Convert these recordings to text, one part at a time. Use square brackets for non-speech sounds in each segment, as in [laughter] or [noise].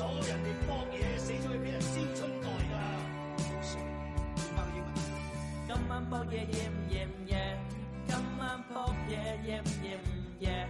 阻人哋扑嘢死咗會俾人燒春袋噶！今晚扑嘢，夜唔夜唔夜，今晚扑嘢，夜唔夜唔夜。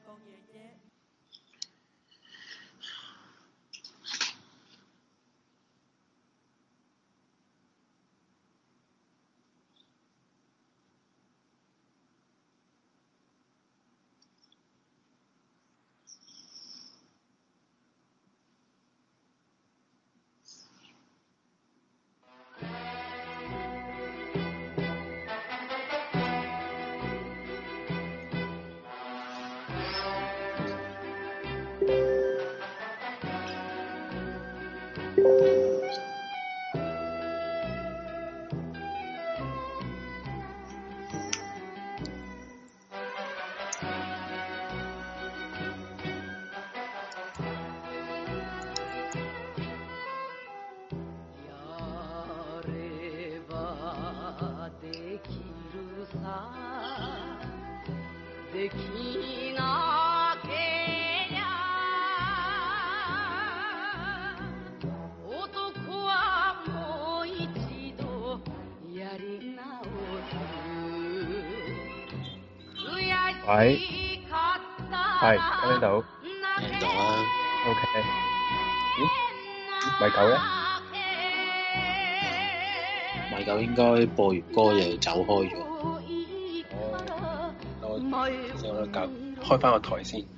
喂，係聽到，聽到啦，OK，嗯，咪狗咧，咪狗應該播完歌又走開咗，哦，我將個狗開翻個台先。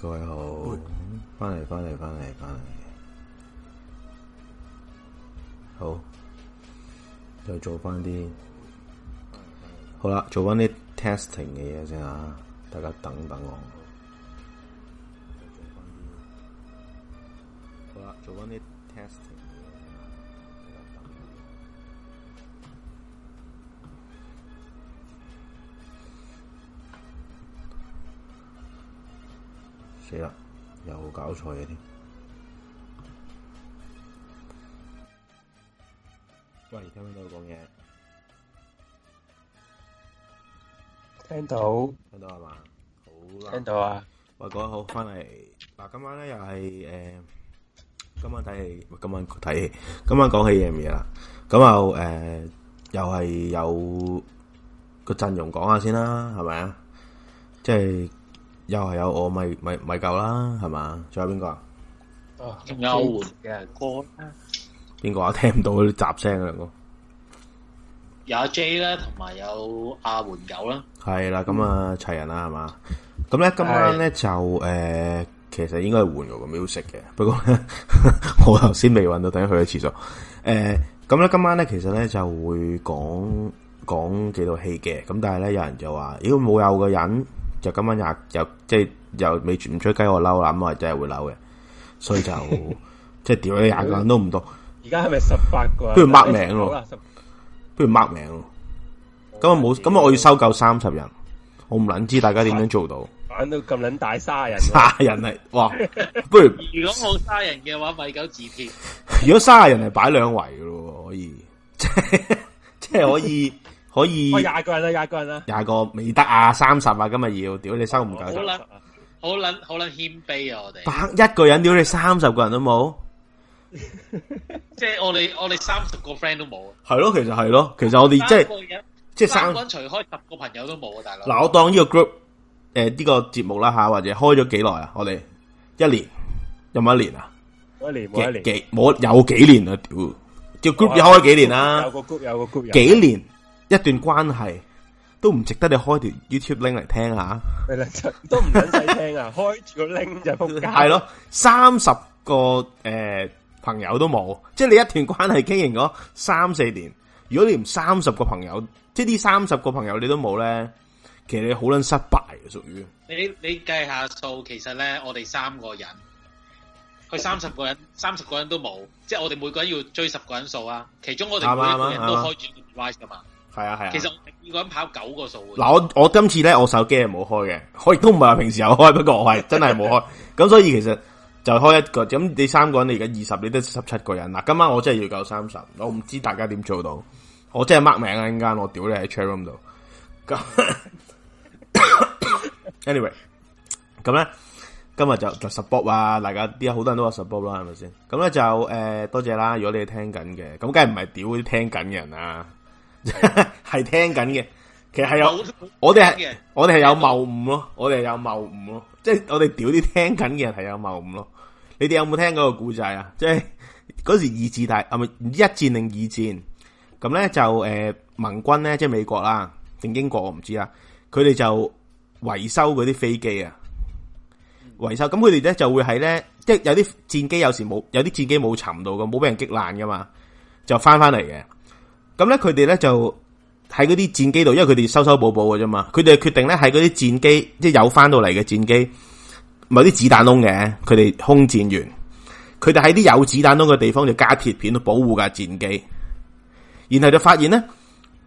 各位好，翻嚟翻嚟翻嚟翻嚟，好，再做翻啲，好啦，做翻啲 testing 嘅嘢先吓，大家等等我。死啦！又搞錯嘅添。喂，聽唔聽到講嘢？聽到，聽到係嘛？好啦，聽到啊。喂，講得好，翻嚟。嗱、啊，今晚呢又係誒、呃，今晚睇戲，今晚睇戲，今晚講戲夜唔夜啦？咁又誒，又係有個陣容講下先啦，係咪啊？即係。又係有我咪咪咪夠啦，係嘛？仲有邊個啊？仲有換嘅歌啦。邊個啊？聽唔到啲雜聲兩兩個有阿 J 啦，同埋有阿援友啦。係啦，咁啊齊人啦，係嘛？咁咧，今晚咧就誒、呃，其實應該係換個 music 嘅。不過咧， [laughs] 我頭先未搵到，等佢去廁所。誒、呃，咁咧，今晚咧，其實咧就會講講幾套戲嘅。咁但係咧，有人就話，如果冇有個人。就今晚廿又，又即係又未唔出雞，我嬲啦，咁啊真係會嬲嘅，所以就、 [laughs] 嗯、即係屌你廿個人都唔到，而家係咪十八個？不如 mark 名咯，不如 mark 名咯、嗯。今日冇，今日我要收夠三十人，嗯、我唔捻知大家點樣做到。玩到咁捻大沙人，沙人嚟哇！不如 [laughs] 如果我沙人嘅話，喂狗自片。 [laughs] 如果沙人係擺兩圍嘅咯，可以，即 [laughs] 係可以。 [laughs] 可以，廿個人啦，廿個人啦，廿個未得啊，三十啊，今日要，屌你收唔夠，好捻，好捻，好捻謙卑啊！我哋，百一個人屌你，三十個人都冇，即係我哋我哋三十個 friend 都冇，係咯，其實係咯，其實我哋即係即係三，除開十個朋友都冇啊，大佬。嗱，我當呢個 group 誒呢個節目啦吓，或者開咗幾耐啊？我哋一年有冇一年啊？一年，冇一年，幾冇有幾年啊？屌，叫 group 要開幾年啦？有個 group，有個 group，幾年？一段關係都唔值得你開條 YouTube link 嚟聽下 [laughs] 都聽，都唔使細聽啊！開住個 link 就仆街。係、呃、咯，三十個誒朋友都冇，即係你一段關係經營咗三四年，如果你連三十個朋友，即係呢三十個朋友你都冇咧，其實你好撚失敗嘅，屬於。你你計下數，其實咧，我哋三個人，佢三十個人，三十個人都冇，即係我哋每個人要追十個人數啊！其中我哋每個人都開住 YouTube link 㗎嘛。係啊，係啊，其實我見個人跑九個數。嗱，我我今次咧，我手機係冇開嘅，我亦都唔係話平時有開， [laughs] 不過我係真係冇開。咁 [laughs] 所以其實就開一個。咁你三個人，你而家二十，你得十七個人。嗱，今晚我真係要夠三十，我唔知大家點做到。我真係 mark 名啊，陣間我屌你喺 chatroom 度。 [laughs] anyway，咁咧今日就就 support 啊！大家啲好多人都話 support 啦，係咪先？咁咧就誒、呃、多謝啦。如果你哋聽緊嘅，咁梗係唔係屌啲聽緊人啊！係聽緊嘅，其實係有我哋係我哋係有謬誤咯，我哋係有謬誤咯，即係我哋屌啲聽緊嘅人係有謬誤咯。你哋有冇聽過個故仔啊？即係嗰時二次大係咪唔知一戰定二戰？咁咧就誒，盟軍咧即係美國啦定英國我唔知啦，佢哋就維修嗰啲飛機啊，維修咁佢哋咧就會係咧，即係有啲戰機有時冇有啲戰機冇沉到嘅，冇俾人擊爛噶嘛，就翻翻嚟嘅。咁咧，佢哋咧就喺嗰啲戰機度，因為佢哋修修補補嘅啫嘛。佢哋決定咧喺嗰啲戰機，即係有翻到嚟嘅戰機，冇啲子彈窿嘅。佢哋空戰員，佢哋喺啲有子彈窿嘅地方就加鐵片去保護架戰機。然後就發現咧，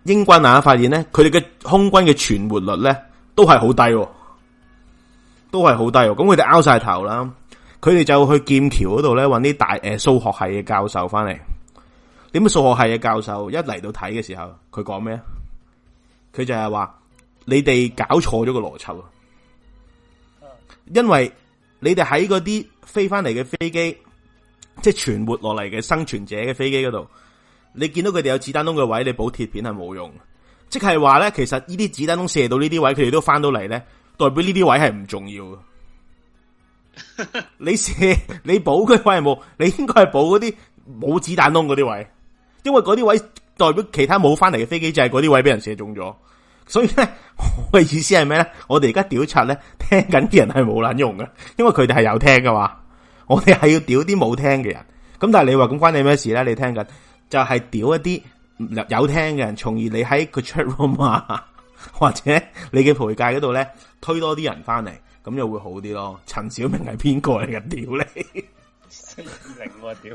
英軍啊發現咧，佢哋嘅空軍嘅存活率咧都係好低，都係好低。咁佢哋拗晒頭啦，佢哋就去劍橋嗰度咧揾啲大誒數學系嘅教授翻嚟。點解數學系嘅教授一嚟到睇嘅時候，佢講咩？佢就係話：你哋搞錯咗個邏輯啊！因為你哋喺嗰啲飛翻嚟嘅飛機，即係存活落嚟嘅生存者嘅飛機嗰度，你見到佢哋有子彈窿嘅位，你補鐵片係冇用。即係話咧，其實呢啲子彈窿射到呢啲位，佢哋都翻到嚟咧，代表呢啲位係唔重要。你射你補佢位係冇，你應該係補嗰啲冇子彈窿嗰啲位。因為嗰啲位代表其他冇翻嚟嘅飛機，就係嗰啲位俾人射中咗，所以咧，我嘅意思係咩咧？我哋而家調查咧，聽緊啲人係冇撚用嘅，因為佢哋係有聽嘅嘛！我哋係要屌啲冇聽嘅人。咁但係你話咁關你咩事咧？你聽緊就係屌一啲有聽嘅人，從而你喺佢 chat room 啊或者你嘅陪介嗰度咧，推多啲人翻嚟，咁又會好啲咯。陳小明係邊個嚟嘅？屌你？零我屌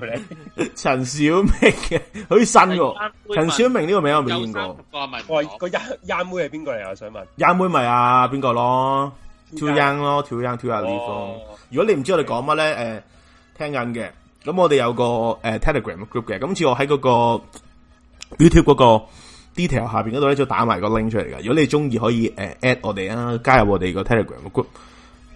你，陳小明嘅，好似新嘅。陳小明呢個名我未見過。我、哦、問，喂，個丫丫妹係邊個嚟？我想問，丫妹咪啊邊個咯？too young 咯，too young too young。如果你唔知我哋講乜咧，誒、嗯呃，聽緊嘅，咁我哋有個誒 Telegram group 嘅，今次我喺嗰個 YouTube 嗰個 detail 下邊嗰度咧，就打埋個 link 出嚟嘅。如果你中意，可以誒 at 我哋啊，加入我哋個 Telegram group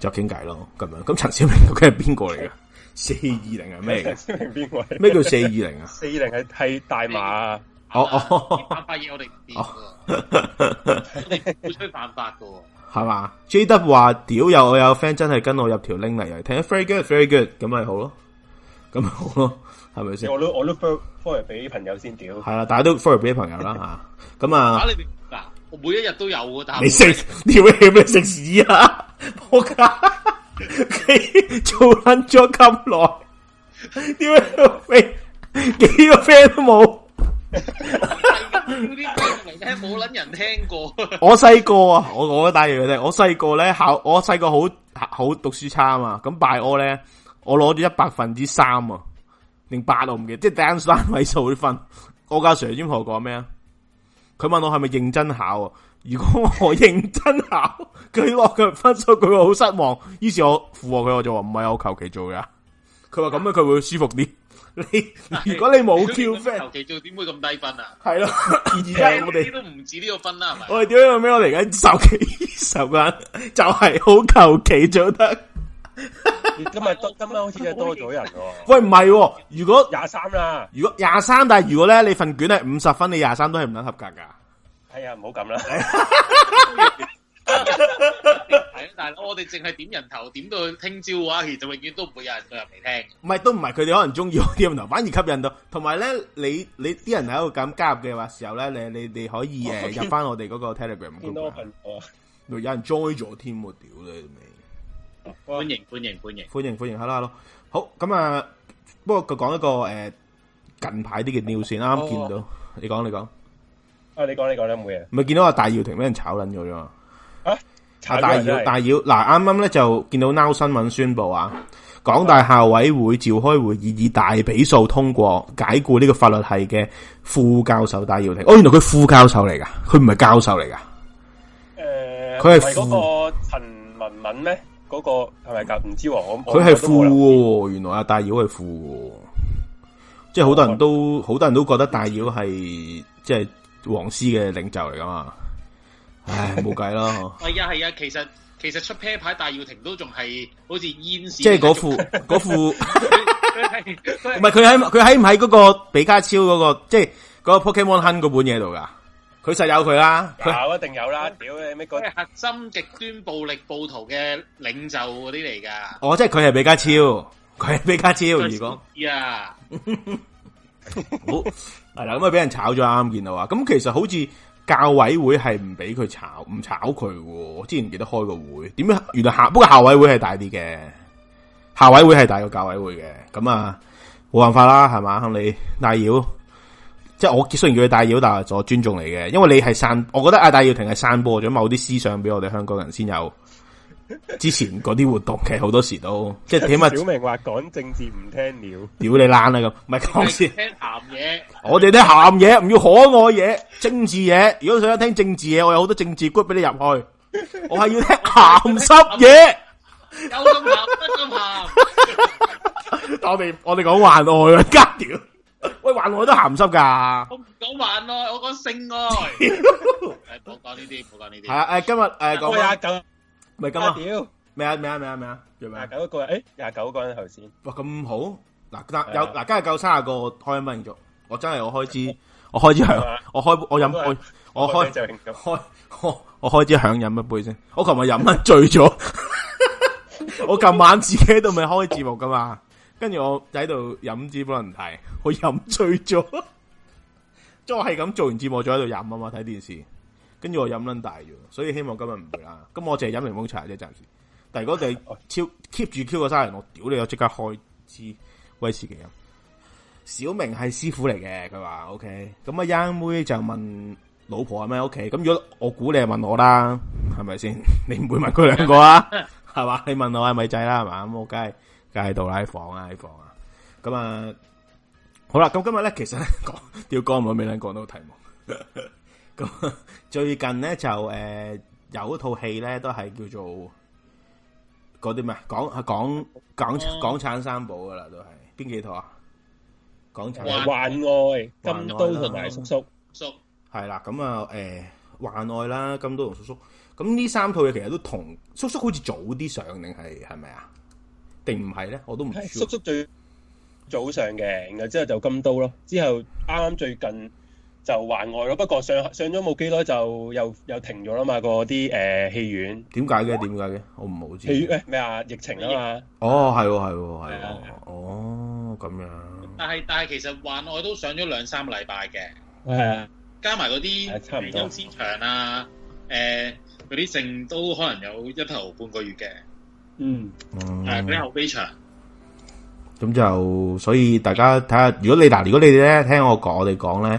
就傾偈咯，咁樣。咁陳小明究竟係邊個嚟嘅？嗯四二零係咩邊咩叫四二零啊？四二零係替大馬好哦，哦哦犯法嘢我哋唔出嘅，你唔好吹犯法嘅。係嘛？J W 話屌有我有 friend 真係跟我入條 link 嚟，聽 very good very good，咁 [laughs] 咪好咯，咁咪好咯，係咪先？我都我都 follow 俾朋友先屌。係啦，大家都 follow 俾朋友啦吓。咁 [laughs] 啊，嗱， [laughs] 我，你我每一日都有嘅，你食你咩食屎啊？我講。幾 [laughs] 做撚咗咁耐？點解個 friend 幾個 friend 都冇？啲冇撚人聽過。我細個啊，我我打住佢哋。我細個咧考，我細個好好讀書差啊嘛。咁拜我咧，我攞咗一百分之三啊，零八都唔記得。即係單位數啲分。我家 sir 兼講講咩啊？佢問我係咪認真考啊？ [laughs] 如果我認真考，佢話佢分數佢話好失望，於是我附和佢，我就話唔係我求其做嘅。佢話咁樣，佢會舒服啲、啊。你 [laughs] 如果你冇 Q f r i e n d 求其做點會咁低分啊？係 [laughs] 咯，而家我哋都唔止呢個分啦，係咪？我哋點樣我嚟緊？十幾十個人就係好求其做得 [laughs] 今日今今晚好似係多咗人喎。 [laughs] 喂，唔係、啊，如果廿三啦，如果廿三，但係如果咧，你份卷係五十分，你廿三都係唔能合格噶。哎啊，唔好咁啦，係 [laughs] 啦， [laughs] [laughs] [laughs] [laughs] [laughs] [laughs] 但係，我哋淨係點人頭，點到聽朝嘅話，其實永遠都唔會有人再入嚟聽。唔係，都唔係，佢哋可能中意我啲人頭，反而吸引到。同埋咧，你你啲人喺度咁加入嘅話，時候咧，你你你可以誒入翻我哋嗰個 Telegram group。 [laughs] 見到份有人 join 咗添，屌、啊、你、啊 [laughs] [laughs] 歡！歡迎歡迎歡迎歡迎歡迎，係啦咯。好，咁啊，不過佢講一個誒近排啲嘅 news 先，啱啱見到，你講你講。啊、你講你講你冇嘢，咪見到阿戴耀廷俾人炒捻咗嘛？啊，戴耀，戴耀，嗱、啊，啱啱咧就見到 Now 新聞宣布啊，港大校委會召開會議，以大比數通過解雇呢個法律系嘅副教授戴耀廷。哦、啊，原來佢副教授嚟噶，佢唔係教授嚟噶。誒、呃，佢係嗰個陳文敏呢？嗰、那個係咪噶？唔知、啊、我佢係副，原來阿戴耀係副，即係好多人都好多人都覺得戴耀係即係。就是黃絲嘅領袖嚟噶嘛？唉，冇計咯。係啊係啊，其實其實出 pair 牌，戴耀廷都仲係好似厭即係嗰副嗰副，唔係佢喺佢喺唔喺嗰個比加超嗰、嗰個，即係嗰個 Pokemon Hun 嗰本嘢度噶？佢實有佢啦，有、啊、一定有啦。屌你咩？嗰核心極端暴力暴徒嘅領袖嗰啲嚟噶？哦，即係佢係比加超，佢 [laughs] 係比加超如果。 [laughs] [laughs] 好係啦，咁啊俾人炒咗啱見到啊。咁其實好似教委會係唔俾佢炒，唔炒佢。我之前記得開個會，點樣？原來校，不過校委會係大啲嘅，校委會係大過教委會嘅。咁啊，冇辦法啦，係嘛？你戴耀，即係我雖然叫你戴耀，但係我尊重你嘅，因為你係散，我覺得阿戴耀廷係散播咗某啲思想俾我哋香港人先有。之前嗰啲活動其實好多時都即係點呀小明，話講政治唔聽了，屌你卵啦咁，唔係講先。我哋聽咸嘢，我哋啲咸嘢唔要可愛嘢，政治嘢。如果想聽政治嘢，我有好多政治骨俾你入去。我係要聽咸濕嘢，有咁咸，乜咁咸？我哋我哋講幻愛啊，加屌喂，幻愛都咸濕㗎。我唔講幻愛，我講性愛。誒，唔好講呢啲，唔好講呢啲。係啊，誒，今日誒，我。咪咁、欸、啊！屌，咩啊咩啊咩啊咩啊叫咩？廿九個誒，廿九個頭先。哇，咁好！嗱、啊、嗱有嗱、啊、今日夠三啊個我開飲杯續，我真係我開支，我開支響，我開我飲我我開開我我開支響飲一杯先。我琴日飲啊醉咗， [laughs] [laughs] [laughs] 我琴晚自己都咪開節目噶嘛？跟 [laughs] 住我喺度飲支波倫提，我飲醉咗，即係我係咁做完節目，再喺度飲啊嘛，睇電視。跟住我飲撚大咗，所以希望今日唔會啦。咁我淨係飲檸檬茶啫，暫時。但係如果第超 keep [laughs] 住 Q 個沙塵，我屌你，我即刻開支威士忌啊！小明係師傅嚟嘅，佢話 O K。咁、OK、啊，煙、那個、妹，妹就問老婆係咪屋企？咁、OK、如果我估你係問我啦，係咪先？ [laughs] 你唔會問佢兩個啊？係 [laughs] 嘛？你問我咪仔啦，係嘛？我梗係梗係到拉房啊，房啊。咁啊，好啦。咁今日咧，其實講要講，我未能講到個題目。 [laughs] [laughs] 最近咧就誒、呃、有一套戲咧都係叫做嗰啲咩，講講講講產三寶噶啦，都係邊幾套啊？港產幻愛、愛、金刀同埋叔叔叔係啦，咁啊誒幻、呃、愛啦、金刀同叔叔，咁呢三套嘢，其實都同叔叔好似早啲上，定係係咪啊？定唔係咧？我都唔知。叔叔最早上嘅，然後之後就金刀咯，之後啱啱最近。就還外咯，不過上上咗冇幾耐就又又停咗啦嘛，個啲誒戲院點解嘅？點解嘅？我唔好知道。戲院咩啊？疫情啊嘛。哦，係係係，哦咁樣。但係但係，其實還外都上咗兩三個禮拜嘅，誒、啊、加埋嗰啲片商先場啊，誒嗰啲剩都可能有一頭半個月嘅，嗯誒嗰啲後備場。咁、嗯、就所以大家睇下，如果你嗱，如果你哋咧聽我講，我哋講咧。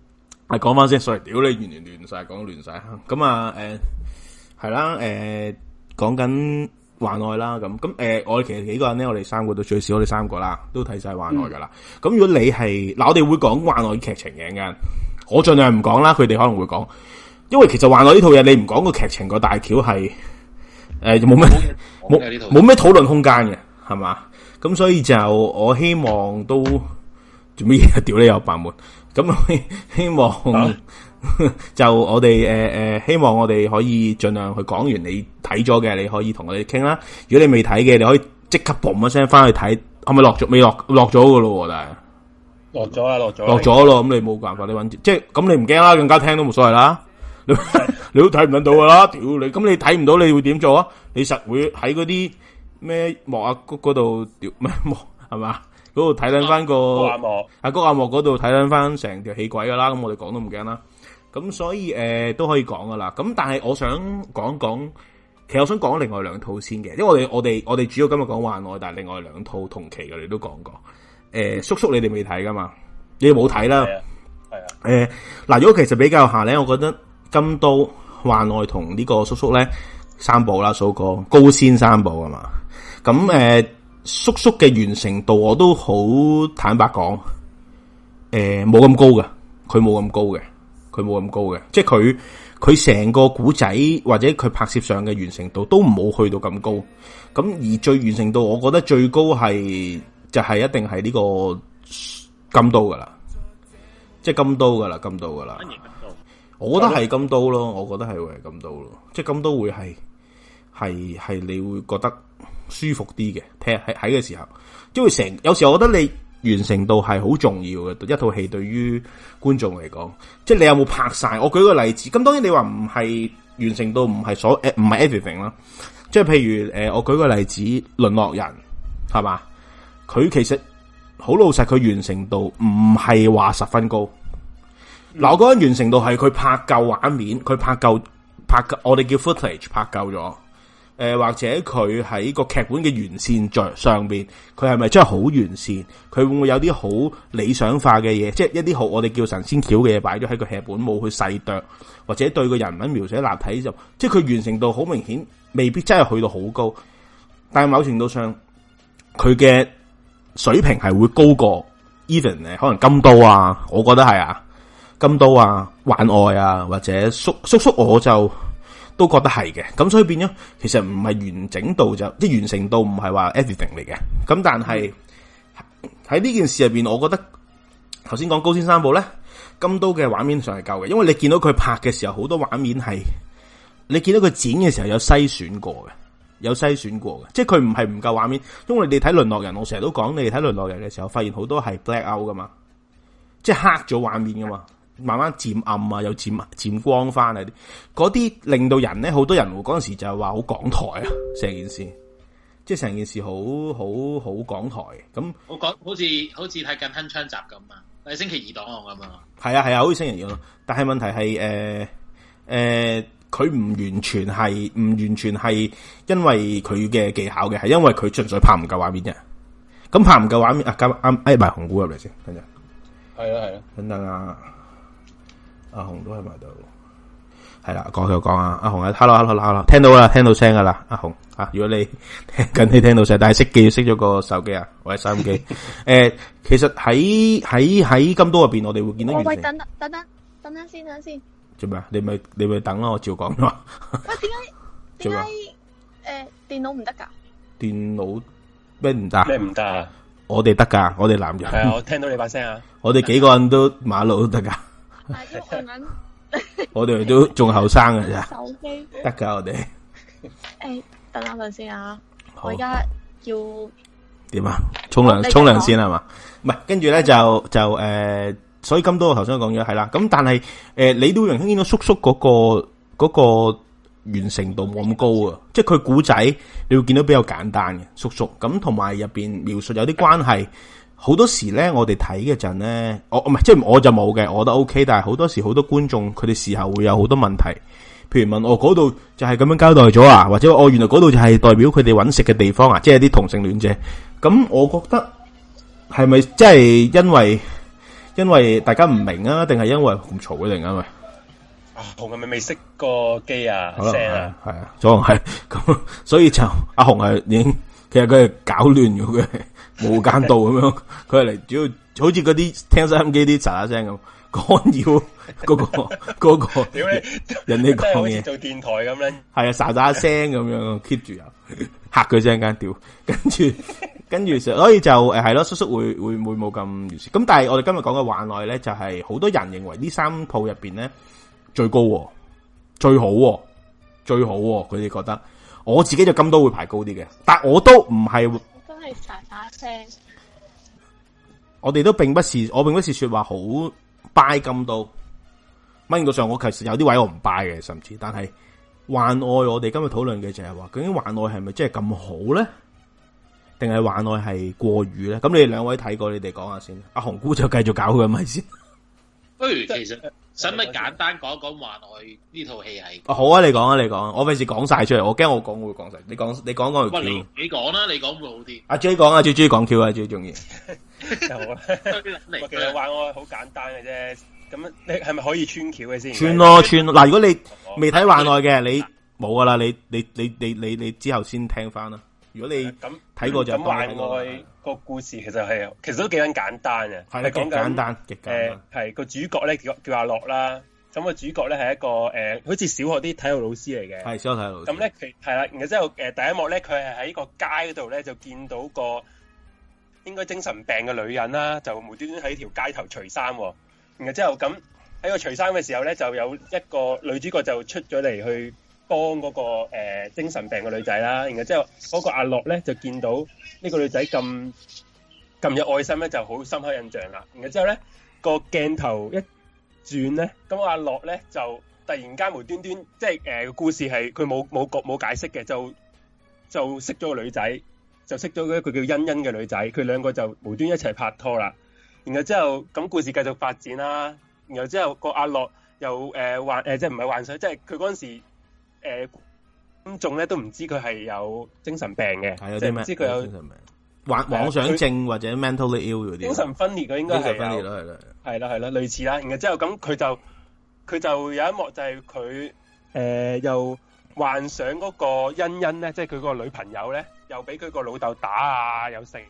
係講翻先，sorry，屌，你完全亂晒，講亂晒。咁、嗯、啊，誒、嗯，係啦，誒、嗯，講緊幻愛啦，咁咁，誒、嗯，我哋其實幾個人咧，我哋三個到最少，我哋三個啦，都睇晒幻愛噶啦。咁如果你係，嗱、啊，我哋會講幻愛劇情嘅，我盡量唔講啦，佢哋可能會講，因為其實幻愛呢套嘢，你唔講個劇情個大橋係，誒、呃，就冇咩冇冇咩討論空間嘅，係嘛？咁所以就我希望都做咩嘢？屌你又白門。咁 [laughs] 希望、啊、 [laughs] 就我哋誒誒，希望我哋可以盡量去講完。你睇咗嘅，你可以同我哋傾啦。如果你未睇嘅，你可以即刻 boom 一聲翻去睇。係咪落咗？未落落咗嘅咯，但係落咗啦，落咗、啊、落咗咯、啊。咁、啊啊、你冇辦法，你揾 [laughs] 即係咁，你唔驚啦，更加聽都冇所謂啦。 [laughs] [laughs] 你都睇唔到噶啦， [laughs] 屌你！咁你睇唔到，你會點做啊？你實會喺嗰啲咩幕啊嗰度屌咩幕係嘛？嗰度睇捻翻個阿高阿莫嗰度睇捻翻成條氣鬼噶啦，咁我哋講都唔驚啦。咁所以誒、呃、都可以講噶啦。咁但係我想講講，其實我想講另外兩套先嘅，因為我哋我哋我哋主要今日講幻愛，但係另外兩套同期嘅你都講過。誒、呃，叔叔你哋未睇噶嘛？你哋冇睇啦。係、嗯、啊。誒、嗯，嗱、嗯嗯嗯嗯，如果其實比較下咧，我覺得金都、幻愛同呢個叔叔咧三部啦，數個高先三部啊嘛。咁、嗯、誒。嗯嗯呃叔叔嘅完成度我都好坦白講，誒、呃，冇咁高嘅，佢冇咁高嘅，佢冇咁高嘅，即係佢佢成個古仔或者佢拍攝上嘅完成度都唔好去到咁高。咁而最完成度，我覺得最高係就係、是、一定係呢個金刀噶啦，即係金刀噶啦，金刀噶啦。我覺得係金刀咯，我覺得係會係金刀咯，即係金刀會係係係你會覺得。舒服啲嘅，拍喺喺嘅時候，即會成有時候我覺得你完成度係好重要嘅，一套戲對於觀眾嚟講，即係你有冇拍晒。我舉個例子，咁當然你話唔係完成度唔係所誒唔係 everything 啦，即係譬如誒、呃，我舉個例子，《淪落人》係嘛，佢其實好老實，佢完成度唔係話十分高。嗱，我覺得完成度係佢拍夠畫面，佢拍夠拍，我哋叫 footage 拍夠咗。誒、呃，或者佢喺個劇本嘅完善上上邊，佢係咪真係好完善？佢會唔會有啲好理想化嘅嘢？即係一啲好我哋叫神仙橋嘅嘢擺咗喺個劇本，冇去細度，或者對個人文描寫立體就，即係佢完成度好明顯，未必真係去到好高。但係某程度上，佢嘅水平係會高過 Even 誒，可能金刀啊，我覺得係啊，金刀啊，幻愛啊，或者叔叔叔我就。都覺得係嘅，咁所以變咗，其實唔係完整度即係完成度唔係話 editing 嚟嘅。咁但係喺呢件事入邊，我覺得頭先講《高先三部》咧，金刀嘅畫面上係夠嘅，因為你見到佢拍嘅時候，好多畫面係你見到佢剪嘅時候有篩選過嘅，有篩選過嘅，即係佢唔係唔夠畫面，因為你哋睇《淪落人》我，我成日都講你哋睇《淪落人》嘅時候，發現好多係 black out 噶嘛，即係黑咗畫面噶嘛。慢慢漸暗啊，又漸漸光翻嚟。嗰啲令到人咧，好多人嗰陣時就係話好港台啊！成件事，即係成件事好好好港台咁。我講好似好似睇緊《鏗鏘集》咁啊，睇星期二檔案咁啊。係啊係啊，好似星期二咯。但係問題係誒誒，佢、呃、唔、呃、完全係唔完全係因為佢嘅技巧嘅，係因為佢純粹拍唔夠畫面嘅。咁拍唔夠畫面、呃、啊！咁啱挨埋紅股入嚟先，跟住係啦係啦，等等啊！阿紅都係埋度，係啦，講就講啊！阿紅啊，hello hello hello，聽到啦，聽到聲噶啦，阿紅啊，如果你咁你聽到聲，但係熄機熄咗個手機啊，或者收音機，誒，其實喺喺喺金都入邊，我哋會見到。喂，等等等等，等等先，等先。做咩？你咪你咪等咯，我照講咯。喂，點解點解？誒，電腦唔得噶。電腦咩唔得？咩唔得啊？我哋得噶，我哋男人。係啊，我聽到你把聲啊。我哋幾個人都馬路都得噶。我哋都仲後生㗎，咋？手機？得噶，我哋。誒，等等陣先啊！我而家要點啊？沖涼，沖涼先係嘛？唔係，跟住咧就就誒，所以咁多個頭先都講咗，係啦。咁但係誒，你都會明顯見到叔叔嗰個嗰個完成度冇咁高啊，即係佢古仔你會見到比較簡單嘅叔叔。咁同埋入邊描述有啲關係。好多時咧，我哋睇嘅陣咧，我唔係即係我就冇嘅，我覺得 O K。但係好多時好多觀眾佢哋事後會有好多問題，譬如問我嗰度就係咁樣交代咗啊，或者我、哦、原來嗰度就係代表佢哋揾食嘅地方啊，即係啲同性戀者。咁我覺得係咪即係因為因為大家唔明啊，定係因為嘈啊定因為啊紅係咪未識過機啊聲啊係啊，仲係咁，啊啊啊啊啊啊、 [laughs] 所以就阿紅係已經其實佢係搞亂咗嘅。無間道咁樣，樣，佢嚟主要好似嗰啲聽收音機啲喳喳聲咁干擾嗰個嗰個，那個、人哋講嘢。做電台咁咧。係啊，喳喳聲咁樣 keep 住，吓佢聲間屌。 [laughs] 跟住跟住所以就誒係咯，叔叔會會會冇咁亂。咁但係我哋今日講嘅幻愛咧，就係、是、好多人認為三鋪呢三鋪入邊咧最高、啊、最好、啊、最好、啊，佢哋覺得。我自己就金都會排高啲嘅，但我都唔係。 [noise] 我哋都並不是，我並不是說話好拜咁到。問到上，我其實有啲位我唔拜嘅，甚至，但係幻愛，我哋今日討論嘅就係話，究竟幻愛係咪真係咁好咧？定係幻愛係過譽咧？咁你哋兩位睇過，你哋講下先說說。阿、啊、紅姑就繼續搞佢咪先。 [laughs] 不如其實使唔使簡單講一講《幻愛》呢套戲係？好啊，你講啊，你講，我費事講晒出嚟，我驚我講會講晒。你講，你講講條橋。你講啦，啊，你講會好啲。阿 J 講啊，最中意講橋啊，最重要。好啦，你 [laughs] [laughs] [laughs] [laughs] [laughs] 其實我幻愛好簡單嘅啫。咁你係咪可以穿橋嘅先？穿咯，啊，穿嗱，啊。如果你未睇《幻愛》嘅，你冇噶啦。你你你你你你之後先聽翻啦。如果你咁睇過、嗯、就咁幻愛個故事其實係，其實都幾簡單嘅，係講、就是、簡單嘅。誒、呃、係、呃那個主角咧叫叫阿樂啦，咁個主角咧係一個誒、呃，好似小學啲體育老師嚟嘅，係小學體育老師。咁咧，係啦，然後之後誒、呃，第一幕咧，佢係喺個街度咧，就見到個應該精神病嘅女人啦，就無端端喺條街頭除衫。然後之後咁喺個除衫嘅時候咧，就有一個女主角就出咗嚟去。幫嗰、嗰個誒、呃、精神病嘅女仔啦，然後之後嗰個阿樂咧就見到呢個女仔咁咁有愛心咧，就好深刻印象啦。然後之後咧個鏡頭一轉咧，咁、嗰個、阿樂咧就突然間無端端，即係誒個故事係佢冇冇冇解釋嘅，就就識咗個女仔，就識咗一個叫欣欣嘅女仔，佢兩個就無端端一齊拍拖啦。然後之後咁故事繼續發展啦，然後之後個阿樂又誒幻誒即係唔係幻想，即係佢嗰陣時。誒、呃，觀眾咧都唔知佢係有精神病嘅，係有啲咩？唔知佢有幻妄想症或者 mentally、啊、ill 嗰啲，精神分裂嗰應該係，係啦係啦，類似啦。然後之後咁，佢就佢就有一幕就係佢誒又幻想嗰個欣欣咧，即係佢個女朋友咧，又俾佢個老豆打啊，又成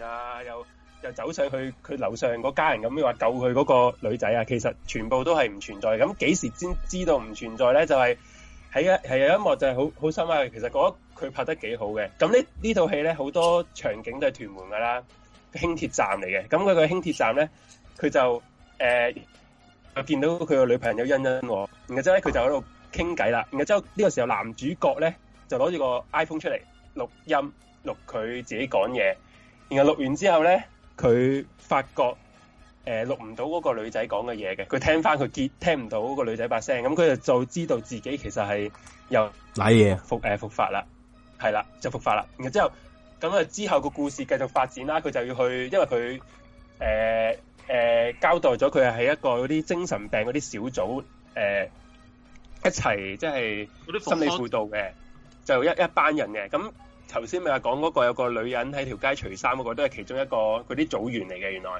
啊，又又走上去佢樓上嗰家人咁，話救佢嗰個女仔啊。其實全部都係唔存在。咁幾時先知道唔存在咧？就係、是。係啊，係啊，音樂就係好好深刻嘅。其實覺得佢拍得幾好嘅。咁呢呢套戲咧，好多場景都係屯門噶啦，輕鐵站嚟嘅。咁佢個輕鐵站咧，佢就誒、呃、見到佢個女朋友欣欣，然之後咧佢就喺度傾偈啦。然之後呢個時候男主角咧就攞住個 iPhone 出嚟錄音錄佢自己講嘢，然後錄完之後咧佢發覺。誒，錄唔到嗰個女仔講嘅嘢嘅，佢聽翻佢結聽唔到嗰個女仔把聲，咁佢就就知道自己其實係又瀨嘢復誒復發啦，係啦就復發啦。然後之後咁啊之後個故事繼續發展啦，佢就要去，因為佢誒誒交代咗佢係喺一個嗰啲精神病嗰啲小組誒、呃、一齊即係心理輔導嘅，就一一班人嘅。咁頭先咪講嗰個有個女人喺條街除衫嗰個都係其中一個嗰啲組員嚟嘅，原來。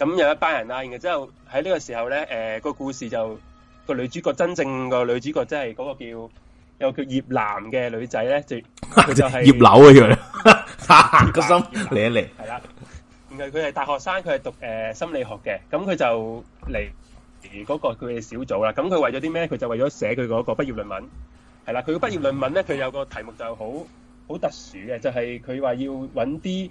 咁有一班人啦，然之後喺呢個時候咧，誒個故事，就個女主角真正個女主角，即係嗰個叫有個叫葉嵐嘅女仔咧，就佢就係葉柳一樣，個心嚟嚟係啦。原來佢係大學生，佢係讀誒心理學嘅。咁佢就嚟嗰個佢哋小組啦。咁佢為咗啲咩？佢就為咗寫佢嗰個畢業論文。係啦，佢嘅畢業論文咧，佢有個題目就好好特殊嘅，就係佢話要搵啲。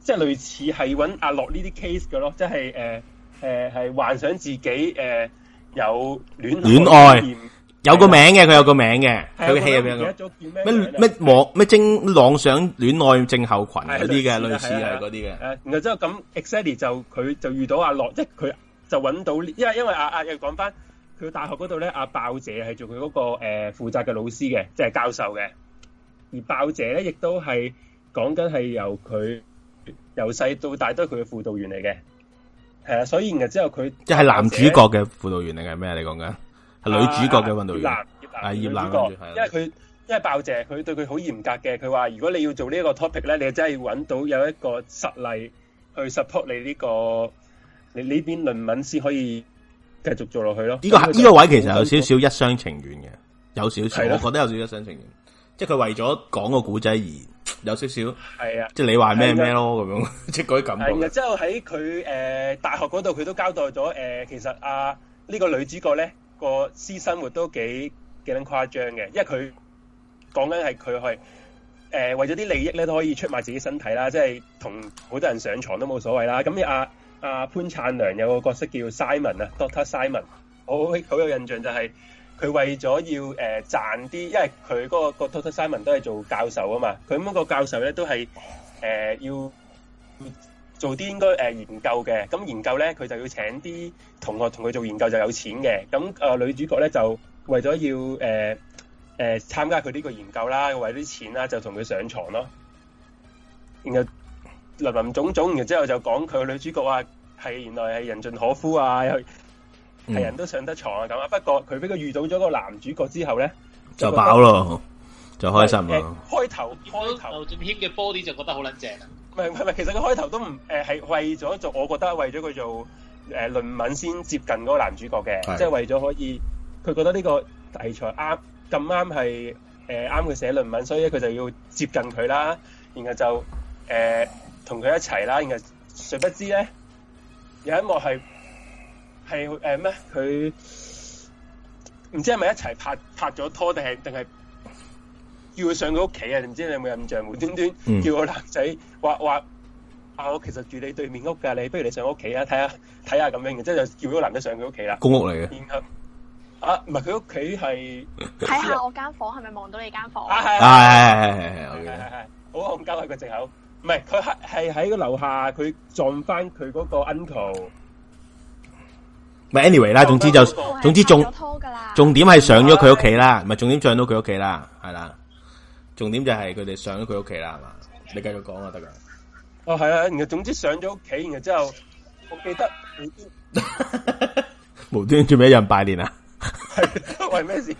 即係類似係搵阿樂呢啲 case 嘅咯，即係誒誒係幻想自己誒有戀愛戀愛，有個名嘅，佢有個名嘅，佢戲入邊嘅咩咩網咩精妄想戀愛症候群嗰啲嘅，類似係嗰啲嘅。誒，然之後咁 exactly 就佢就遇到阿樂，即係佢就搵到，因為因為阿阿又講翻佢大學嗰度咧，阿鮑姐係做佢嗰個誒負責嘅老師嘅，即係教授嘅。而鮑姐咧亦都係講緊係由佢。由細到大都係佢嘅輔導員嚟嘅，係啊，所以然之後佢即係男主角嘅輔導員嚟嘅係咩？啊、是你講緊係女主角嘅運動員，係要男主角，因為佢因為爆謝，佢對佢好嚴格嘅。佢話如果你要做呢一個 topic 咧，你就真係要揾到有一個實例去 support 你呢個你呢邊論文先可以繼續做落去咯。呢個呢個位置其實有少少一廂情願嘅，有少少，我覺得有少少一廂情願。即係佢為咗講個古仔而有少少，係啊，即係你話咩咩咯咁樣，即係嗰啲感覺。然之後喺佢誒大學嗰度，佢都交代咗誒、呃，其實阿呢、啊這個女主角咧個私生活都幾幾捻誇張嘅，因為佢講緊係佢係誒為咗啲利益咧都可以出賣自己身體啦，即係同好多人上床都冇所謂啦。咁阿阿潘燦良有個角色叫 Simon 啊，Doctor Simon，我好好有印象就係、是。佢為咗要誒賺啲，因為佢嗰、嗰個、嗰個 Total Simon 都係做教授啊嘛，佢咁個教授咧都係誒、呃、要，要做啲應該誒、呃、研究嘅，咁研究咧佢就要請啲同學同佢做研究就有錢嘅，咁、呃、女主角咧就為咗要誒誒參加佢呢個研究啦，為啲錢啦，就同佢上床咯，然後林林總總然之後就講佢女主角話係原來係人盡可夫啊。係、嗯、人都上得床啊咁啊！不過佢俾佢遇到咗個男主角之後咧，就飽咯、這個，就開心咯、呃。開頭開頭最偏嘅波點就覺得好撚正啊！唔係唔係，其實佢開頭都唔誒，係、呃、為咗做，我覺得為咗佢做誒、呃、論文先接近嗰個男主角嘅，即係、就是、為咗可以，佢覺得呢個題材啱咁啱係誒啱佢寫論文，所以咧佢就要接近佢啦。然後就誒同佢一齊啦。然後誰不知咧，有一幕係。係誒咩？佢、呃、唔知係咪一齊拍拍咗拖，定係定係叫佢上佢屋企啊？唔知你有冇印象？無端端叫個男仔話話，我其實我住你對面屋噶，你不如你上屋企啊，睇下睇下咁樣嘅，然之後就叫嗰個男仔上佢屋企啦。公屋嚟嘅。啊，唔係佢屋企係睇下我間房係咪望到你間房？係係係係係係好，我唔交代個借口。唔係，佢係喺個樓下，佢撞翻佢嗰個 uncle。咪 anyway 啦，總之就總之重重點係上咗佢屋企啦，咪重點上到佢屋企啦，係啦，重點就係佢哋上咗佢屋企啦，係嘛？你繼續講啊得噶。哦係啊，然後總之上咗屋企，然後之後我記得無端 [laughs] 無端做咩人拜年啊？係為咩事？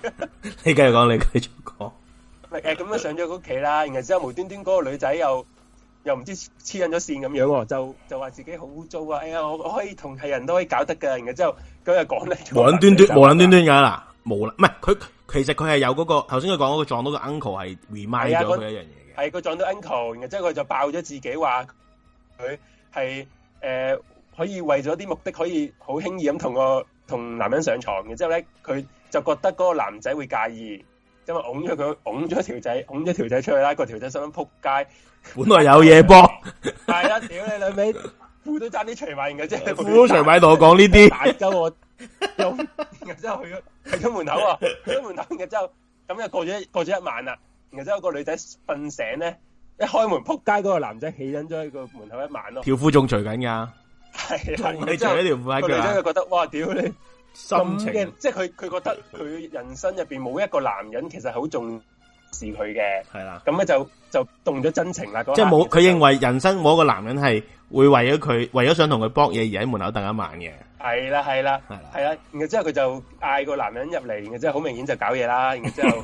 你繼續講，你繼續講。咪誒咁樣上咗屋企啦，然後之後無端端嗰個女仔又又唔知黐引咗線咁樣，嗯，就就話自己好污糟啊！哎呀，我可以同係人都可以搞得噶，然之後佢又講咧，無端端，就是，無撚端端噶啦，無啦，唔係佢其實佢係有嗰，嗰個頭先佢講嗰個撞到個 uncle 係 remind 咗佢，啊，一樣嘢嘅，係佢撞到 uncle，然之後佢就，就爆咗自己話佢係誒可以為咗啲目的可以好輕易咁同個同男人上床，然之後咧佢就覺得嗰個男仔會介意。因為拱咗佢，拱咗條仔，拱咗條仔出去啦。個條仔想乜撲街，本來有嘢搏。大 [laughs] 家屌你兩尾，褲都爭啲除埋嘅啫。褲都除埋，同我講呢啲。然然之後去咗，去咗門口啊，去咗門口，然之後咁就過咗過咗一晚啦。然後之後個女仔瞓醒咧，一開門撲街，嗰個男仔起緊咗喺個門口一晚咯。條褲仲除緊噶。係啊，你除咗條褲啊。個女仔就覺得，哇，屌你！心情即係佢佢覺得佢人生入邊冇一個男人其實好重視佢嘅，係啦，咁咧就就動咗真情啦，嗰，即係冇佢認為人生冇一個男人係會為咗佢為咗想同佢搏嘢，而喺門口等一晚嘅，係啦係啦係啦，然後之後佢就嗌個男人入嚟，然後之後好明顯就搞嘢啦，然後之後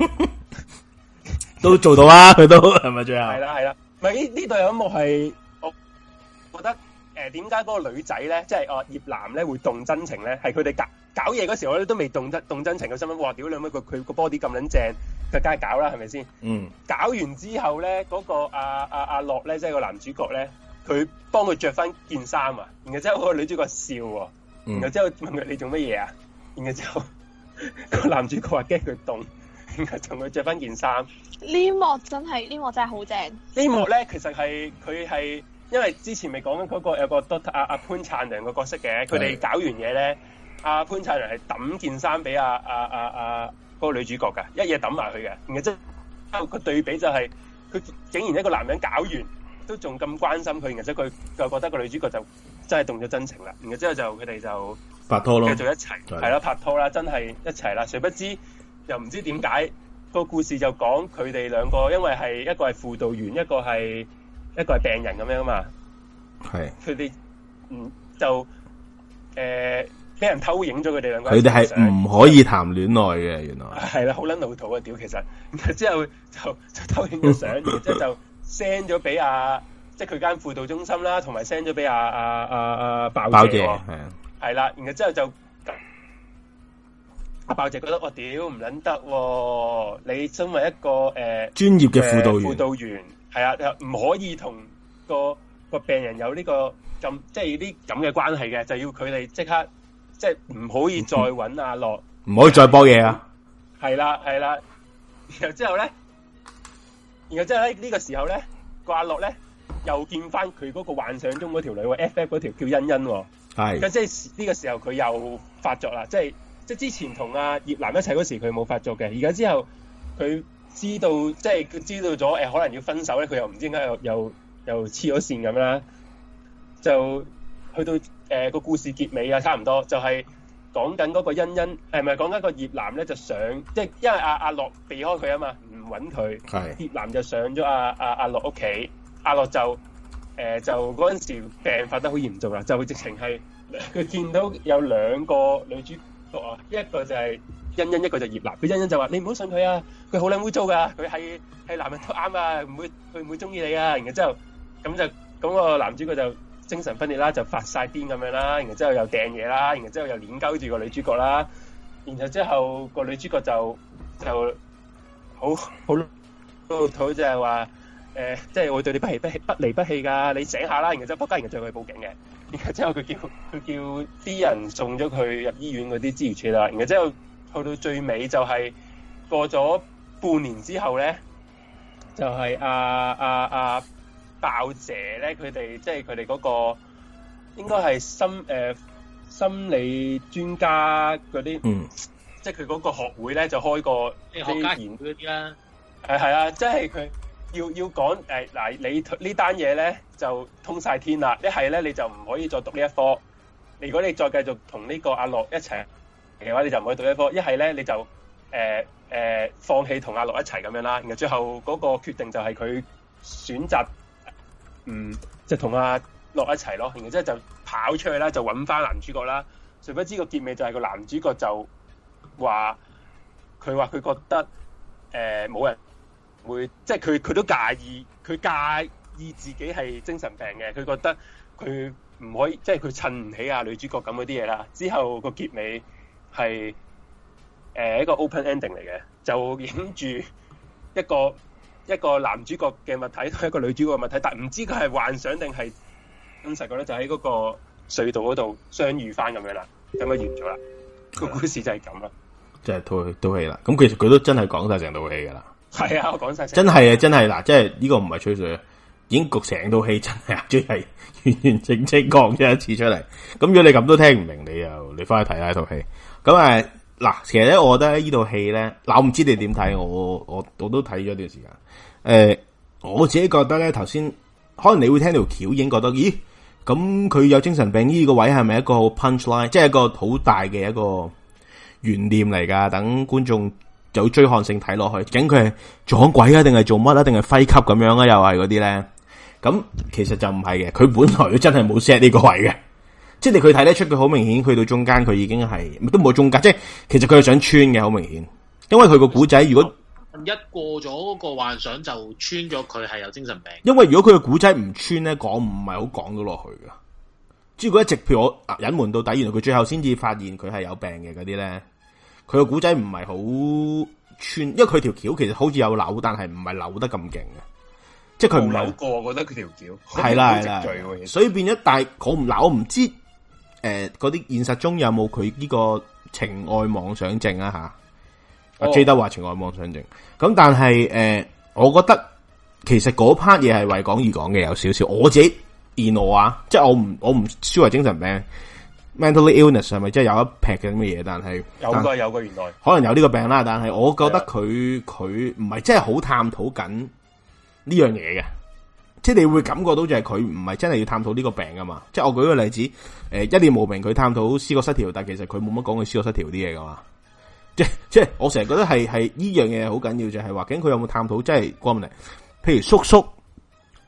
都做到啦，佢都係咪最後係啦係啦，咪呢度有一幕係。誒，點解嗰個女仔咧，即係哦葉嵐咧會動真情咧？係佢哋搞搞嘢嗰時候，我咧都未動得動真情嘅新聞。哇，屌你乜？佢佢個 body 咁撚正，佢梗係搞啦，係咪先？嗯。搞完之後咧，嗰、嗰個阿阿阿樂咧，即係個男主角咧，佢幫佢着翻件衫啊，然後之後個女主角笑，然後之後問佢你做乜嘢啊？然後之後個 [laughs] 男主角話驚佢凍，然後同佢着翻件衫。呢幕真係，呢幕真係好正。幕呢幕咧，其實係佢係。因為之前咪講緊嗰個有個阿阿潘燦良個角色嘅，佢哋搞完嘢咧，阿、啊、潘燦良係抌件衫俾阿阿阿阿個女主角嘅一嘢抌埋佢嘅，然之後個對比就係、是，佢竟然一個男人搞完都仲咁關心佢，然之後佢就覺得個女主角就真係動咗真情啦，然之後就佢哋就拍拖咯，繼續一齊係啦，拍拖啦，真係一齊啦，誰不知又唔知點解、個故事就講佢哋兩個，因為係一個係輔導員，一個係。一個係病人咁樣嘛，係佢哋唔就誒俾、呃、人偷影咗佢哋兩個，佢哋係唔可以談戀愛嘅，原來係啦，好捻老土啊！屌，其實之後就就偷影咗相，然之後就 send 咗俾阿即係佢間輔導中心啦，同埋 send 咗俾阿阿阿阿爆姐，係啊，啦，然後之後就阿爆姐覺得我屌唔捻得，你身為一個誒專、呃、業嘅輔導員。呃，輔導員係啊，唔可以同個個病人有呢個咁即係呢咁嘅關係嘅，就要佢哋即刻即係唔可以再揾阿樂，唔可以再播嘢啊！係啦係啦，然後之後咧，然後之後喺呢個時候咧，個阿樂咧又見翻佢嗰個幻想中嗰條女喎，F F 嗰條叫欣欣喎、哦，係。咁即係呢個時候佢又發作啦，即係即係之前同阿葉嵐一齊嗰時佢冇發作嘅，而家之後佢。知道即係佢知道咗、呃，可能要分手咧，佢又唔知點解又又又黐咗線咁啦，就去到誒個、呃、故事結尾啊，差唔多就係、是、講緊嗰個欣欣，係咪講緊個葉楠咧就上，即係因為阿阿樂避開佢啊嘛，唔揾佢，葉楠就上咗阿阿阿樂屋企，阿樂就誒、呃、就嗰陣時病發得好嚴重啦，就直情係佢見到有兩個女主角啊，一個就係、是。欣欣一個就葉立，佢欣欣就話：你唔好信佢啊，佢好捻污糟噶。佢係係男人都啱啊，唔會佢唔會中意你啊。然後之後咁就咁個男主角就精神分裂啦，就發晒癲咁樣啦。然後之後又掟嘢啦，然後之後又黏鳩住個女主角啦。然後之後個女主角就就好好老土，就係話誒，即係會對你不離不棄不離不棄噶。你醒下啦。然後之後仆街，然後就去報警嘅。然後之後佢叫佢叫啲人送咗佢入醫院嗰啲資源處啦。然後之後。去到最尾就係過咗半年之後咧，就係阿阿阿爆姐咧，佢哋即係佢哋嗰個應該係心誒、呃、心理專家嗰啲，即係佢嗰個學會咧就開個學家研究嗰啲啦。係係啊，即係佢要要講誒嗱，你這呢單嘢咧就通晒天啦！一係咧你就唔可以再讀呢一科，如果你再繼續同呢個阿樂一齊。嘅話你就唔可以讀一科，一係咧你就誒誒、呃呃、放棄同阿樂一齊咁樣啦。然後最後嗰個決定就係佢選擇嗯即係同阿樂一齊咯。然後即係就跑出去啦，就揾翻男主角啦。誰不知個結尾就係個男主角就話佢話佢覺得誒冇、呃、人會即係佢佢都介意，佢介意自己係精神病嘅。佢覺得佢唔可以即係佢襯唔起阿、啊、女主角咁嗰啲嘢啦。之後個結尾，係誒、呃、一個 open ending 嚟嘅，就影住一個一個男主角嘅物體同一個女主角嘅物體，但唔知佢係幻想定係咁實講咧，就喺嗰個隧道嗰度相遇翻咁樣啦，咁咪完咗啦。個故事就係咁啦，即係套套戲啦。咁其實佢都真係講曬成套戲噶啦，係啊，我講曬真係啊，真係嗱，即係呢個唔係吹水，已經焗成套戲真係即係完完整整講咗一次出嚟。咁如果你咁都聽唔明，你又你翻去睇下呢套戲。咁啊，嗱，其實咧，我覺得呢套戲咧，我唔知你點睇，我我我都睇咗一段時間。誒、呃，我自己覺得咧，頭先可能你會聽到橋已經覺得，咦，咁佢有精神病呢個位係咪一個 punch line，即係一個好大嘅一個懸念嚟噶？等觀眾有追看性睇落去，究竟佢撞鬼啊，定係做乜啊，定係揮級咁樣呀、啊，又係嗰啲咧？咁其實就唔係嘅，佢本來都真係冇 set 呢個位嘅。即係佢睇得出，佢好明顯去到中間，佢已經係都冇中間，即係其實佢係想穿嘅，好明顯。因為佢個古仔如果一過咗個幻想就穿咗，佢係有精神病。因為如果佢個古仔唔穿咧，講唔係好講到落去噶即係如果一直譬如我隱瞞到底，原來佢最後先至發現佢係有病嘅嗰啲咧，佢個古仔唔係好穿，因為佢條橋其實好似有扭，但係唔係扭得咁勁嘅。即係佢唔扭過，我覺得佢條橋係啦係啦，所以變咗但係我唔扭，我唔知。誒、呃，嗰啲現實中有冇佢呢個情愛妄想症啊？吓、啊，阿、oh、J 德話情愛妄想症，咁但係誒、呃，我覺得其實嗰 part 嘢係為講而講嘅，有少少我自己而、就是、我啊，即係我唔我唔算為精神病 [music] ，mental illness 係咪即係有一撇嘅咁嘅嘢？但係有嘅有嘅，原來可能有呢個病啦，但係我覺得佢佢唔係真係好探討緊呢樣嘢嘅。即係你會感覺到就係佢唔係真係要探討呢個病噶嘛？即係我舉個例子，誒、呃，一念無明，佢探討思覺失調，但係其實佢冇乜講佢思覺失調啲嘢噶嘛？即係即係我成日覺得係係呢樣嘢好緊要，就係、是、話究竟佢有冇探討？即係個問題，譬如叔叔，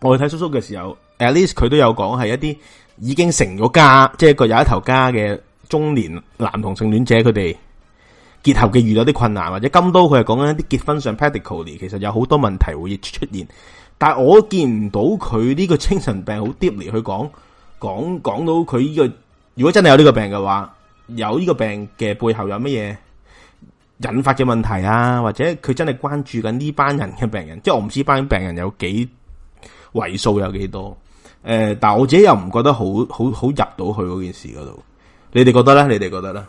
我去睇叔叔嘅時候，At least 佢都有講係一啲已經成咗家，即係佢有一頭家嘅中年男同性戀者，佢哋結合嘅遇到啲困難，或者金都佢係講緊一啲結婚上 practically 其實有好多問題會出現。但我見唔到佢呢個精神病好 deep 嚟去講講講到佢呢個如果真係有呢個病嘅話，有呢個病嘅背後有乜嘢引發嘅問題啊？或者佢真係關注緊呢班人嘅病人，即係我唔知班病人有幾為數有幾多？誒、呃，但我自己又唔覺得好好好入到去嗰件事嗰度。你哋覺得咧？你哋覺得咧？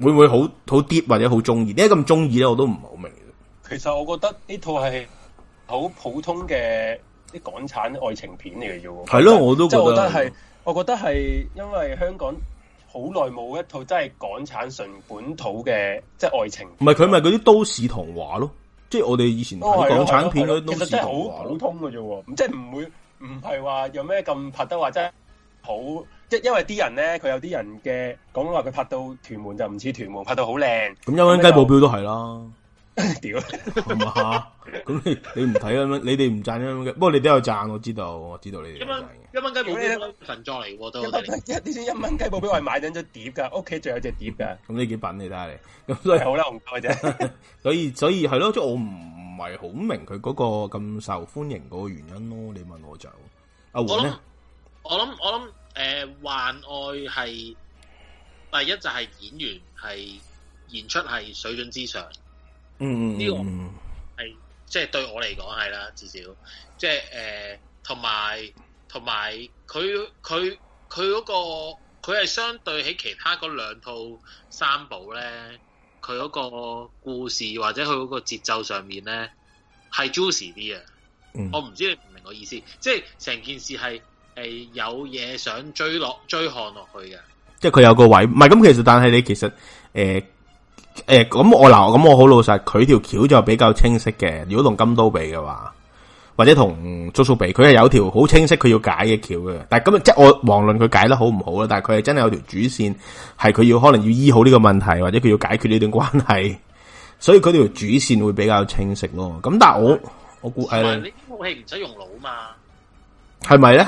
會唔會好好 deep 或者好中意？點解咁中意咧？我都唔係好明。其實我覺得呢套係。好普通嘅啲港產愛情片嚟嘅啫喎，係咯，就是，我都即係覺得係，我覺得係因為香港好耐冇一套真係港產純本土嘅即係愛情片，唔係佢咪嗰啲都市童話咯，即係我哋以前睇港產片嗰啲，其實真係好普通嘅啫，即係唔會唔係話有咩咁拍得話真係好，即、就、係、是就是、因為啲人咧，佢有啲人嘅講話佢拍到屯門就唔似屯門拍到好靚，咁《一蚊雞保鑣》都係啦。屌 [laughs] 是吧，係嘛？咁你你唔睇啊？你哋唔賺啊？咩？ [laughs] [laughs] 不過你都有賺，我知道，我知道你哋。一蚊一蚊雞冇邊神作嚟喎？都 [laughs] 一啲一蚊雞冇邊個係買緊隻碟噶？屋企仲有隻碟噶？咁你幾品你睇下你。咁所以好啦，唔該啫。所以所以係咯，即係我唔係好明佢嗰個咁受歡迎嗰個原因咯。你問我，阿我，我，我、呃、就阿胡我諗我諗誒，幻愛係第一就係演員係演出係水準之上。嗯，嗯，呢、嗯嗯嗯、個係即係對我嚟講係啦，至少即係誒，同埋同埋佢佢佢嗰個佢係相對喺其他嗰兩套三部咧，佢嗰個故事或者佢嗰個節奏上面咧係 juicy 啲啊！嗯嗯，我唔知你唔明我意思，即係成件事係係有嘢，想追落追看落去嘅，即係佢有個位。唔係咁，其實但係你其實誒。呃誒、欸，咁我嗱，咁我好老實，佢條橋就比較清晰嘅。如果同金刀比嘅話，或者同叔叔比，佢係有條好清晰佢要解嘅橋嘅。但係咁即係我無論佢解得好唔好啦。但係佢係真係有條主線，係佢要可能要醫好呢個問題，或者佢要解決呢段關係。所以佢條主線會比較清晰咯。咁但係我我估，你啲武器唔使用腦啊嘛，係咪咧？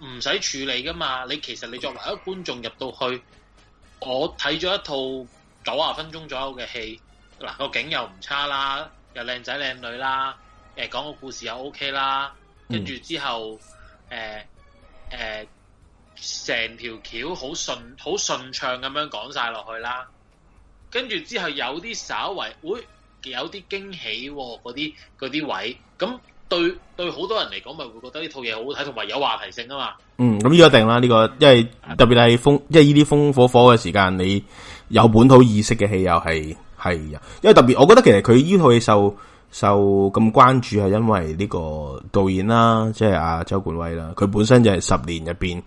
唔使處理噶嘛。你其實你作為一個觀眾入到去，我睇咗一套。九啊分鐘左右嘅戲，嗱、啊、個景又唔差啦，又靚仔靚女啦，誒、呃、講個故事又 OK 啦，跟、嗯、住之後誒誒，成條橋好順好順暢咁樣講晒落去啦，跟住之後有啲稍為會、哎、有啲驚喜嗰啲嗰啲位，咁對對好多人嚟講，咪會覺得呢套嘢好睇，同埋有話題性啊嘛。嗯，咁呢、這個一定啦，呢個因為特別係風，即係呢啲風火火嘅時間你。有本土意識嘅戲又係係因為特別，我覺得其實佢呢套戲受受咁關注係因為呢個導演啦，即係阿周冠威啦，佢本身就係十年入面，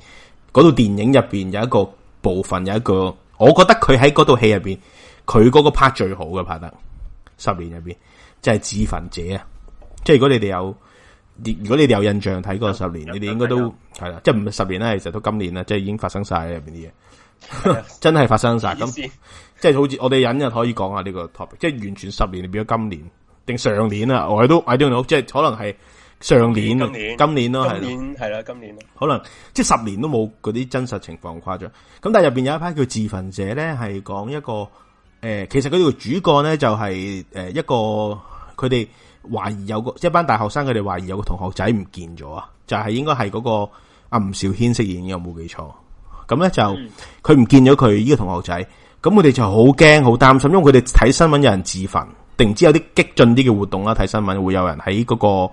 嗰套電影入面有一個部分有一個，我覺得佢喺嗰套戲入面，佢嗰個 part 最好嘅拍得十年入面，即係自焚者啊！即係如果你哋有，如果你哋有印象睇過十年，能能你哋應該都係啦，即係唔係十年啦，其實到今年啦，即係已經發生曬入邊啲嘢。啊、 [laughs] 真係發生晒咁，即係、就是、好似我哋忍日可以講下呢個 topic，即係完全十年裏變咗今年定 [laughs] 上年啊？我哋都，我哋都即係可能係上年今年咯，係咯，係啦，今年咯、啊，可能即係、就是、十年都冇嗰啲真實情況誇張。咁但係入邊有一批叫自焚者咧，係講一個誒、呃，其實佢條主角咧就係、是、誒一個，佢哋懷疑有個即係班大學生，佢哋懷疑有個同學仔唔見咗啊，就係、是、應該係嗰個阿吳肇軒飾演，有冇記錯？咁咧就佢唔見咗佢呢個同學仔，咁我哋就好驚好擔心，因為佢哋睇新聞有人自焚，定唔知有啲激進啲嘅活動啦。睇新聞會有人喺嗰個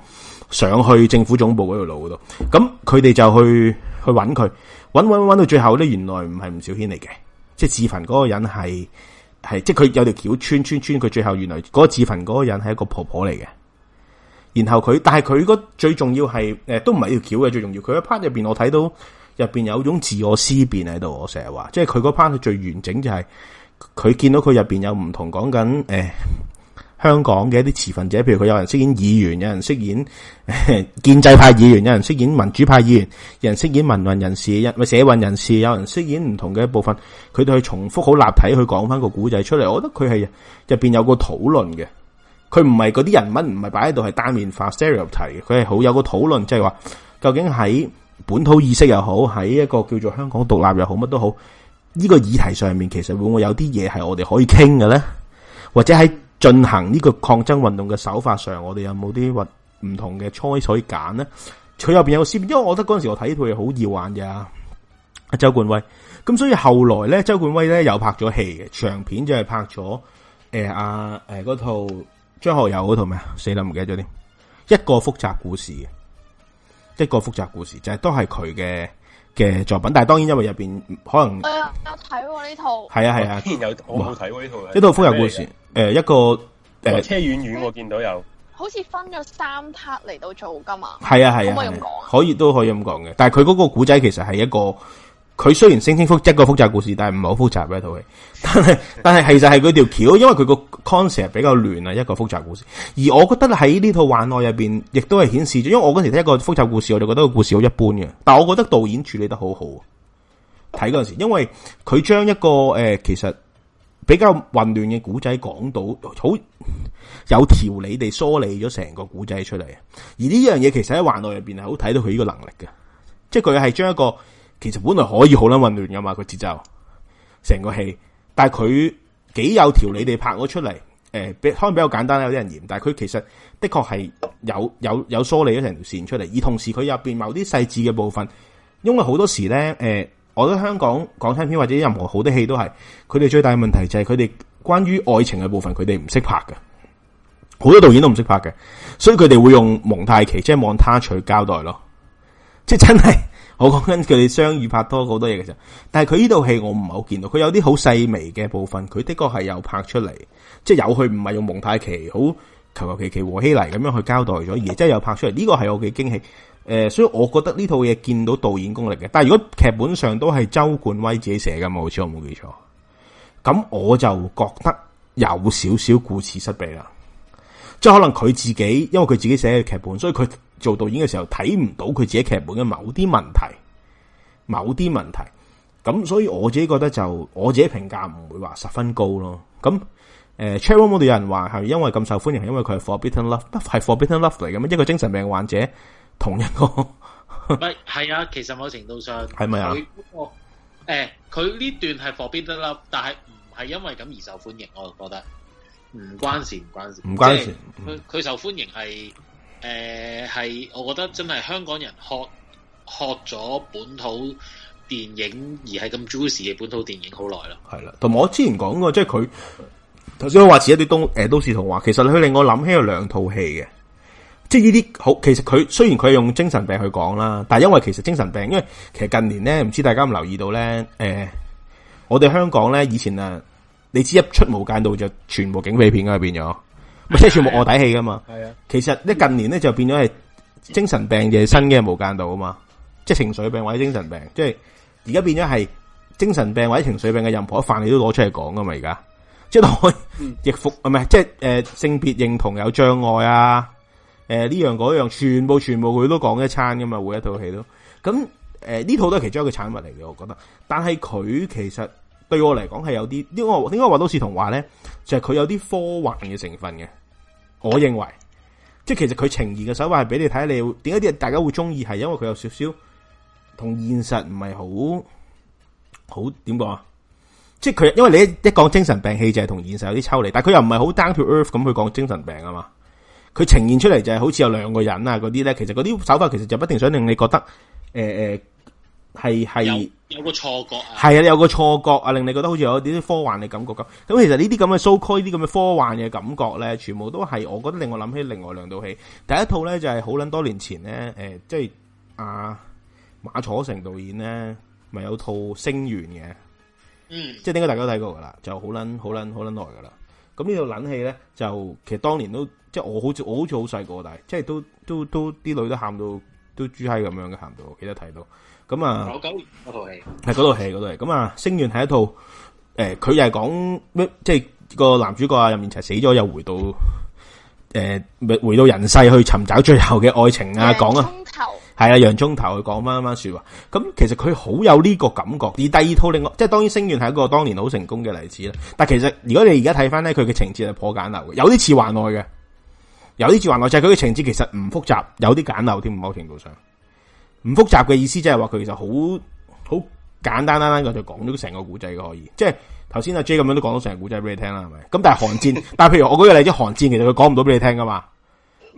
上去政府總部嗰條路度，咁佢哋就去去揾佢，揾揾揾到最後咧，原來唔係唔少軒嚟嘅，即係自焚嗰個人係係即係佢有條橋穿穿穿，佢最後原來嗰個自焚嗰個人係一個婆婆嚟嘅。然後佢，但係佢嗰最重要係誒，都唔係條橋嘅最重要。佢一 part 入邊我睇到。入邊有一種自我思辨喺度，我成日話，即係佢嗰 part 係最完整就係佢見到佢入邊有唔同講緊誒香港嘅一啲持份者，譬如佢有人飾演議員，有人飾演建制派議員，有人飾演民主派議員，有人飾演民運人士、社運人士，有人飾演唔同嘅一部分，佢哋去重複好立體去講翻個古仔出嚟。我覺得佢係入邊有個討論嘅，佢唔係嗰啲人物唔係擺喺度係單面化 stereotype 佢係好有個討論，即係話究竟喺。本土意識又好，喺一個叫做香港獨立又好，乜都好，呢個議題上面其實會唔會有啲嘢係我哋可以傾嘅咧？或者喺進行呢個抗爭運動嘅手法上，我哋有冇啲或唔同嘅初選揀呢？佢入邊有線，因為我覺得嗰陣時候我睇佢係好易玩嘅啊。周冠威，咁所以後來咧，周冠威咧又拍咗戲嘅長片就係拍咗，就係拍咗誒阿誒套張學友嗰套咩啊？死啦，唔記得咗啲一個複雜故事嘅一個複雜故事，就係都係佢嘅嘅作品，但係當然因為入邊可能，哎、有睇呢、啊、套，係啊係啊，啊我然有我好睇喎呢套，呢套複雜故事，誒、呃、一個誒、呃、車遠遠我、啊、見到有，好似分咗三 part 嚟到做噶嘛，係啊係啊，啊，可唔可以咁講？可以都可以咁講嘅，但係佢嗰個古仔其實係一個。佢雖然聲稱複一個複雜故事，但係唔係好複雜嘅一套戲。但係但係其實係佢條橋，因為佢個 concept 比較亂啊，一個複雜故事。而我覺得喺呢套幻愛入邊，亦都係顯示咗，因為我嗰時睇一個複雜故事，我就覺得個故事好一般嘅。但係我覺得導演處理得好好，睇嗰陣時，因為佢將一個誒、呃、其實比較混亂嘅古仔講到好有條理地梳理咗成個古仔出嚟。而呢樣嘢其實喺幻愛入邊係好睇到佢呢個能力嘅，即係佢係將一個。其實本來可以好撚混亂噶嘛個節奏，成個戲，但係佢幾有條理地拍咗出嚟，誒、呃，可能比較簡單有啲人嫌，但係佢其實的確係有有有梳理咗成條線出嚟，而同時佢入邊某啲細致嘅部分，因為好多時咧，誒、呃，我覺得香港港產片或者任何好多戲都係，佢哋最大嘅問題就係佢哋關於愛情嘅部分，佢哋唔識拍嘅，好多導演都唔識拍嘅，所以佢哋會用蒙太奇，即係望他取交代咯，即係真係。我講緊佢哋相遇拍拖好多嘢嘅時候，但係佢呢套戲我唔係好見到，佢有啲好細微嘅部分，佢的確係有拍出嚟，即係有去，唔係用蒙太奇好求求其其和稀泥咁樣去交代咗，而真係有拍出嚟，呢、這個係我嘅驚喜。誒、呃，所以我覺得呢套嘢見到導演功力嘅，但係如果劇本上都係周冠威自己寫嘅嘛，好似我冇記錯，咁我就覺得有少少故事失備啦，即係可能佢自己因為佢自己寫嘅劇本，所以佢。做導演嘅時候睇唔到佢自己劇本嘅某啲問題，某啲問題，咁所以我自己覺得就我自己評價唔會話十分高咯。咁誒，Chatroom 我哋有人話係因為咁受歡迎，係因為佢係 Forbidden Love，係 Forbidden Love 嚟嘅咩？一個精神病患者同一個，唔係係啊。其實某程度上係咪啊？佢誒，佢呢、欸、段係 Forbidden Love，但係唔係因為咁而受歡迎。我覺得唔關事，唔關事，唔關事。佢、就、佢、是嗯、受歡迎係。誒、呃，係，我覺得真係香港人學學咗本土電影而係咁 juicy 嘅本土電影好耐啦，係啦。同埋我之前講過，即係佢頭先我話似一啲東誒都市童話，其實佢令我諗起有兩套戲嘅，即係呢啲好。其實佢雖然佢係用精神病去講啦，但係因為其實精神病，因為其實近年咧，唔知大家有冇留意到咧？誒、呃，我哋香港咧以前啊，你知一出無間道就全部警匪片入面咗。即係全部臥底戲噶嘛，係啊。其實咧近年咧就變咗係精神病亦係新嘅無間道啊嘛，即係情緒病或者精神病，即係而家變咗係精神病或者情緒病嘅任何一範，你都攞出嚟講噶嘛。而家即係逆亦唔係，即係誒性別認同有障礙啊，誒、呃、呢樣嗰樣，全部全部佢都講一餐噶嘛，每一套戲都。咁誒呢套都係其中一個產物嚟嘅，我覺得。但係佢其實對我嚟講係有啲，應該應該話都市童話咧，就係、是、佢有啲科幻嘅成分嘅。我認為，即係其實佢呈現嘅手法係俾你睇，你點解啲大家會中意，係因為佢有少少同現實唔係好好點講啊？即係佢因為你一講精神病戲就係、是、同現實有啲抽離，但係佢又唔係好 down to earth 咁去講精神病啊嘛？佢呈現出嚟就係好似有兩個人啊，嗰啲咧，其實嗰啲手法其實就不定想令你覺得誒誒。呃係係有個錯覺，係啊有個錯覺啊，覺令你覺得好似有啲啲科幻嘅感覺咁。咁其實呢啲咁嘅 so call 呢啲咁嘅科幻嘅感覺咧，全部都係我覺得令我諗起另外兩套戲。第一套咧就係好捻多年前咧，誒、呃，即係阿、啊、馬楚成導演咧，咪有套星願嘅，嗯，即係應該大家都睇過噶啦，就好捻好捻好捻耐噶啦。咁呢套捻戲咧，就其實當年都即係我好似我好似好細個，但係即係都都都啲女都喊到都豬閪咁樣嘅，喊到記得睇到。咁啊，九九年嗰套戲係嗰套戲嗰套戲。咁啊，星願係一套誒，佢又係講咩？即係個男主角啊，任賢齊死咗，又回到誒、欸，回到人世去尋找最後嘅愛情啊，講啊，係啊，洋蔥頭去講啱啱說話。咁其實佢好有呢個感覺。而第二套另外，即係當然星願係一個當年好成功嘅例子啦。但其實如果你而家睇翻咧，佢嘅情節係頗簡陋嘅，有啲似幻愛嘅，有啲似幻愛，就係佢嘅情節其實唔複雜，有啲簡陋添，某程度上。唔複雜嘅意思，即係話佢其實好好簡單單單佢就講咗成個古仔嘅可以，即係頭先阿 J 咁樣都講到成個古仔俾你聽啦，係咪？咁但係寒戰， [laughs] 但係譬如我嗰個例子寒戰，其實佢講唔到俾你聽噶嘛。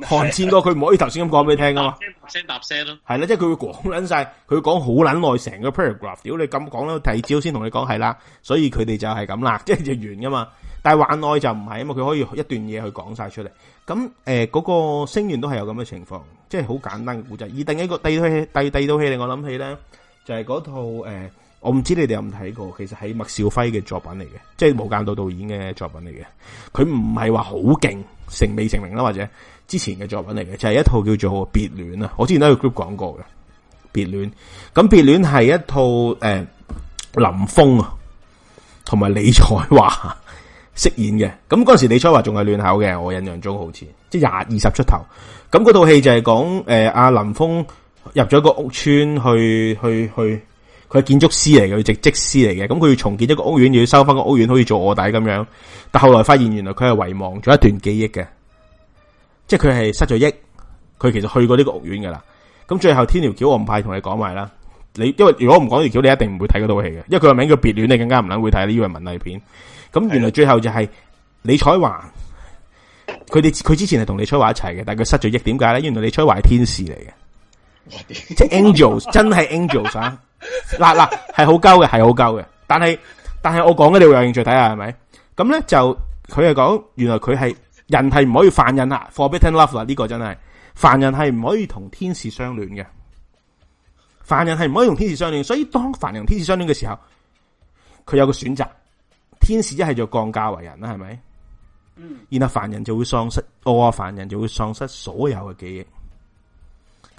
寒戰個佢唔可以頭先咁講俾你聽噶嘛。聲答聲咯，係啦、啊，即係佢會講捻晒，佢會講好捻耐成個 paragraph。屌你咁講咯，第二朝先同你講，係啦，所以佢哋就係咁啦，即係就是、完噶嘛。但幻愛就唔係啊嘛，佢可以一段嘢去講晒出嚟。咁誒，嗰、呃那個聲源都係有咁嘅情況，即係好簡單嘅故仔。而另一個第二套戲，第第二套戲令我諗起咧，就係、是、嗰套誒、呃，我唔知你哋有冇睇過。其實係麥兆輝嘅作品嚟嘅，即係無間道導演嘅作品嚟嘅。佢唔係話好勁，成未成名啦，或者之前嘅作品嚟嘅，就係、是、一套叫做《別戀》啊。我之前喺個 group 講過嘅《別戀》，咁《別戀》係一套誒、呃、林峰啊，同埋李彩華。飾演嘅，咁嗰時李彩華仲係嫩口嘅，我印象中好似即係廿二十出頭。咁嗰套戲就係講誒阿林峰入咗一個屋村去去去，佢係建築師嚟嘅，佢職職師嚟嘅。咁佢要重建一個屋苑，要收翻個屋苑，好似做卧底咁樣。但後來發現原來佢係遺忘咗一段記憶嘅，即係佢係失咗憶，佢其實去過呢個屋苑噶啦。咁最後天條橋我唔怕同你講埋啦，你因為如果唔講條橋，你一定唔會睇嗰套戲嘅，因為佢個名叫別戀，你更加唔捻會睇呢個文藝片。咁原來最後就係李彩華，佢哋佢之前係同李彩華一齊嘅，但係佢失咗憶，點解咧？原來李彩華係天使嚟嘅，即係 angels，真係 angels [laughs] 啊！嗱嗱係好鳩嘅，係好鳩嘅。但係但係我講嘅，你會有興趣睇下係咪？咁咧就佢係講，原來佢係人係唔可以犯人啦 [laughs] ，forbidden love 啦，呢、呢個真係凡人係唔可以同天使相戀嘅，凡人係唔可以同天使相戀，所以當凡人天使相戀嘅時候，佢有個選擇。天使一係就降價為人啦，係咪？嗯，然後凡人就會喪失，哦，凡人就會喪失所有嘅記憶。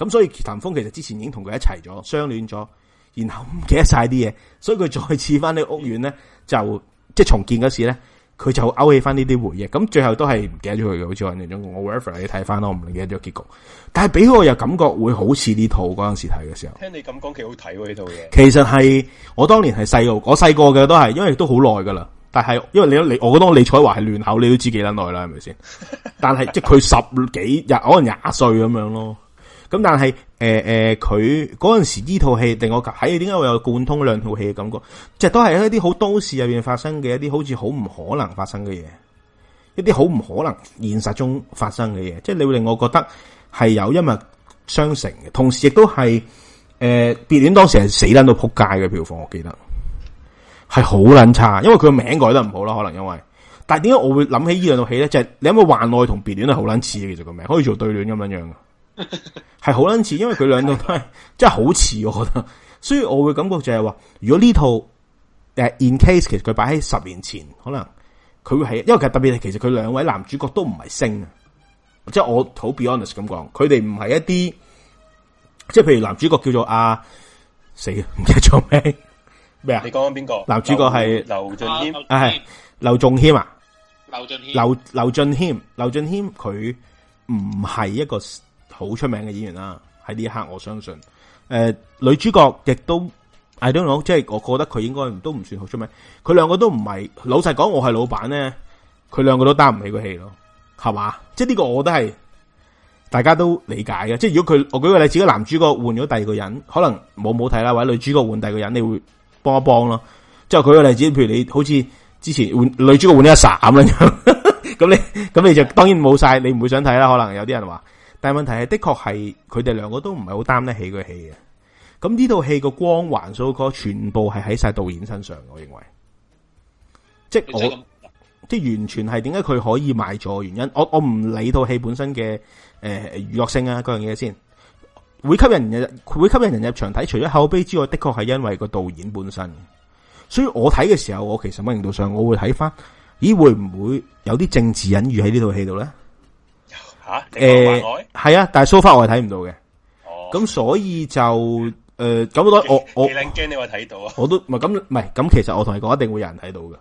咁所以譚峰其實之前已經同佢一齊咗，相戀咗，然後唔記得晒啲嘢，所以佢再次翻啲屋苑咧，嗯、就即係重建嗰時咧。佢就勾起翻呢啲回憶，咁最後都係唔記得咗佢嘅。好似我印象中，我 whatever 你睇翻咯，我唔記得咗結局。但係俾我又感覺會好似呢套嗰陣時睇嘅時候。聽你咁講，幾好睇喎呢套嘢。其實係我當年係細個，我細個嘅都係，因為都好耐噶啦。但係因為你你，我嗰當李彩華係亂口，你都知幾捻耐啦，係咪先？ [laughs] 但係即係佢十幾日，可能廿歲咁樣咯。咁但係誒誒，佢嗰陣時呢套戲令我喺點解會有貫通兩套戲嘅感覺？即係都係喺一啲好都市入邊發生嘅一啲好似好唔可能發生嘅嘢，一啲好唔可能現實中發生嘅嘢，即係你會令我覺得係有一脈相承嘅。同時亦都係誒，別、呃、戀當時係死捻到撲街嘅票房，我記得係好捻差，因為佢個名改得唔好啦，可能因為。但係點解我會諗起兩呢兩套戲咧？就係、是、你諗下，幻愛同別戀係好捻似嘅，其實個名可以做對戀咁樣樣係好撚似，因為佢兩套都係 [laughs] 真係好似，我覺得，所以我會感覺就係、是、話，如果呢套誒，in case 其實佢擺喺十年前，可能佢會係，因為其實特別係，其實佢兩位男主角都唔係星啊，即、就、係、是、我好 be honest 咁講，佢哋唔係一啲，即、就、係、是、譬如男主角叫做阿死，唔記得做咩咩啊？你講緊邊個男主角係劉俊謙？係劉仲謙啊？劉俊謙劉俊謙劉俊謙，佢唔係一個。好出名嘅演員啦，喺呢一刻我相信，誒、呃、女主角亦都 I don't know 即係我覺得佢應該都唔算好出名，佢兩個都唔係，老實講我係老板咧，佢兩個都擔唔起個戲咯，係嘛？即係呢個我都係大家都理解嘅，即係如果佢我舉個例子，如果男主角換咗第二個人，可能冇冇睇啦，或者女主角換第二個人，你會幫一幫咯。即係舉個例子，譬如你好似之前換女主角換咗阿 Sa 咁樣，咁 [laughs] 你咁你就當然冇晒，你唔會想睇啦。可能有啲人話。但係問題係，的確係佢哋兩個都唔係好擔得起佢戲嘅。咁呢套戲個光環，所以全部係喺晒導演身上，我認為。即係我，即係完全係點解佢可以賣座原因。我我唔理套戲本身嘅誒娛樂性啊各樣嘢先，會吸引人，會吸引人入場睇。除咗口碑之外，的確係因為個導演本身。所以我睇嘅時候，我其實某程度上我會睇翻，咦會唔會有啲政治隱喻喺呢套戲度咧？吓誒，係、呃、啊，但係 so far 我係睇唔到嘅。哦，咁所以就誒咁多。我我你話睇到啊，我都咁唔係咁。其實我同你講，一定會有人睇到嘅。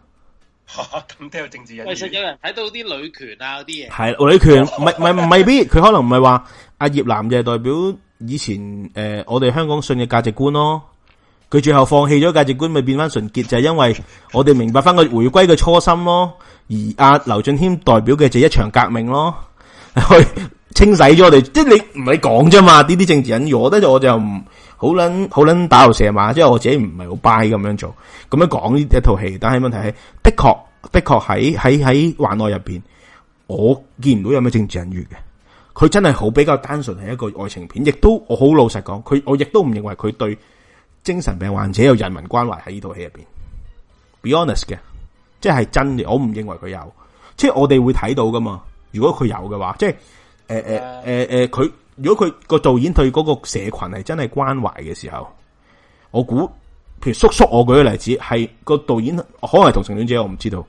咁都有政治因素，其實有人睇到啲女權啊啲嘢？係、啊、女權，唔係唔係未必。佢、哦哦哦哦哦哦哦、可能唔係話阿葉嵐嘅代表以前誒、呃，我哋香港信嘅價值觀咯。佢最後放棄咗價值觀，咪變翻純潔， [laughs] 就係因為我哋明白翻個回歸嘅初心咯。 [laughs] 而阿劉俊謙代表嘅就係一場革命咯。去 [laughs] 清洗咗我哋，即係你唔係講啫嘛？呢啲政治隱喻我得咧，我，我就唔好捻好捻打頭蛇嘛。即係我自己唔係好 buy 咁樣做，咁樣講呢一套戲。但係問題係，的確的確喺喺喺幻愛入邊，我見唔到有咩政治隱喻嘅。佢真係好比較單純，係一個愛情片。亦都我好老實講，佢我亦都唔認為佢對精神病患者有人民關懷喺呢套戲入邊。Be honest 嘅，即係真嘅，我唔認為佢有。即係我哋會睇到噶嘛。如果佢有嘅話，即係誒誒誒誒，佢、呃呃呃呃、如果佢個導演對嗰個社群係真係關懷嘅時候，我估譬如叔叔，我舉個例子，係、個導演可能係同性戀者，我唔知道，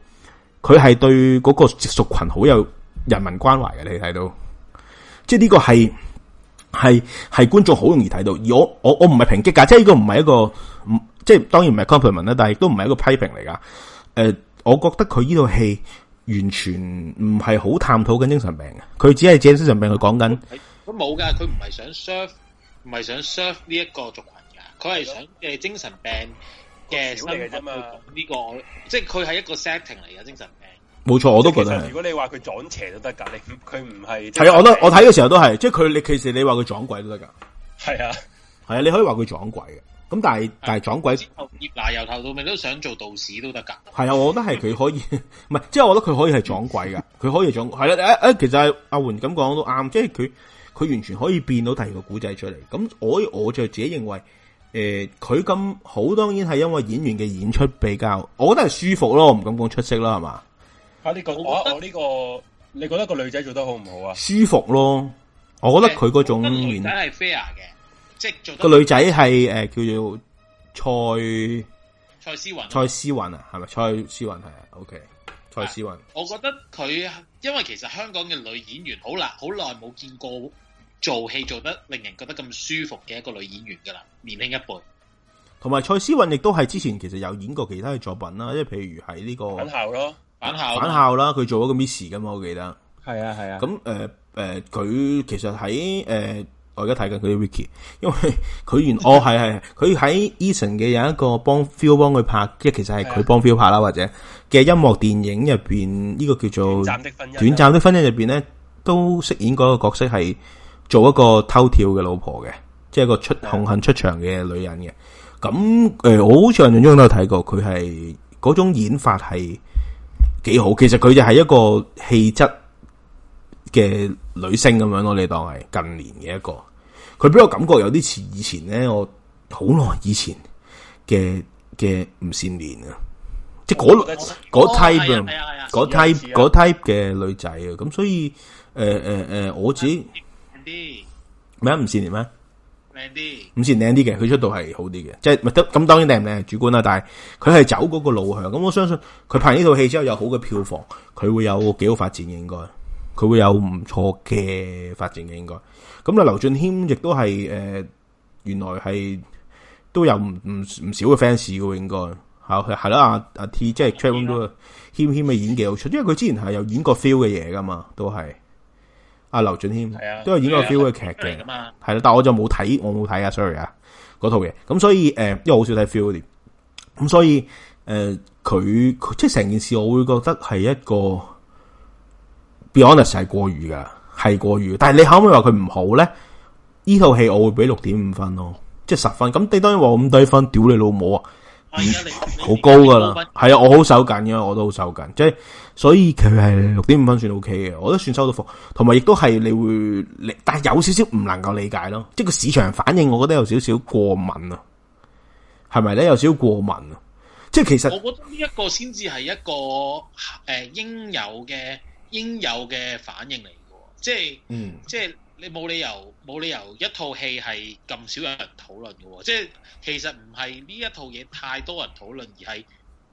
佢係對嗰個族群好有人文關懷嘅，你睇到，即係呢個係係係觀眾好容易睇到。而我我我唔係抨擊噶，即係呢個唔係一個唔即係當然唔係 compliment 啦，但係亦都唔係一個批評嚟噶。誒、呃，我覺得佢呢套戲。完全唔係好探討緊精神病嘅，佢只係借精神病去講緊。佢冇噶，佢唔係想 serve，唔係想 serve 呢一個族群噶，佢係想嘅精神病嘅身份去講呢個，即係佢係一個 setting 嚟嘅，精神病。冇錯，呃，我都覺得。如果你話佢撞邪都得噶，你佢唔係。係啊，我都我睇嘅時候都係，即係佢你其實你話佢撞鬼都得噶係啊，係啊，你可以話佢撞鬼嘅。咁但係但係撞鬼，葉嵐由頭到尾都想做道士都得噶。係啊，我覺得係佢可以，唔 [laughs] 係，即係我覺得佢可以係撞鬼噶，佢 [laughs] 可以撞係啦。誒誒、哎哎，其實阿媛咁講都啱，即係佢佢完全可以變到第二個古仔出嚟。咁我我就自己認為，誒、呃，佢咁好，當然係因為演員嘅演出比較，我覺得係舒服咯。我唔敢講出色啦，係嘛？啊，呢個我我呢個你覺得個女仔做得好唔好啊？舒服咯，我覺得佢嗰種嘅。嗯即個女仔係誒，叫做蔡蔡思韻，蔡思韻啊，係咪？蔡思韻係啊，O K，蔡思韻，okay. 啊。我覺得佢因為其實香港嘅女演員好難，好耐冇見過做戲做得令人覺得咁舒服嘅一個女演員噶啦，年輕一輩。同埋蔡思韻亦都係之前其實有演過其他嘅作品啦，即係譬如喺呢、這個返校咯，返校返校啦，佢做咗個 Miss 咁我記得。係啊係啊，咁誒誒，佢、呃呃呃、其實喺誒。呃我而家睇緊佢 Vicky，因為佢原 [laughs] 哦係係，佢喺 Eason 嘅有一個幫 Feel 幫佢拍，即係其實係佢幫 Feel 拍啦，或者嘅音樂電影入邊呢個叫做短暫的婚姻。短暫的婚姻入邊咧，面面呢啊、都飾演嗰個角色係做一個偷跳嘅老婆嘅，即係個出紅杏 [laughs] 出場嘅女人嘅。咁誒，呃、我好似印象中都有睇過佢係嗰種演法係幾好，其實佢就係一個氣質。嘅女性咁樣咯，你當係近年嘅一個，佢俾我感覺有啲似以前咧，我好耐以前嘅嘅唔善年、嗯 type，哦、啊，即係嗰嗰 type，嗰 type 嗰 type 嘅女仔啊，咁、啊啊啊、所以誒誒誒，我自己咩唔善年咩？靚啲唔善靚啲嘅，佢出道係好啲嘅，即係咪得咁？當然靚唔靚係主觀啦，但係佢係走嗰個路向，咁我相信佢拍呢套戲之後有好嘅票房，佢會有幾好發展嘅應該。佢會有唔錯嘅發展嘅，應該咁啊！劉俊謙亦都係誒，原來係都有唔唔唔少嘅 fans 嘅，應該吓係咯阿阿 T 即係 Track One 都謙謙嘅演技好出，因為佢之前係有演過 feel 嘅嘢噶嘛，都係阿劉俊謙係啊，都有演過 feel 嘅劇嘅，係啦、啊啊、但係我就冇睇，我冇睇啊，sorry 啊，嗰套嘢。咁所以誒、呃，因為好少睇 feel 嗰啲，咁所以誒，佢佢即係成件事，我會覺得係一個。Be honest 係過譽噶，係過譽。但係你可唔可以話佢唔好咧？呢套戲我會俾六點五分咯，即係十分。咁你當然話咁低分，屌你老母啊！好、嗯、高噶啦，係啊，我好守緊嘅，我都好守緊。即係所以佢係六點五分算 O K 嘅，我都算收到貨。同埋亦都係你會理，但係有少少唔能夠理解咯。即係個市場反應，我覺得有少少過敏啊，係咪咧？有少少過敏啊！即係其實，我覺得呢一個先至係一個誒應有嘅。應有嘅反應嚟嘅，即係，即係你冇理由冇理由一套戲係咁少有人討論嘅，即係其實唔係呢一套嘢太多人討論，而係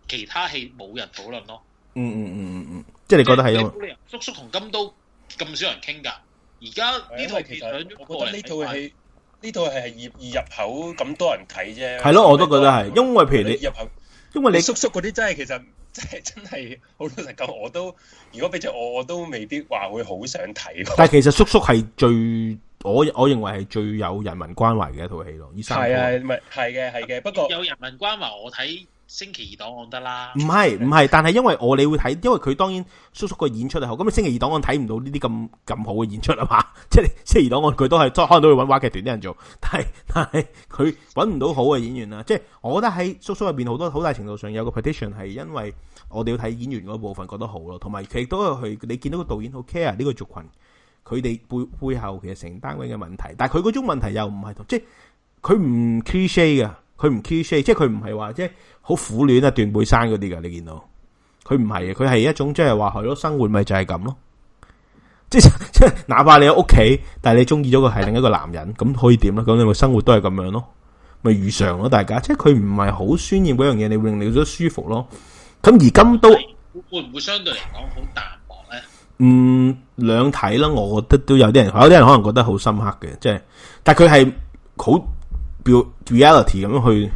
其他戲冇人討論咯。嗯嗯嗯嗯嗯，即係你覺得係冇理由？叔叔同金都咁少人傾噶，而家呢套其實我覺得呢套戲呢套戲係易易入口咁多人睇啫。係咯，我都覺得係，因為譬如你入口，因為你叔叔嗰啲真係其實。即係真係好老實咁，我都如果俾著我，我都未必話會好想睇。但係其實叔叔係最我我認為係最有人民關懷嘅一套戲咯，醫生，係啊，係係嘅係嘅，不過有人民關懷我睇。星期二檔案得啦，唔係唔係，但係因為我哋會睇，因為佢當然叔叔個演出係好，咁星期二檔案睇唔到呢啲咁咁好嘅演出啊嘛，即 [laughs] 係星期二檔案佢都係都可到去搵話劇團啲人做，但係但係佢搵唔到好嘅演員啦，即係我覺得喺叔叔入面好多好大程度上有個 petition 係因為我哋要睇演員嗰部分覺得好咯，同埋佢亦都係佢你見到個導演好 care 呢個族群，佢哋背背後其實承擔緊嘅問題，但係佢嗰種問題又唔係同即係佢唔 cliche 嘅。就是佢唔 key shape，即係佢唔係話即係好苦戀啊斷背山嗰啲噶，你見到佢唔係嘅，佢係一種即係話佢咯，生活咪就係咁咯，即係即係哪怕你喺屋企，但係你中意咗個係另一個男人，咁可以點咧？咁你個生活都係咁樣咯，咪如常咯，大家即係佢唔係好宣揚嗰樣嘢，你會令你覺得舒服咯。咁而今都會唔會相對嚟講好淡薄咧？嗯，兩睇啦，我覺得都有啲人，有啲人可能覺得好深刻嘅，即係但係佢係好。beauty reality 咁樣去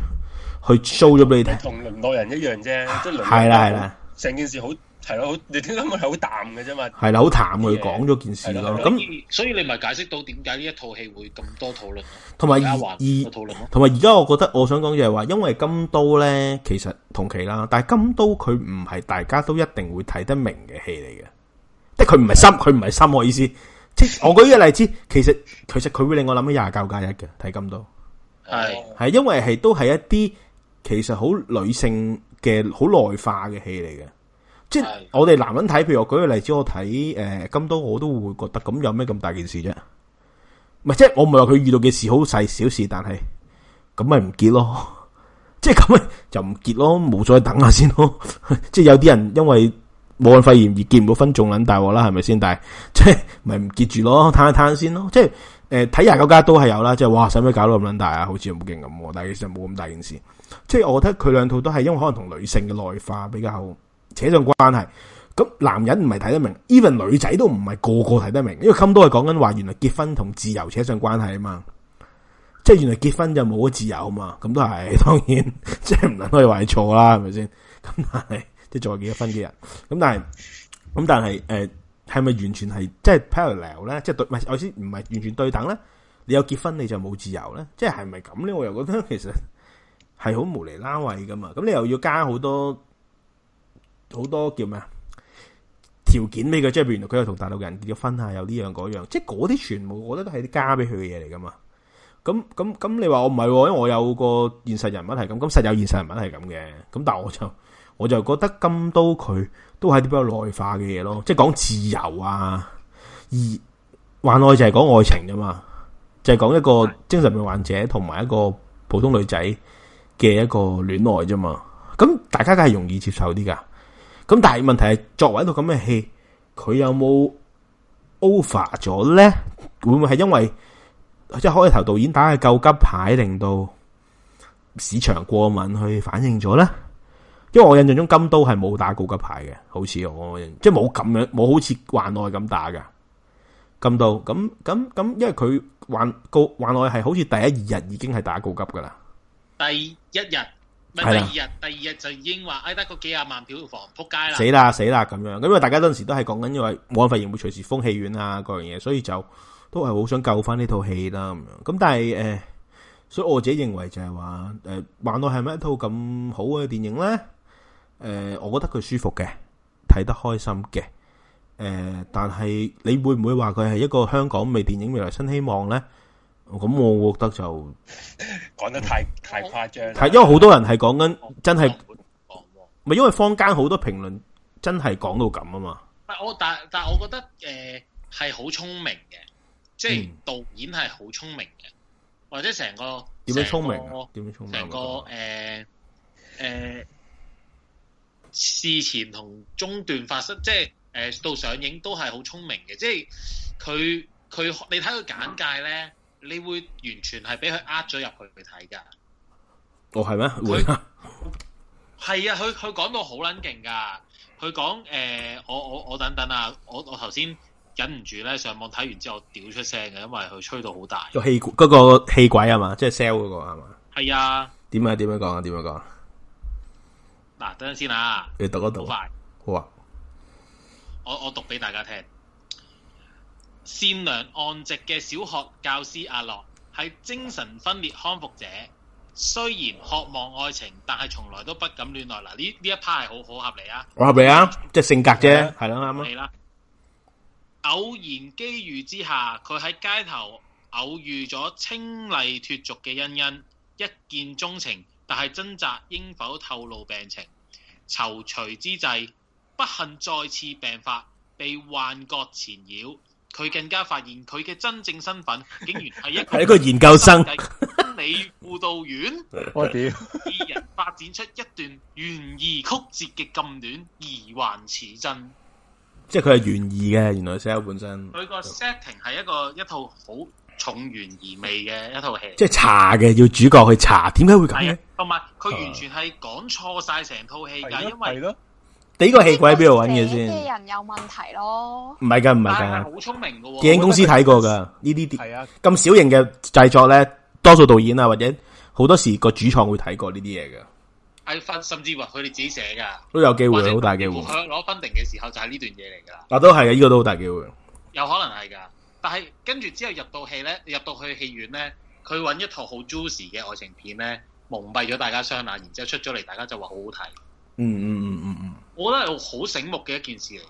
去 show 咗俾你睇，同鄰內人一樣啫，即係係啦係啦，成件事好係咯，好，你點解佢係好淡嘅啫？嘛係啦，好淡佢講咗件事咯。咁所以你咪解釋到點解呢一套戲會咁多討論咯？同埋二二討論咯，同埋而家我覺得我想講就係話，因為金都咧，其實同期啦，但係金都佢唔係大家都一定會睇得明嘅戲嚟嘅，即係佢唔係深，佢唔係深我意思，即係我舉呢個例子，其實其實佢會令我諗起廿九加一嘅睇金都。係係，因為係都係一啲其實好女性嘅好內化嘅戲嚟嘅，即係我哋男人睇，譬如我舉個例子，我睇誒、呃、金刀，我都會覺得咁有咩咁大件事啫？咪即係我唔係話佢遇到嘅事好細小，小事，但係咁咪唔結咯？即係咁咪就唔結咯，冇再等下先咯。即係有啲人因為武漢肺炎而結唔到婚仲捻大鑊啦，係咪先？但係即係咪唔結住咯，攤一攤先咯。即係。誒、呃，睇廿九家都係有啦，即、就、係、是、哇，使唔使搞到咁撚大啊好似冇勁咁，但係其實冇咁大件事。即、就、係、是、我覺得佢兩套都係因為可能同女性嘅內化比較好扯上關係。咁男人唔係睇得明，even 女仔都唔係個個睇得明，因為咁都係講緊話，原來結婚同自由扯上關係啊嘛。即、就、係、是、原來結婚就冇咗自由啊嘛，咁都係，當然即係唔能可以話係錯啦，係咪先？咁但係即係再結咗婚嘅人，咁但係咁但係誒。呃係咪完全係即係 parallel 咧？即係對唔係？我先唔係完全對等咧。你有結婚你就冇自由咧？即係係咪咁咧？我又覺得其實係好無厘啦位噶嘛。咁你又要加好多好多叫咩啊？條件俾佢，即係譬如原來佢又同大陸人結咗婚啊？有呢樣嗰樣，即係嗰啲全部，我覺得都係啲加俾佢嘅嘢嚟噶嘛。咁咁咁，咁咁你話我唔係、啊，因為我有個現實人物係咁，咁實有現實人物係咁嘅。咁但係我就我就覺得咁多佢。都係啲比較內化嘅嘢咯，即係講自由啊，而幻愛就係講愛情啫嘛，就係、是、講一個精神病患者同埋一個普通女仔嘅一個戀愛啫嘛，咁大家梗係容易接受啲噶，咁但係問題係作為一套咁嘅戲，佢有冇 over 咗咧？會唔會係因為即係開頭導演打嘅救急牌，令到市場過敏去反應咗咧？因為我印象中金都係冇打告急牌嘅，好似我即係冇咁樣，冇好似幻愛咁打嘅金都。咁咁咁，因為佢幻愛幻愛係好似第一二日已經係打告急噶啦。第一日，唔係第二日，第二日就已經話哎得個幾廿萬票房撲街啦。死啦死啦咁樣，咁因為大家嗰陣時都係講緊因為王凡賢會隨時封戲院啊各樣嘢，所以就都係好想救翻呢套戲啦咁樣。咁但係誒、呃，所以我自己認為就係話誒幻愛係咪一套咁好嘅電影咧？誒、呃，我覺得佢舒服嘅，睇得開心嘅。誒、呃，但係你會唔會話佢係一個香港未電影未來新希望咧？咁我覺得就講 [laughs] 得太太誇張。係因為好多人係講緊真係，唔係因為坊間好多評論真係講到咁啊嘛。係我，但但係我覺得誒係好聰明嘅，即係導演係好聰明嘅，或者成個點樣聰明啊？點樣聰明？成個誒誒。事前同中段發生，即係誒、呃、到上映都係好聰明嘅，即係佢佢你睇佢簡介咧，你會完全係俾佢呃咗入去睇噶。哦，係咩？會係 [laughs] 啊！佢佢講到好撚勁噶，佢講誒，我我我等等啊，我我頭先忍唔住咧，上網睇完之後屌出聲嘅，因為佢吹到好大，個氣，就是，嗰個氣鬼係嘛，即係 sell 嗰個係嘛，係啊？點解？點樣講啊？點樣講，啊？啊、等陣先啊，你讀嗰度好快，好啊！我我讀俾大家聽。善良按直嘅小學教師阿樂係精神分裂康復者，雖然渴望愛情，但係從來都不敢戀愛。嗱，呢呢一 part 係好、啊、好合理啊！好合理啊，即、就、係、是、性格啫，係啦，啱啦。偶然機遇之下，佢喺街頭偶遇咗清麗脫俗嘅欣欣，一見鍾情，但係掙扎應否透露病情。躊躇之際，不幸再次病發，被幻覺纏繞。佢更加發現佢嘅真正身份，竟然係一個係 [laughs] 一個研究生、心理輔導員。我屌二人發展出一段懸疑曲折嘅咁戀，疑幻似真。即係佢係懸疑嘅，原來寫本身。佢個 setting 係一個一套好。重懸疑味嘅一套戲，即係查嘅，要主角去查，點解會咁呢？同埋佢完全係講錯晒成套戲噶，因為戲，你個戲鬼喺邊度揾嘢先？人有問題咯，唔係噶，唔係噶，好聰明噶、哦，電影公司睇過噶呢啲啲，咁小型嘅製作咧，多數導演啊或者好多時個主創會睇過呢啲嘢噶。even 甚至話佢哋自己寫噶，都有機會，好大機會。佢攞分 i 嘅時候就係呢段嘢嚟噶啦。嗱、啊，都係嘅，呢、這個都好大機會，有可能係噶。但係跟住之後入到戲咧，入到去戲院咧，佢揾一套好 juicy 嘅愛情片咧，蒙蔽咗大家雙眼，然之後出咗嚟，大家就話好好睇。嗯嗯嗯嗯嗯，我覺得係好醒目嘅一件事嚟嘅喎，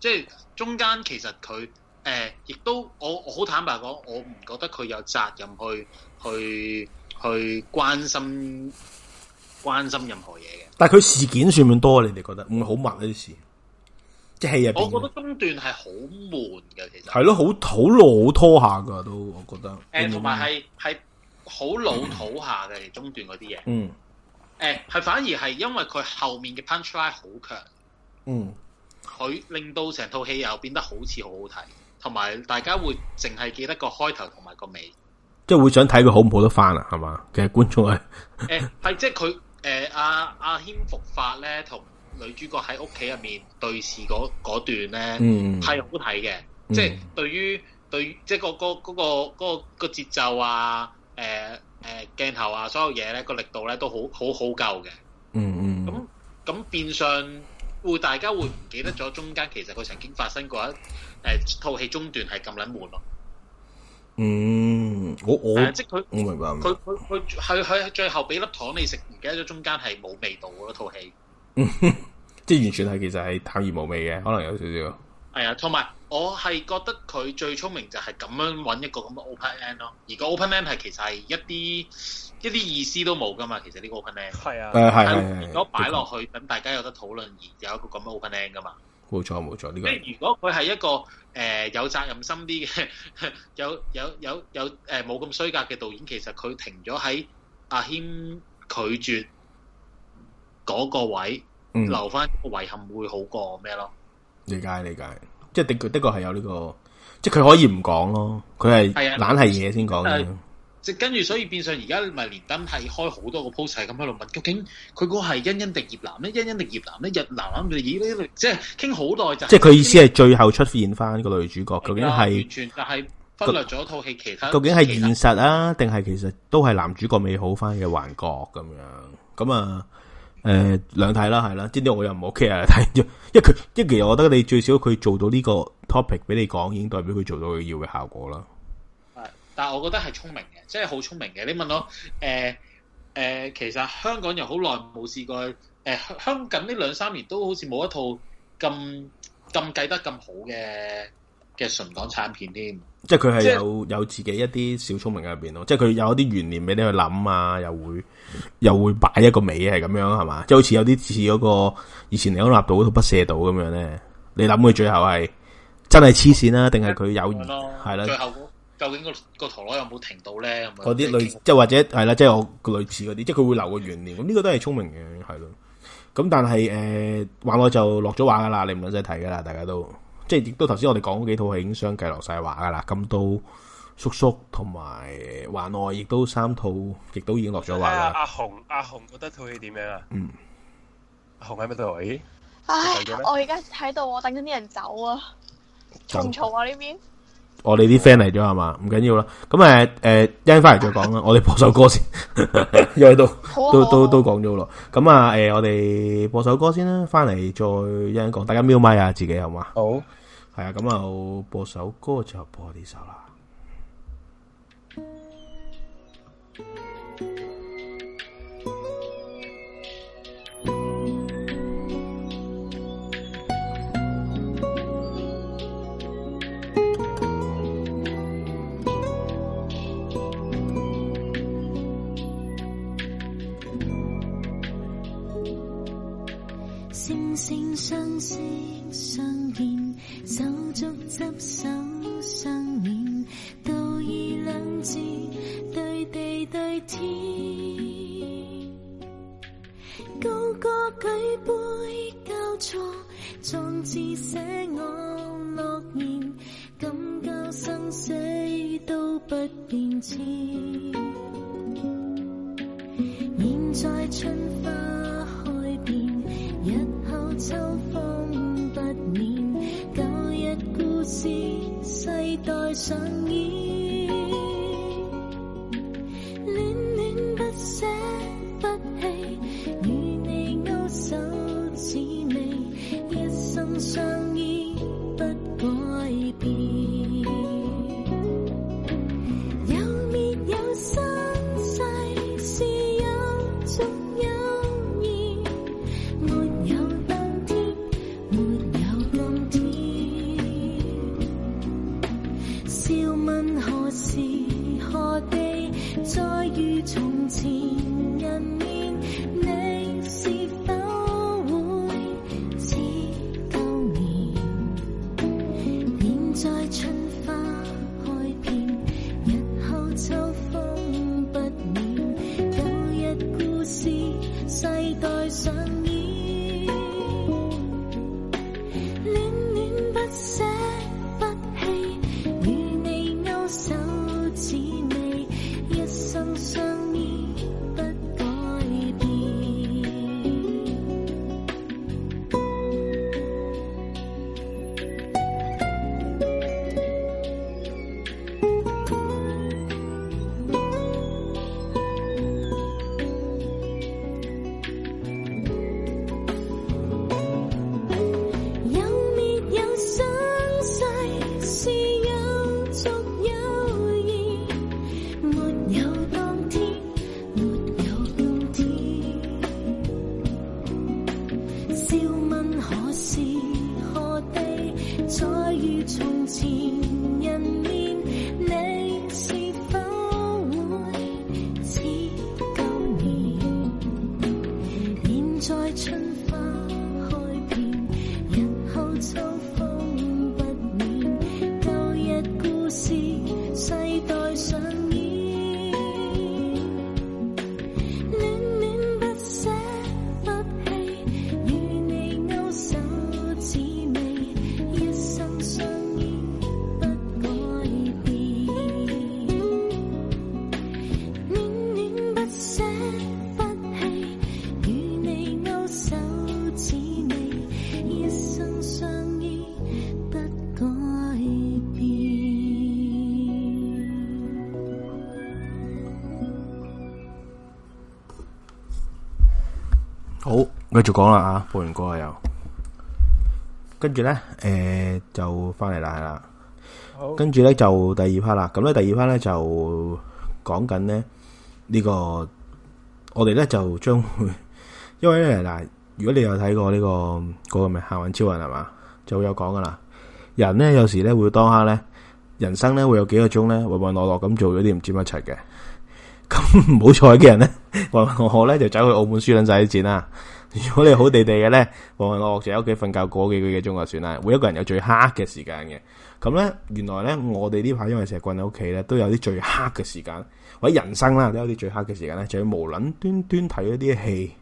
即係中間其實佢誒亦都我好坦白講，我唔覺得佢有責任去去去關心關心任何嘢嘅。但係佢事件算唔算多啊，你哋覺得唔會好密呢啲事？我覺得中段係好悶嘅，其實係咯，好好老拖下噶都，我覺得。誒，同埋係係好老土下嘅中段嗰啲嘢，嗯。誒，係反而係因為佢後面嘅 punchline 好強，嗯。佢令到成套戲又變得好似好好睇，同埋大家會淨係記得個開頭同埋個尾，即係會想睇佢好唔好得翻，啦，係嘛？其實觀眾係、 [laughs] 呃，誒，係即係佢，誒、啊，阿阿謙復發咧同。女主角喺屋企入面對視嗰段咧，係好睇嘅。即係對於對於即係、嗰個、嗰個嗰、嗰個嗰節奏啊，誒、欸、誒鏡頭啊，所有嘢咧、嗰個力度咧都好好好夠嘅。嗯嗯。咁咁變相會大家會唔記得咗中間其實佢曾經發生過一誒套戲中段係咁撚悶咯。嗯，我我、呃、我即係佢，我明白。佢佢佢係係最後俾粒糖你食，唔記得咗中間係冇味道嗰套戲。 [laughs] 即係完全係，其實係淡而無味嘅，可能有少少。係啊，同埋我係覺得佢最聰明就係咁樣揾一個咁嘅 open end 咯。而個 open end 係其實係一啲一啲意思都冇噶嘛。其實呢個 open end 係啊，係、啊、如果擺落去，咁大家有得討論而有一個咁嘅 open end 噶嘛。冇錯，冇錯，呢、這個、個。即係如果佢係一個誒有責任心啲嘅，有有有有誒冇咁衰格嘅導演，其實佢停咗喺阿謙拒絕。嗰個位留翻個遺憾會好過咩咯？理解理解，即係的確的確係有呢個，即係佢可以唔講咯，佢係係啊，懶係嘢先講。即係跟住，所以變相而家咪連登係開好多個 post 係咁喺度問，究竟佢個係欣欣定葉南咧？欣欣定葉南咧？葉南佢哋咦？即係傾好耐集，即係佢意思係最後出現翻個女主角，究竟係完全就係忽略咗套戲其他？究竟係現實啊，定係其實都係男主角未好翻嘅幻覺咁樣咁啊？誒、嗯，兩睇啦，係啦，呢啲我又唔 ok 啊，睇，因為佢，因為其實我覺得你最少佢做到呢個 topic 俾你講，已經代表佢做到佢要嘅效果啦。係，但係我覺得係聰明嘅，即係好聰明嘅。你問我，誒、呃，誒、呃，其實香港又好耐冇試過，誒、呃，香港近呢兩三年都好似冇一套咁咁計得咁好嘅嘅純港產片添。即係佢係有有自己一啲小聰明喺入邊咯，即係佢有一啲懸念俾你去諗啊，又會又會擺一個尾係咁樣係嘛？即係好似有啲似嗰個以前歐納度嗰套不赦島咁樣咧，你諗佢最後係真係黐線啦，定係佢有懸係啦？最後究竟個個陀螺有冇停到咧？咁嗰啲類，即係或者係啦，即係我類似嗰啲，即係佢會留個懸念。咁呢個都係聰明嘅，係咯。咁但係誒，玩我就落咗話噶啦，你唔好再睇噶啦，大家都。即係亦都頭先我哋講嗰幾套戲已經相繼落晒話噶啦，金都、叔叔同埋幻愛亦都三套，亦都已經落咗話啦。阿紅，阿、啊、紅、啊啊、覺得套戲點樣啊？嗯，阿紅喺邊度咦？唉，我而家喺度，我等緊啲人走啊，嘈唔嘈啊呢邊？我哋啲 friend 嚟咗係嘛，唔、哦、緊要啦。咁誒誒，一陣翻嚟再講啦、啊。我哋播首歌先，又喺度，都都都講咗咯。咁啊，誒、呃，我哋播首歌先啦，翻嚟再一陣講。大家瞄麥啊，自己好嘛？好，係啊。咁啊，我播首歌就播呢首啦。傷心。繼續講啦啊，播完歌又，跟住咧，誒、呃、就翻嚟啦係啦，跟住咧就第二 part 啦。咁咧第二 part 咧就講緊咧呢、這個，我哋咧就將會，因為咧嗱，如果你有睇過呢、這個嗰、那個咩行運超人係嘛，就會有講噶啦。人咧有時咧會當下咧，人生咧會有幾個鐘咧渾渾噩噩咁做咗啲唔知乜柒嘅。咁唔好彩嘅人咧渾渾噩噩咧就走去澳門輸捻晒啲錢啦。如果你好地地嘅咧，我我成日喺屋企瞓覺嗰幾幾嘅鐘就算啦。每一個人有最黑嘅時間嘅，咁咧原來咧我哋呢排因為成日困喺屋企咧，都有啲最黑嘅時間，或者人生啦都有啲最黑嘅時間咧，就要無撚端端睇一啲戲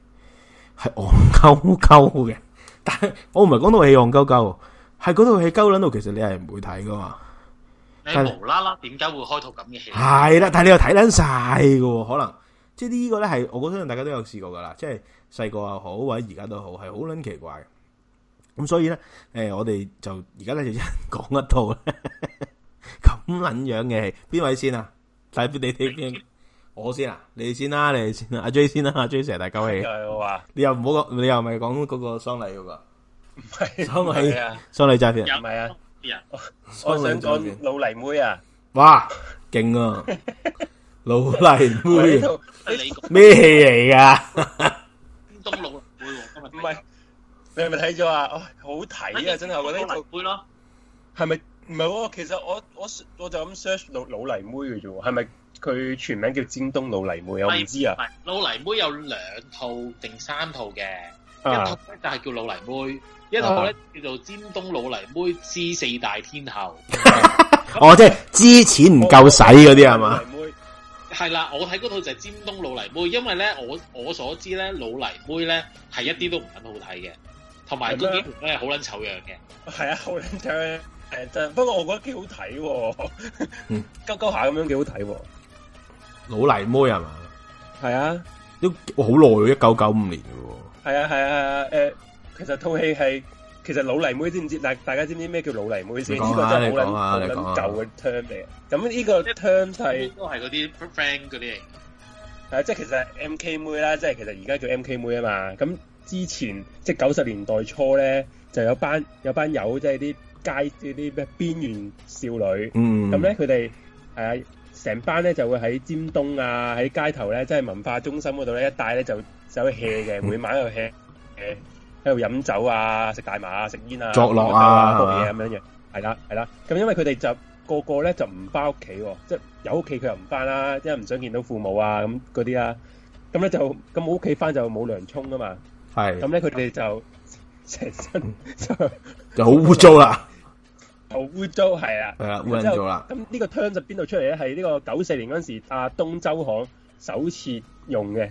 係戇鳩鳩嘅。但係我唔係講到戲戇鳩鳩，係嗰套戲鳩卵到，其實你係唔會睇噶嘛。你無啦啦點解會開套咁嘅戲？係啦，但係你又睇卵晒嘅，可能即係呢個咧係我我相信大家都有試過噶啦，即係。細個又好，或者而家都好，係好撚奇怪嘅。咁所以咧，誒，我哋就而家咧就講一套咁捻樣嘅戲。邊位先啊？睇你哋邊，我先啊？你先啦，你先啦，阿 J 先啦，阿 J 成日大狗氣。你又唔好講，你又唔係講嗰個喪禮嗰個？唔係喪禮啊，喪禮詐騙唔係啊。我想講老泥妹啊！哇，勁啊！老泥妹，咩戲嚟噶？東路啊，唔係，你係咪睇咗啊？哦，好睇啊，真係我覺得呢套，係咪唔係？其實我我我就咁 search 老老泥妹嘅啫，係咪佢全名叫尖東老泥妹？我唔知啊。老泥妹有兩套定三套嘅、啊，一套咧就係叫老泥妹，一套咧、啊、叫做尖東老泥妹之四大天后。係咪 [laughs] 嗯、哦，那哦，即係知錢唔夠使嗰啲係嘛？係啦，我睇嗰套就係尖東老，老泥妹呢，因為咧我我所知咧老泥妹咧係一啲都唔撚好睇嘅，同埋嗰啲咧好撚醜樣嘅。係啊，好撚醜咧，誒，但 [laughs] 不過我覺得幾好睇，嗯，鳩 [laughs] 鳩下咁樣幾好睇。老泥妹係嘛？係啊，都好耐，一九九五年嘅。係啊，係啊，係啊，誒、呃，其實套戲係。其實老泥妹知唔知？大大家知唔知咩叫老泥妹先？呢個真係好捻好舊嘅 term 嚟。咁呢個 term 就係都係嗰啲 friend 嗰啲嘢。誒、啊，即係其實 M K 妹啦，即係其實而家叫 M K 妹啊嘛。咁之前即係九十年代初咧，就有班有班友，即係啲街啲咩邊緣少女。咁咧佢哋誒成班咧就會喺尖東啊，喺街頭咧，即係文化中心嗰度咧一帶咧就就 hea 嘅、嗯，每晚就 hea。嗯喺度飲酒啊，食大麻啊，食煙啊，作樂啊，嗰嘢咁樣嘅，係啦，係啦。咁因為佢哋就個個咧就唔翻屋企，即係有屋企佢又唔翻啦，即係唔想見到父母啊咁嗰啲啊。咁咧就咁屋企翻就冇涼沖啊嘛，係。咁咧佢哋就成身就好污糟啦，好污糟係啊，係啊，冇人做啦。咁呢個湯就邊度出嚟咧？係呢個九四年嗰陣時，阿東周行首次用嘅。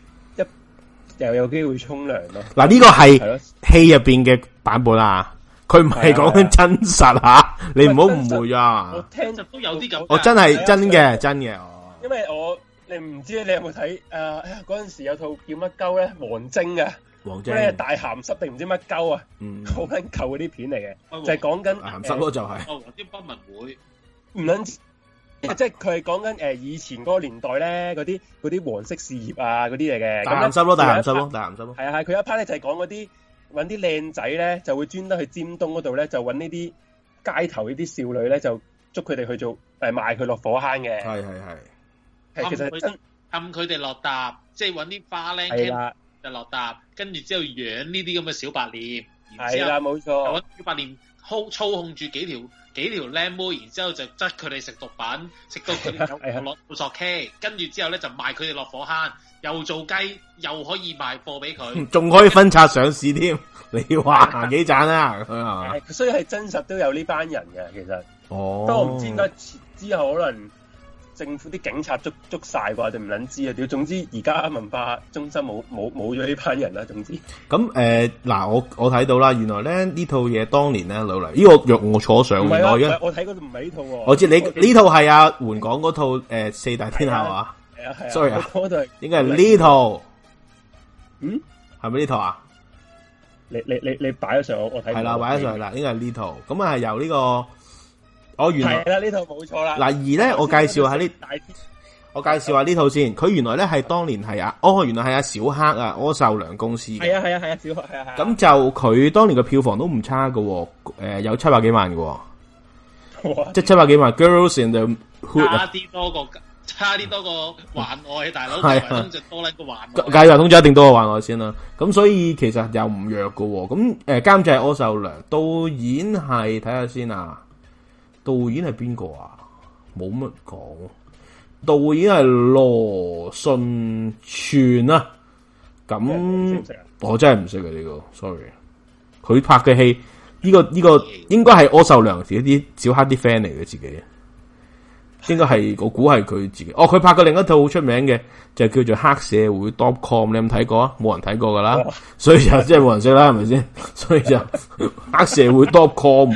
又有機會沖涼咯！嗱、啊，呢個係戲入邊嘅版本啊，佢唔係講緊真實吓、啊，你唔好誤會啊！我聽實都有啲咁，我真係真嘅真嘅，因為我你唔知你有冇睇，誒嗰陣時有一套叫乜鳩咧？王晶嘅王晶咩大咸濕定唔知乜鳩啊？好緊求嗰啲片嚟嘅，就係講緊咸濕咯，就係、是、哦，王晶不文會唔諗。即係佢係講緊誒以前嗰個年代咧，嗰啲啲黃色事業啊嗰啲嚟嘅。大銀心咯，大銀心咯，大銀心咯。係啊係，佢一 part 咧就係講嗰啲揾啲靚仔咧，就會專登去尖東嗰度咧，就揾呢啲街頭呢啲少女咧，就捉佢哋去做誒賣佢落火坑嘅。係係係。其實氹佢氹佢哋落搭，即係揾啲花靚咧，係啦，就落搭，跟住之後養呢啲咁嘅小白臉。係啦，冇錯。錯小白臉操操控住幾條幾條靚妹，然之後就執佢哋食毒品，食到佢哋落落索 K，跟住之後咧就賣佢哋落火坑，又做雞，又可以賣貨俾佢，仲可以分拆上市添。你話幾 [laughs] 賺啊？係， [laughs] 所以係真實都有呢班人嘅，其實。哦、oh。都我唔知點之後可能。政府啲警察捉捉晒啩，定唔捻知啊？屌，總之而家文化中心冇冇冇咗呢班人啦。總之，咁誒嗱，我我睇到啦，原來咧呢這套嘢，當年咧老嚟，呢、呃、個我坐上唔係啊，啊，我睇嗰唔係呢套、啊。我知道你呢套係阿煥港嗰套誒、呃、四大天下嘛？係啊係啊，啊，sorry 啊，度應該係呢套。嗯，係咪呢套啊？你你你你擺咗上我睇係啦，擺咗、啊、上去啦，應該係呢套。咁啊係由呢、這個。我、哦、原來係啦，呢套冇錯啦。嗱而咧，我介紹下呢，我介紹下呢 [laughs] 套先。佢原來咧係當年係啊，哦原來係阿小黑啊，柯秀良公司。係啊係啊係啊，小黑係啊係。咁就佢當年嘅票房都唔差噶，誒有七百幾萬噶，即係、就是、七百幾萬。Girls a n Hood 差啲多個，差啲多個幻愛大佬，係啊，多了一個幻愛。計劃總獎一定多個幻愛先啦。咁所以其實又唔弱噶。咁誒監製柯秀良，導演係睇下先啊。導演係邊個啊？冇乜講，導演係羅順全啊。咁我、嗯哦、真係唔識佢呢個，sorry。佢拍嘅戲呢個呢、這個應該係柯受良時啲小黑啲 friend 嚟嘅自己，應該係我估係佢自己。哦，佢拍嘅另一套好出名嘅就叫做黑社會 dot com，你有冇睇過啊？冇人睇過噶啦、哦，所以就真係冇人識啦，係咪先？所以就 [laughs] 黑社會 dot com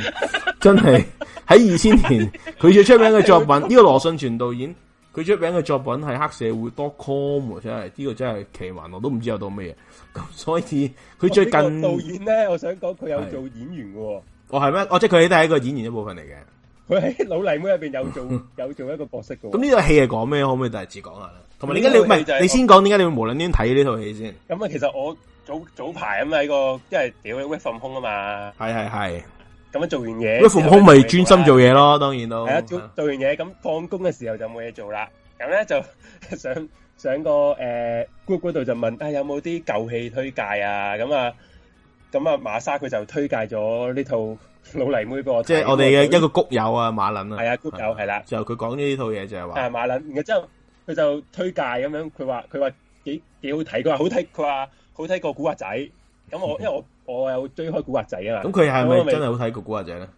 真係。 [laughs] 喺二千年，佢最出名嘅作品呢 [laughs] 個羅信全導演，佢出名嘅作品係《黑社會》。dot com 真係呢個真係奇幻，我都唔知有到咩嘢。咁所以佢最近、哦這個、導演咧，我想講佢有做演員嘅、哦。哦，係咩？哦，即係佢都係一個演員一部分嚟嘅。佢喺《老泥妹》入邊有做 [laughs] 有做一個角色嘅。咁呢套戲係講咩？可唔可以大致講一下同埋點解你係、就是、你先講點解你會無論亂睇呢套戲先？咁啊，其實我早早排啊喺呢個即係屌《威信空》啊嘛，係係係。咁樣做完嘢，咁父母咪專心做嘢咯，當然咯。係啊，做做完嘢，咁放工嘅時候就冇嘢做啦。咁咧就上上個誒，group 度就問，啊有冇啲舊戲推介啊？咁啊，咁啊，馬莎佢就推介咗呢套老泥妹俾我。即係我哋嘅一個谷友啊，馬林啊。係啊，谷友係啦。最後佢講呢套嘢就係話，係馬林。然後之後佢就推介咁樣，佢話佢話幾幾好睇，佢話好睇，佢話好睇過古惑仔。咁我因為我。我有追開古《嗯、是是古惑仔》啊，咁佢係咪真係好睇過《古惑仔》咧？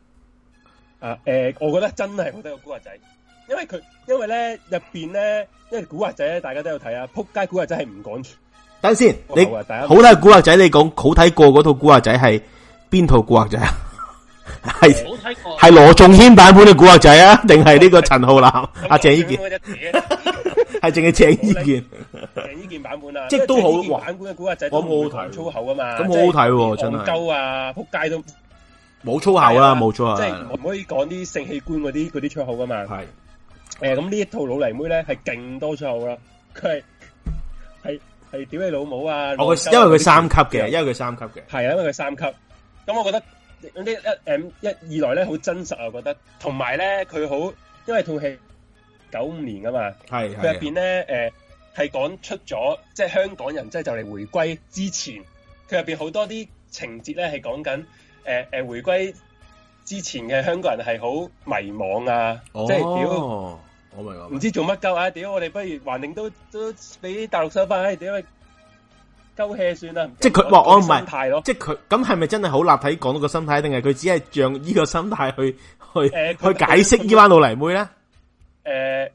啊，誒、呃，我覺得真係好睇過《古惑仔》因為，因為佢，因為咧入邊咧，因為《古惑仔》大家都有睇啊，撲街《古惑仔》係唔講住等先，你好睇，《古惑仔》你講好睇過嗰套《古惑仔》係邊套《古惑仔，啊、嗯 [laughs] 嗯古惑仔啊嗯》啊？係係羅仲謙版本嘅《古惑仔》啊，定係呢個陳浩南阿鄭伊健？ [laughs] 係淨係鄭伊健，鄭伊健版本啊，即係都好玩。古惑仔就講好好睇，粗口啊嘛，咁好好睇真係。戇鳩啊，扑街都冇粗口啦，冇錯啊。即係唔可以講啲性器官嗰啲嗰啲粗口噶嘛。係誒，咁呢一套老泥妹咧係勁多粗口啦，佢係係係屌你老母啊！我個因為佢三級嘅，因為佢三級嘅係啊，因為佢三級。咁我覺得咁啲一誒一二來咧好真實啊，覺得同埋咧佢好，因為套戲。九五年啊嘛，係佢入邊咧，誒係講出咗，即係香港人，即係就嚟回歸之前，佢入邊好多啲情節咧係講緊，誒誒、呃、回歸之前嘅香港人係好迷惘啊，即係屌，我明唔知做乜鳩啊，屌我哋不如環境都都俾大陸收法哎屌咪鳩 hea 算啦。即係佢，我唔係心態咯即，即係佢咁係咪真係好立體講到個心態，定係佢只係像依個心態去去、呃、去解釋依班老泥妹咧？誒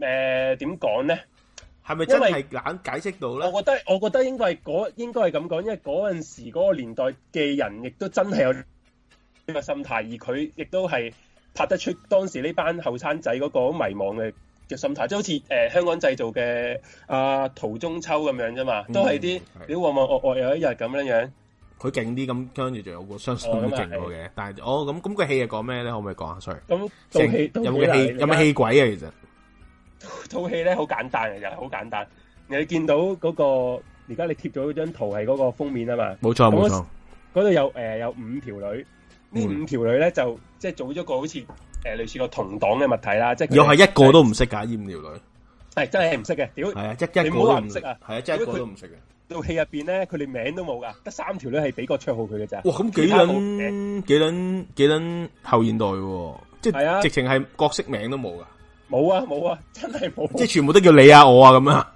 誒點講咧？係、呃、咪真係解解釋到咧？我覺得我覺得應該係嗰應該係咁講，因為嗰陣時嗰個年代嘅人，亦都真係有呢個心態，而佢亦都係拍得出當時呢班後生仔嗰個迷茫嘅嘅心態，即係好似香港製造嘅阿、啊、陶中秋咁樣啫嘛，都係啲、嗯、你戇戇我有一日咁樣。佢勁啲咁，跟住就有個雙重影我嘅，但係我咁咁個戲係講咩咧？可唔可以講下先？咁套戲有冇個戲有咩戲鬼啊？其實套戲咧好簡單嘅，又係好簡單。你見到嗰個而家你貼咗嗰張圖係嗰個封面啊嘛？冇錯冇錯，嗰度有誒有五條女，呢五條女咧就即係做咗個好似誒類似個同黨嘅物體啦，即係又係一個都唔識噶，呢五條女係真係唔識嘅，屌係啊，即係一個都唔識啊，係啊，即係一個都唔識嘅。部戲入邊咧，佢連名都冇噶，得三條女係俾個綽號佢嘅咋。哇，咁幾捻幾捻幾捻後現代喎，即係啊，直情係角色名都冇噶。冇啊冇啊，真係冇。即係全部都叫你啊我啊咁啊。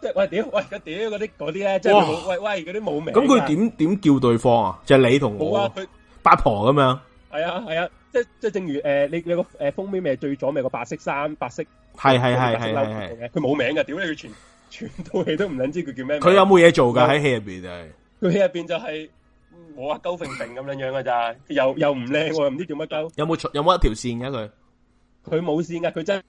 即係喂屌喂個屌嗰啲嗰啲咧，即係冇喂喂嗰啲冇名。咁佢點點叫對方啊？就係你同我。冇啊，佢八婆咁樣。係啊係啊，即係即係，正如誒你你個誒封面咪最左咪個白色衫白色，係係係係係，佢冇名噶，屌你個全。全套戲都唔捻知佢叫咩名。佢有冇嘢做噶？喺戲入邊，佢戲入邊就係、是、我阿鳩定定咁樣樣嘅咋，又又唔靚，唔知叫乜鳩。有冇有冇一條線嘅佢？佢冇線噶，佢真係。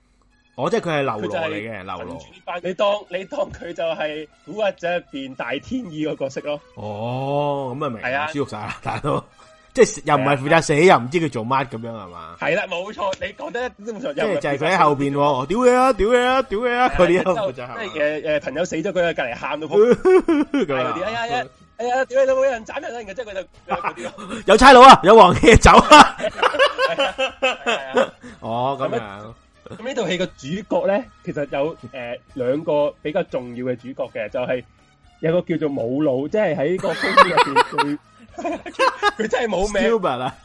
哦，即係佢係流浪嚟嘅流浪。你當你當佢就係古惑仔入邊大天二個角色咯。哦，咁啊咪？係啊，燒熟晒啦，大佬。即係又唔係負責死，又唔知佢做乜咁樣係嘛？係啦，冇錯，你講得一點都唔錯。即係就係佢喺後邊，屌佢啊，屌佢啊，屌佢啊，嗰啲啊負責。即係誒誒，朋友死咗，佢喺隔籬喊到仆。嗰啲，哎呀哎呀，哎呀，屌你老母，有人斬人啦！而家即係佢就嗰啲。有差佬啊，有黃旗走啊。哦，咁樣。咁呢套戲嘅主角咧，其實有誒兩個比較重要嘅主角嘅，就係有個叫做母老，即係喺個公司入邊最。佢真係冇名啊！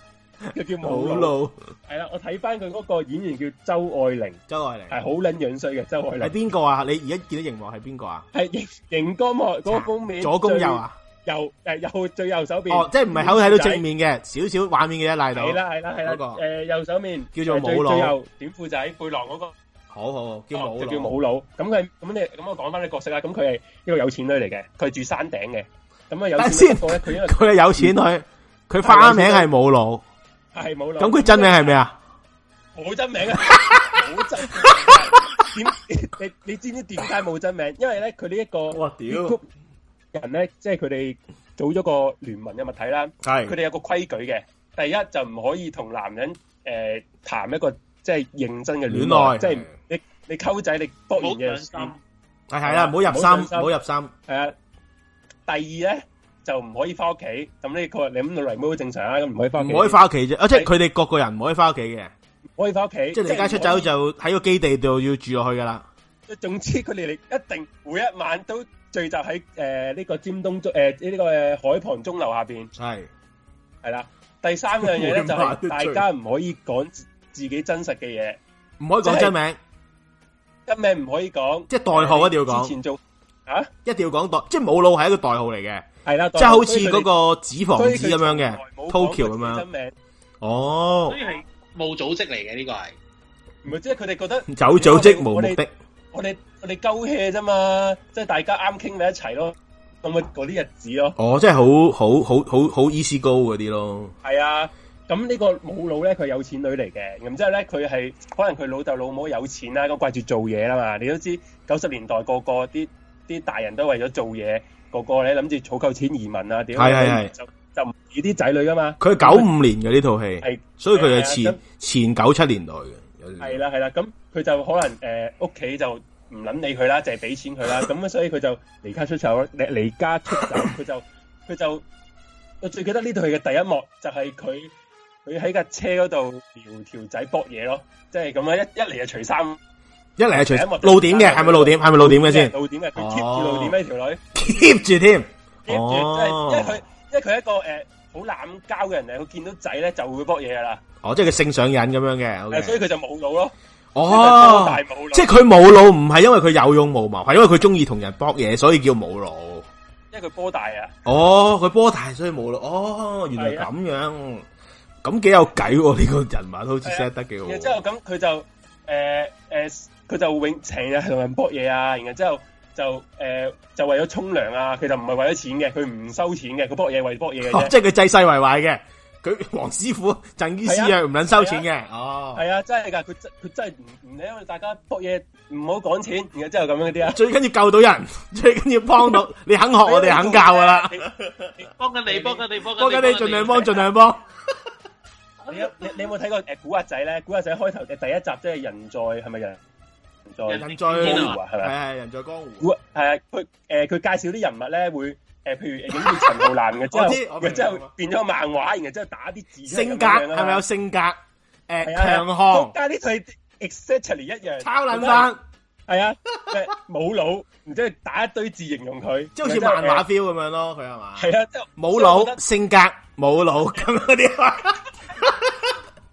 佢叫冇腦。係啦，我睇翻佢嗰個演員叫周愛玲。周愛玲係好撚樣衰嘅周愛玲。係邊個啊？你而家見到熒幕係邊個啊？係熒熒光幕？嗰個封面左公右啊？右誒，右最右手邊哦，即係唔係口睇到正面嘅，少少畫面嘅啦，嚟到。係啦，係啦，係啦。誒，右手面叫做冇腦，短褲仔背囊嗰個。好好好，叫冇腦，就叫冇腦。咁佢咁咧，咁我講翻啲角色啦。咁佢係一個有錢女嚟嘅，佢住山頂嘅。咁啊，有錢，佢因為佢係有錢，佢佢花名係冇腦，係冇腦。咁佢真名係咩啊？冇真名啊！冇真名點？你你知唔知點解冇真名？因為咧，佢呢一個哇屌人咧，即係佢哋組咗個聯盟嘅物體啦。係佢哋有個規矩嘅，第一就唔可以同男人誒談一個即係認真嘅戀愛，即係你你溝仔你搏完嘅心，係係啦，唔好入心，唔好入心，係啊。第二咧就唔可以翻屋企，咁你佢諗到嚟，妹好正常啦，咁唔可以翻。唔可以翻屋企啫，啊，即係佢哋各個人唔可以翻屋企嘅。可以翻屋企，即係離家出走就喺個基地度要住落去噶啦。即總之，佢哋嚟一定每一晚都聚集喺誒呢個尖東中誒呢個誒海旁鐘樓下邊。係係啦，第三樣嘢咧就係大家唔可以講自己真實嘅嘢，唔可以講真名，真名唔可以講，即係代號一定要講。之前做啊！一定要講代，即係冇腦係一個代號嚟嘅，係啦，即係好似嗰個紙房子咁樣嘅，Tokyo 咁樣，真名 Tokyo，哦，所以係冇組織嚟嘅呢個係，唔係即係佢哋覺得走組織冇目的，我哋我哋勾 hea 啫嘛，即係大家啱傾喺一齊咯，咁咪嗰啲日子咯，哦，即係好好好好好 easy go 嗰啲咯，係啊，咁呢個冇腦咧，佢有錢女嚟嘅，然之後咧佢係可能佢老豆老母有錢啦，咁掛住做嘢啦嘛，你都知九十年代個個啲。啲大人都為咗做嘢，個個你諗住儲夠錢移民啊！點係系係就就唔似啲仔女噶嘛？佢九五年嘅呢套戲，係所以佢係前是是前九七年代嘅。係啦係啦，咁佢就可能誒屋企就唔諗理佢啦，淨係俾錢佢啦。咁 [laughs] 所以佢就離家出走啦！離離家出走，佢 [laughs] 就佢就我最記得呢套戲嘅第一幕就是他，他在 [laughs] 就係佢佢喺架車嗰度條條仔搏嘢咯，即係咁樣一一嚟就除衫。一嚟係除露點嘅，係咪露點？係咪露點嘅先？露點嘅，佢 keep 住露點呢條女，keep 住添。哦，因為佢因為佢一個誒好濫交嘅人嚟，佢見到仔咧就會搏嘢噶啦。哦，即係佢性上癮咁樣嘅。誒，所以佢就冇腦咯。哦，即係佢冇腦，唔係因為佢有勇無謀，係因為佢中意同人搏嘢，所以叫冇腦。因為佢波大啊。哦，佢波大所以冇腦。哦，原來咁樣，咁幾有計？呢個人物好似設得幾好。哦，即係咁，佢就誒誒。佢就永成日同人搏嘢啊，然後之後就誒、呃、就為咗沖涼啊，佢就唔係為咗錢嘅，佢唔收錢嘅，佢搏嘢為搏嘢，哦、即係佢濟世為懷嘅，佢黃師傅仁醫施藥唔肯收錢嘅、啊。哦，係啊，真係噶，佢真佢真係唔唔理，因為大家搏嘢唔好講錢，然後之後咁樣啲啊。最緊要救到人，最緊要幫到 [laughs] 你肯學我哋肯教噶啦。幫 [laughs] 緊你，你，幫緊你，幫緊你，盡量幫，盡量幫 [laughs] 你，你，你沒有你有冇睇過誒《古惑仔》咧？《古惑仔》開頭嘅第一集即係、就是、人在係咪啊？是不是人在江湖係咪？係，係人在江湖。會係啊，佢誒，佢介紹啲人物咧，會誒，譬如咁越陳浩南嘅，之後佢之後變咗個漫畫，然後之後打啲字。性格係咪有性格？誒，強項但係呢佢 exactly 一樣。超卵翻係啊！冇腦，然之後打一堆字形容佢，即係好似漫畫 feel 咁樣咯。佢係嘛？係啊，即係冇腦，性格冇腦咁嗰啲。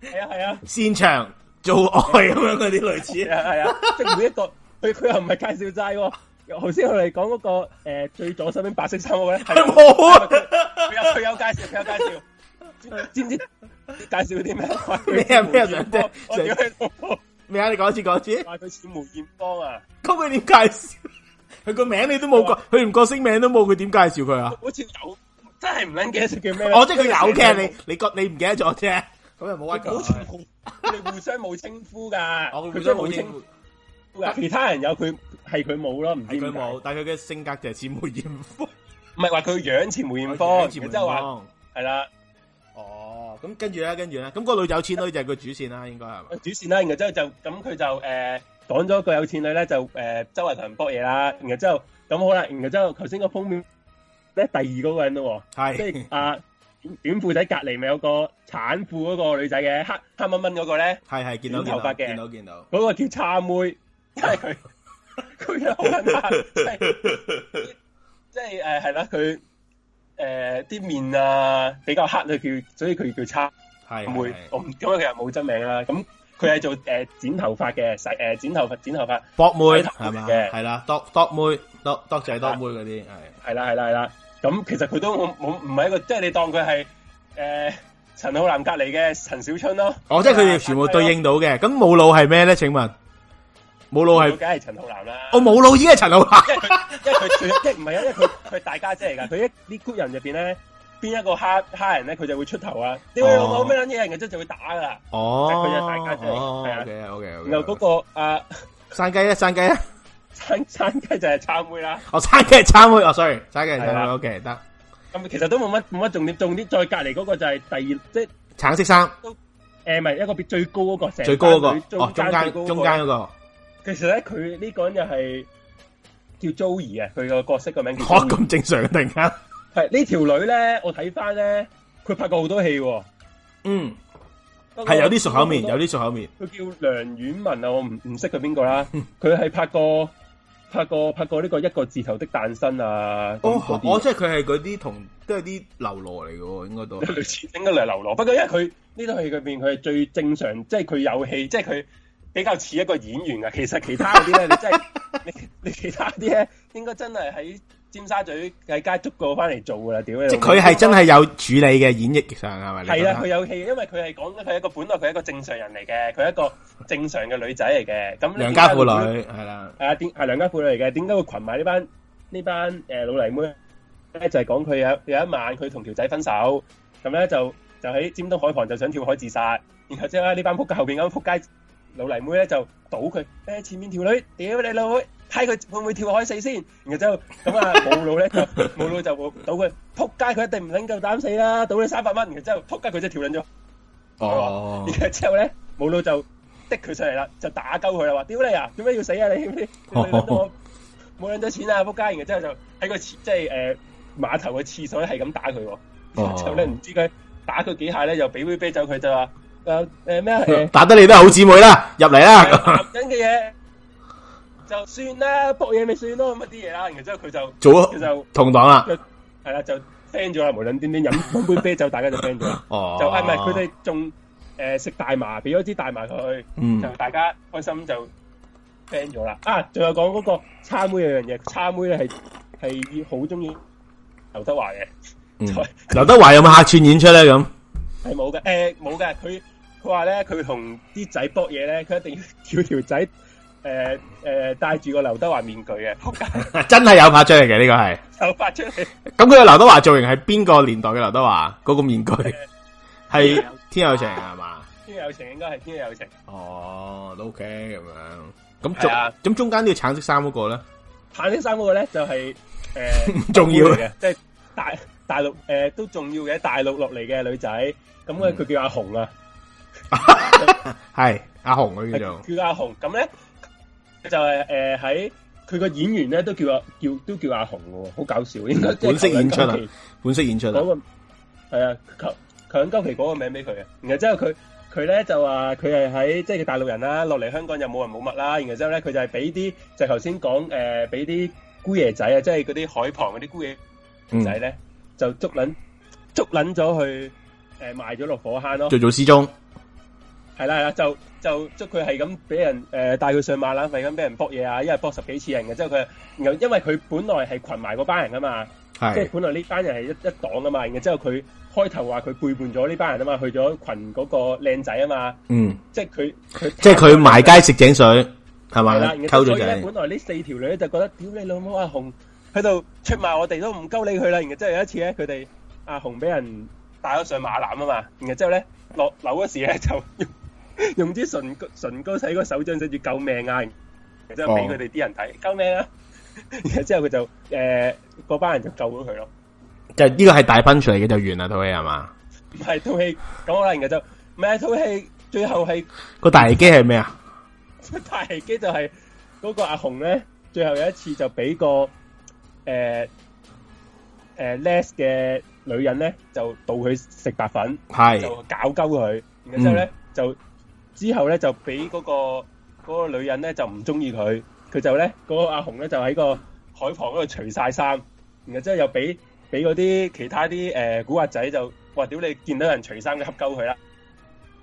係啊係啊，擅長。做愛咁樣嗰啲類似啊，係啊，啊啊 [laughs] 即係每一個佢佢又唔係介紹齋喎。頭先佢哋講嗰個誒、呃、最左身邊白色衫嗰位係冇啊？有有介紹有介紹，知唔知介紹啲咩啊？咩咩啊？咩？點解咩啊？你講一次，講一次。佢似梅艷芳啊？咁佢點介紹？佢個名你都冇講，佢連個姓名都冇，佢點介紹佢啊？好似有，真係唔諗記得叫咩？我即佢有嘅，你你覺你唔記得咗啫。咁又冇嗌交噶，佢哋 [laughs] 互相冇稱呼噶，佢互相冇稱呼。 [laughs] 其他人有佢，係佢冇咯，唔係佢冇。但係佢嘅性格就係似梅艷芳，唔係話佢樣似梅艷芳，然之後話係啦。哦，咁跟住咧，跟住咧，咁個女有錢女就係佢主線啦， [laughs] 應該係嘛？主線啦，然後之後就咁，佢就誒，講咗、呃、個有錢女咧，就誒、呃、周圍同人搏嘢啦。然後之後咁好啦，然後之後頭先個封面咧，第二嗰個人咯、哦，係 [laughs] 即、就是啊 [laughs] 短褲仔隔籬咪有個產婦嗰個女仔嘅黑黑掹掹嗰個咧，係係見到見到頭髮嘅，見到見到嗰個叫叉妹，即係佢佢啊好難，即係即係誒係啦，佢誒啲面啊比較黑，佢所以佢叫叉係妹，我咁樣佢又冇真名啦。咁佢係做誒剪頭髮嘅，細誒剪頭髮剪頭髮，博妹係嘛嘅，係啦，博博妹博博仔博妹嗰啲，係係啦係啦係啦。咁其實佢都冇冇唔係一個，即係你當佢係誒陳浩南隔籬嘅陳小春咯。哦，即係佢哋全部對應到嘅。咁冇腦係咩咧？請問冇腦係梗係陳浩南啦。哦，冇腦已經係陳浩南，因為佢因為佢即係唔係因為佢佢係大家姐嚟噶。佢一呢 group 人入邊咧，邊一個蝦蝦人咧，佢就會出頭啊。點解我講咩捻嘢人嘅，即係就會打噶。哦，即係佢係大家姐係啊。OK OK OK。然後嗰個啊，山雞啊，山雞啊。餐雞就係餐妹啦、哦，哦，餐雞係餐妹，哦，sorry，餐雞係餐妹，OK，得、嗯。咁其實都冇乜冇乜重點，重點再隔籬嗰個就係第二，即、就是、橙色衫。誒、欸，咪，一個最高嗰、那個，個最高嗰、那個，哦，中間中間嗰、那個。其實咧，佢呢個人又係叫 Joey 啊，佢個角色個名叫。哦，咁正常突然間。係呢條女咧，我睇翻咧，佢拍過好多戲。嗯，係有啲熟口面，有啲熟口面。佢叫梁婉文啊，我唔唔、嗯、識佢邊個啦。佢、嗯、係拍過。拍過拍過呢、這個一個字頭的誕生啊！哦、oh, 哦，即係佢係嗰啲同都係啲流羅嚟嘅，應該都類似，應該係流羅不過因為佢呢套戲裏邊，佢、這、係、個、最正常，即係佢有戲，即係佢比較似一個演員啊。其實其他嗰啲咧，你真係你你其他啲咧，應該真係喺。尖沙咀嘅街捉過翻嚟做噶啦，屌佢！即係佢係真係有處理嘅演繹上係咪？係啦，佢有戲，因為佢係講佢係一個本來佢係一個正常人嚟嘅，佢係一個正常嘅女仔嚟嘅。咁良家婦女係啦，係啊，點係良家婦女嚟嘅？點解會群埋呢班呢班誒老泥妹咧？就係講佢有有一晚佢同條仔分手，咁咧就就喺尖東海旁就想跳海自殺，然後之後咧呢班仆街後邊嗰啲仆街老泥妹咧就賭佢誒前面條女屌你老妹！睇佢會唔會跳海死先，然之後咁啊，冇腦咧，冇 [laughs] 腦就賭佢撲街，佢一定唔領夠膽死啦，賭咗三百蚊，然之後撲街，佢就跳撚咗。哦、oh.。然之後咧，冇腦就逼佢上嚟啦，就打鳩佢啦，話：屌你啊，做咩要死啊？你唔知冇捻到我，冇捻到錢啊！撲街，然之後就喺個即係誒碼頭嘅廁所咧，係咁打佢。哦、oh.。之後咧，唔知佢打佢幾下咧，又俾杯啤酒佢就話：誒誒咩打得你都係好姊妹啦，入嚟啦。緊嘅嘢。 [laughs] 就算啦，搏嘢咪算咯，咁乜啲嘢啦，然之後佢就做佢就同黨啦，係啦就 friend 咗啦，無論點點飲飲杯啤酒，大家就 friend 咗，哦、就係咪？佢哋仲誒食大麻，俾咗支大麻佢，嗯、就大家開心就 friend 咗啦。啊，仲有講嗰個差妹樣嘢，差妹咧係係好中意劉德華嘅，劉、嗯、德華有冇客串演出咧？咁係冇嘅，誒冇嘅，佢佢話咧佢同啲仔搏嘢咧，佢一定要叫條仔。誒、呃、誒，戴、呃、住個劉德華面具嘅， [laughs] 真係有拍出嚟嘅，呢個係有拍出嚟。咁佢個劉德華造型係邊個年代嘅劉德華？嗰、那個面具係《呃、天若有情》係、啊、嘛？《天若有情》應該係《天若有情》。哦，都 OK 咁樣。咁、啊、中咁中間都要橙色衫嗰個咧，橙色衫嗰個咧就係、是、誒、呃、重要嘅，即係大大陸誒都重要嘅大陸落嚟嘅女仔。咁佢佢叫阿紅啊，係 [laughs] 就 [laughs] 阿紅佢叫做叫阿紅。咁咧。就係誒喺佢個演員咧都，都叫阿叫都叫阿雄，好搞笑應該。本色演出嚟，就是，本色演出嚟。嗰，那個係啊，求求其個名俾佢，然後之後佢佢咧就話佢係喺即係大陸人啦，落嚟香港又冇人冇物啦。然後之後咧佢就係俾啲就頭先講誒俾啲姑爺仔啊，即係嗰啲海旁嗰啲姑爺仔咧，嗯、就捉捻捉捻咗去誒、呃、賣咗落火坑咯，最早失蹤。係啦，係啦，就就即佢係咁俾人誒，帶佢上馬欄，費緊俾人卜嘢啊！因為卜十幾次人嘅。之後佢因為佢本來係群埋嗰班人噶嘛，即係本來呢班人係一一黨噶嘛，然之後佢開頭話佢背叛咗呢班人啊嘛，去咗群嗰個靚仔啊嘛，嗯，即係佢佢即係佢埋街食井水係嘛，溝咗本來呢四條女就覺得屌你老母啊，紅，喺度出賣我哋都唔鳩你佢啦，然之後有一次咧，佢哋阿紅俾人帶咗上馬欄啊嘛，然之後咧落樓嗰時咧就。 [laughs] 用支唇唇膏喺個手掌寫住救命啊，然之後俾佢哋啲人睇，救命啊！然之後佢就誒，嗰班人就救咗佢咯。就呢個係大噴出嚟嘅，就完啦，套戲係嘛？唔係套戲咁可能嘅就唔係套戲，最後係個大機係咩啊？大機就係嗰個阿紅咧，最後有一次就俾個誒誒 less 嘅女人咧，就導佢食白粉，係就搞鳩佢，然之後咧就。之後咧就俾嗰、那個、那個女人咧就唔中意佢，佢就咧嗰、那個阿紅咧就喺個海旁嗰度除晒衫，然後之後又俾俾嗰啲其他啲誒、呃、古惑仔就話屌你見到人除衫嘅恰鳩佢啦，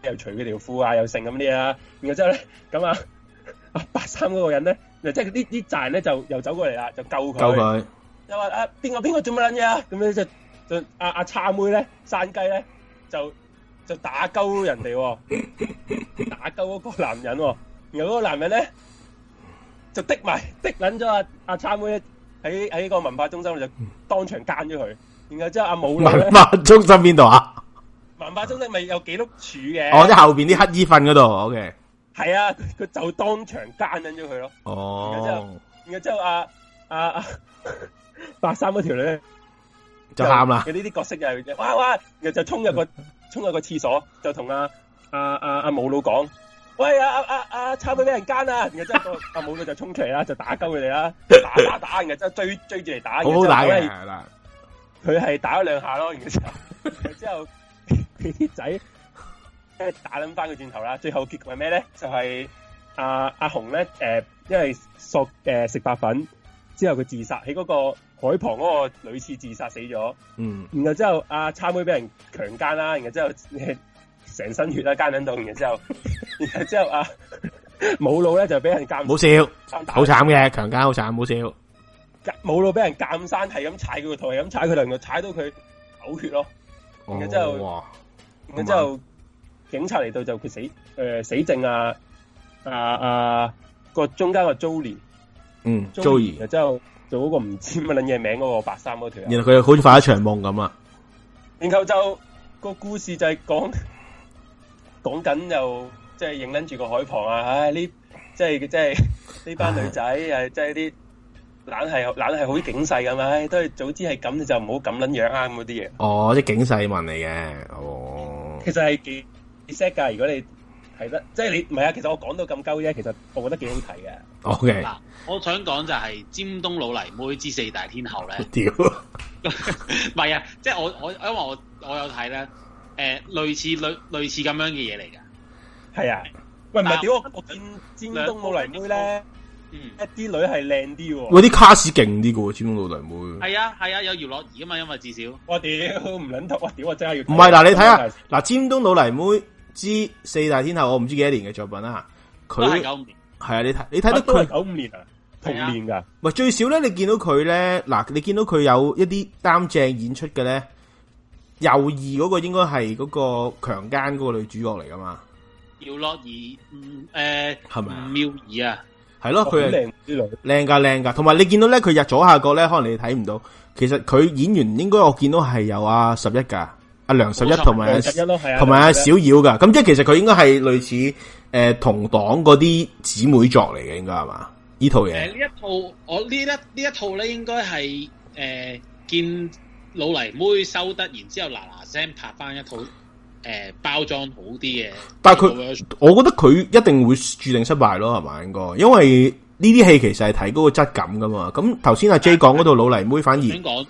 又除佢條褲啊又剩咁啲呀。然後之後咧咁啊阿白衫嗰個人咧，即係呢呢站咧就又走過嚟啦，就救佢，又話啊邊個邊個做乜撚嘢啊？咁樣就阿阿、啊啊、叉妹咧山雞咧就。就打鳩人哋，打鳩嗰個男人，然後嗰個男人咧就滴埋滴捻咗阿阿差妹喺喺個文化中心就當場姦咗佢，然後之後阿武咧文化中心邊度啊？文化中心咪有幾碌柱嘅？哦，即係後邊啲乞衣瞓嗰度。OK，係啊，佢就當場姦緊咗佢咯。哦，然後之後，然後之後阿阿白衫嗰條女就喊啦。佢呢啲角色就係哇哇，然後就衝入個。衝咗個廁所就同阿阿阿阿母老講，喂阿阿阿炒到俾人奸啊！然後之後阿母老就衝出嚟啦，就打鳩佢哋啦，打打打，然後即係追追住嚟打，好好、就是、打嘅係啦。佢係打咗兩下咯，然後，然後之後佢啲仔即係打捻翻個轉頭啦。最後結局係咩咧？就係、是啊、阿阿紅咧，誒、呃，因為索誒食白粉之後佢自殺喺嗰個。海旁嗰個女士自殺死咗，嗯，然後之後阿叉妹俾人強奸啦，然後之後成身血啦，奸緊到，然後之 [laughs] 後，然後之後阿冇腦咧就俾人奸。冇笑，好慘嘅強奸好慘，冇笑，冇腦俾人奸，山係咁踩佢個頭，係咁踩佢，然後踩，踩到佢嘔血咯，然後之、哦、後，哇然之後是警察嚟到就佢死，誒、呃、死證啊，啊啊個中間個 Jolie，嗯 Jolie 然之後。做嗰個唔知乜撚嘢名嗰個白衫嗰條，然後佢又好似發一場夢咁啊！然後就個故事就係講講緊又即係影捻住個海旁啊！唉，呢即係即係呢班女仔誒，即係啲懶係懶係好啲警世噶嘛，都係早知係咁你就唔好咁撚樣啊！咁嗰啲嘢。哦，即係警世文嚟嘅，哦。其實係幾幾 set 噶，如果你。係啦，即係你唔係啊！其實我講到咁鳩啫，其實我覺得幾好睇嘅。OK，嗱，我想講就係、是、尖東老泥妹之四大天后咧。屌，唔係啊！即係我我因為我我有睇咧，誒、呃，類似類類似咁樣嘅嘢嚟噶。係啊，喂，唔係屌我,我,我尖尖東老泥妹咧，妹呢嗯、一啲女係靚啲喎。喂，啲卡士勁啲嘅喎，尖東老泥妹。係啊係啊，有姚樂兒啊嘛，因為至少我屌唔撚得，我屌我真係要。唔係嗱，你睇下嗱，尖東老泥妹。啊知四大天后，我唔知幾多年嘅作品啦、啊。佢係啊，你睇你睇到佢九五年啊，同年噶、啊。唔係、啊、最少咧，你見到佢咧，嗱，你見到佢有一啲擔正演出嘅咧，右二嗰個應該係嗰個強姦嗰個女主角嚟噶嘛？叫洛爾，誒、嗯，係、呃、咪妙繆啊，係咯、啊，佢靚啲女靚噶靚噶，同埋你見到咧，佢入左下角咧，可能你睇唔到，其實佢演員應該我見到係有啊，十一噶。阿梁十一同埋阿十一咯，係啊、嗯呃，同埋阿小妖噶，咁即係其實佢應該係類似誒同黨嗰啲姊妹作嚟嘅，應該係嘛？呢套嘢呢一套我呢一呢一套咧，套套應該係誒見老泥妹收得，然之後嗱嗱聲拍翻一套誒、呃、包裝好啲嘅。但係佢，我覺得佢一定會注定失敗咯，係嘛？應該因為呢啲戲其實係提高個質感噶嘛。咁頭先阿 J 講嗰套老泥妹反而。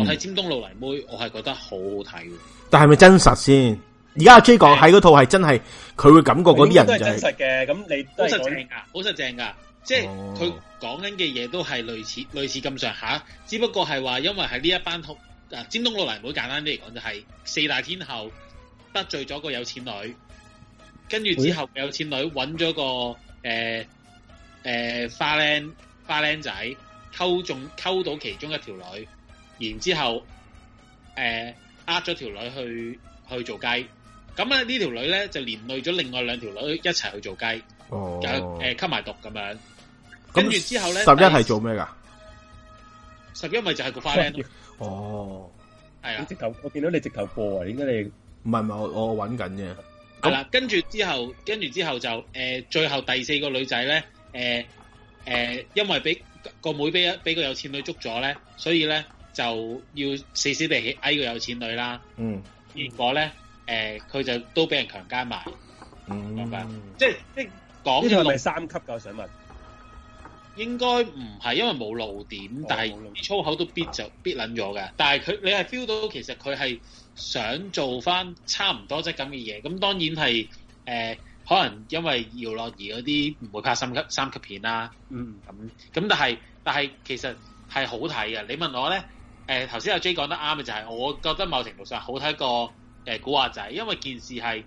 我睇尖東老泥妹，我係覺得好好睇嘅。但係咪真實先？而家阿 J 講喺嗰套係、嗯、真係，佢會感覺嗰啲人就係、是、真實嘅。咁你都實正噶，好實正噶，即係佢講緊嘅嘢都係類似類似咁上下。只不過係話因為喺呢一班，尖東老泥妹簡單啲嚟講，就係四大天后得罪咗個有錢女，跟住之後、哎、有錢女揾咗個誒誒、呃呃、花靚花靚仔，溝中溝到其中一條女。然之後，誒、呃，呃咗條女去去做雞，咁咧呢條女咧就連累咗另外兩條女一齊去做雞，哦，誒、呃、吸埋毒咁樣，跟住之後咧十一係做咩噶？十一咪就係個花哦，係啊，直頭我見到你直頭播啊，點解你唔係唔係我我揾緊啫？係啦，跟住之後，跟住之後就誒、呃，最後第四個女仔咧，誒、呃、誒、呃，因為俾個妹俾俾個有錢女捉咗咧，所以咧。就要死死地起哎個有錢女啦，嗯，結果咧，誒、呃，佢就都俾人強姦埋，明、嗯、白？即係即係講嘅係咪三級噶？我想問，應該唔係，因為冇露點，哦、但係粗口都必就必捻咗嘅。但係佢你係 feel 到其實佢係想做翻差唔多質感嘅嘢，咁當然係誒、呃，可能因為姚樂兒嗰啲唔會拍三級三級片啦、啊，嗯，咁咁、嗯，但係但係其實係好睇嘅。你問我咧？誒，頭先阿 J 講得啱嘅就係，我覺得某程度上好睇過誒古惑仔，因為件事係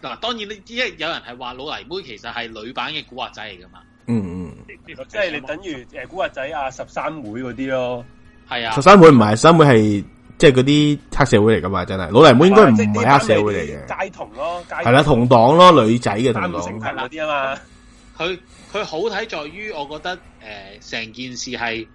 嗱，當然咧，因為有人係話老泥妹其實係女版嘅古惑仔嚟噶嘛。嗯嗯，即係你等於誒古惑仔啊、十三妹嗰啲咯。係啊，十三妹唔係三妹係即係嗰啲黑社會嚟噶嘛，真係老泥妹應該唔係黑社會嚟嘅。街童咯，係啦、啊，同黨咯，女仔嘅同黨。嗰啲啊嘛，佢佢好睇在於，我覺得誒成、呃、件事係。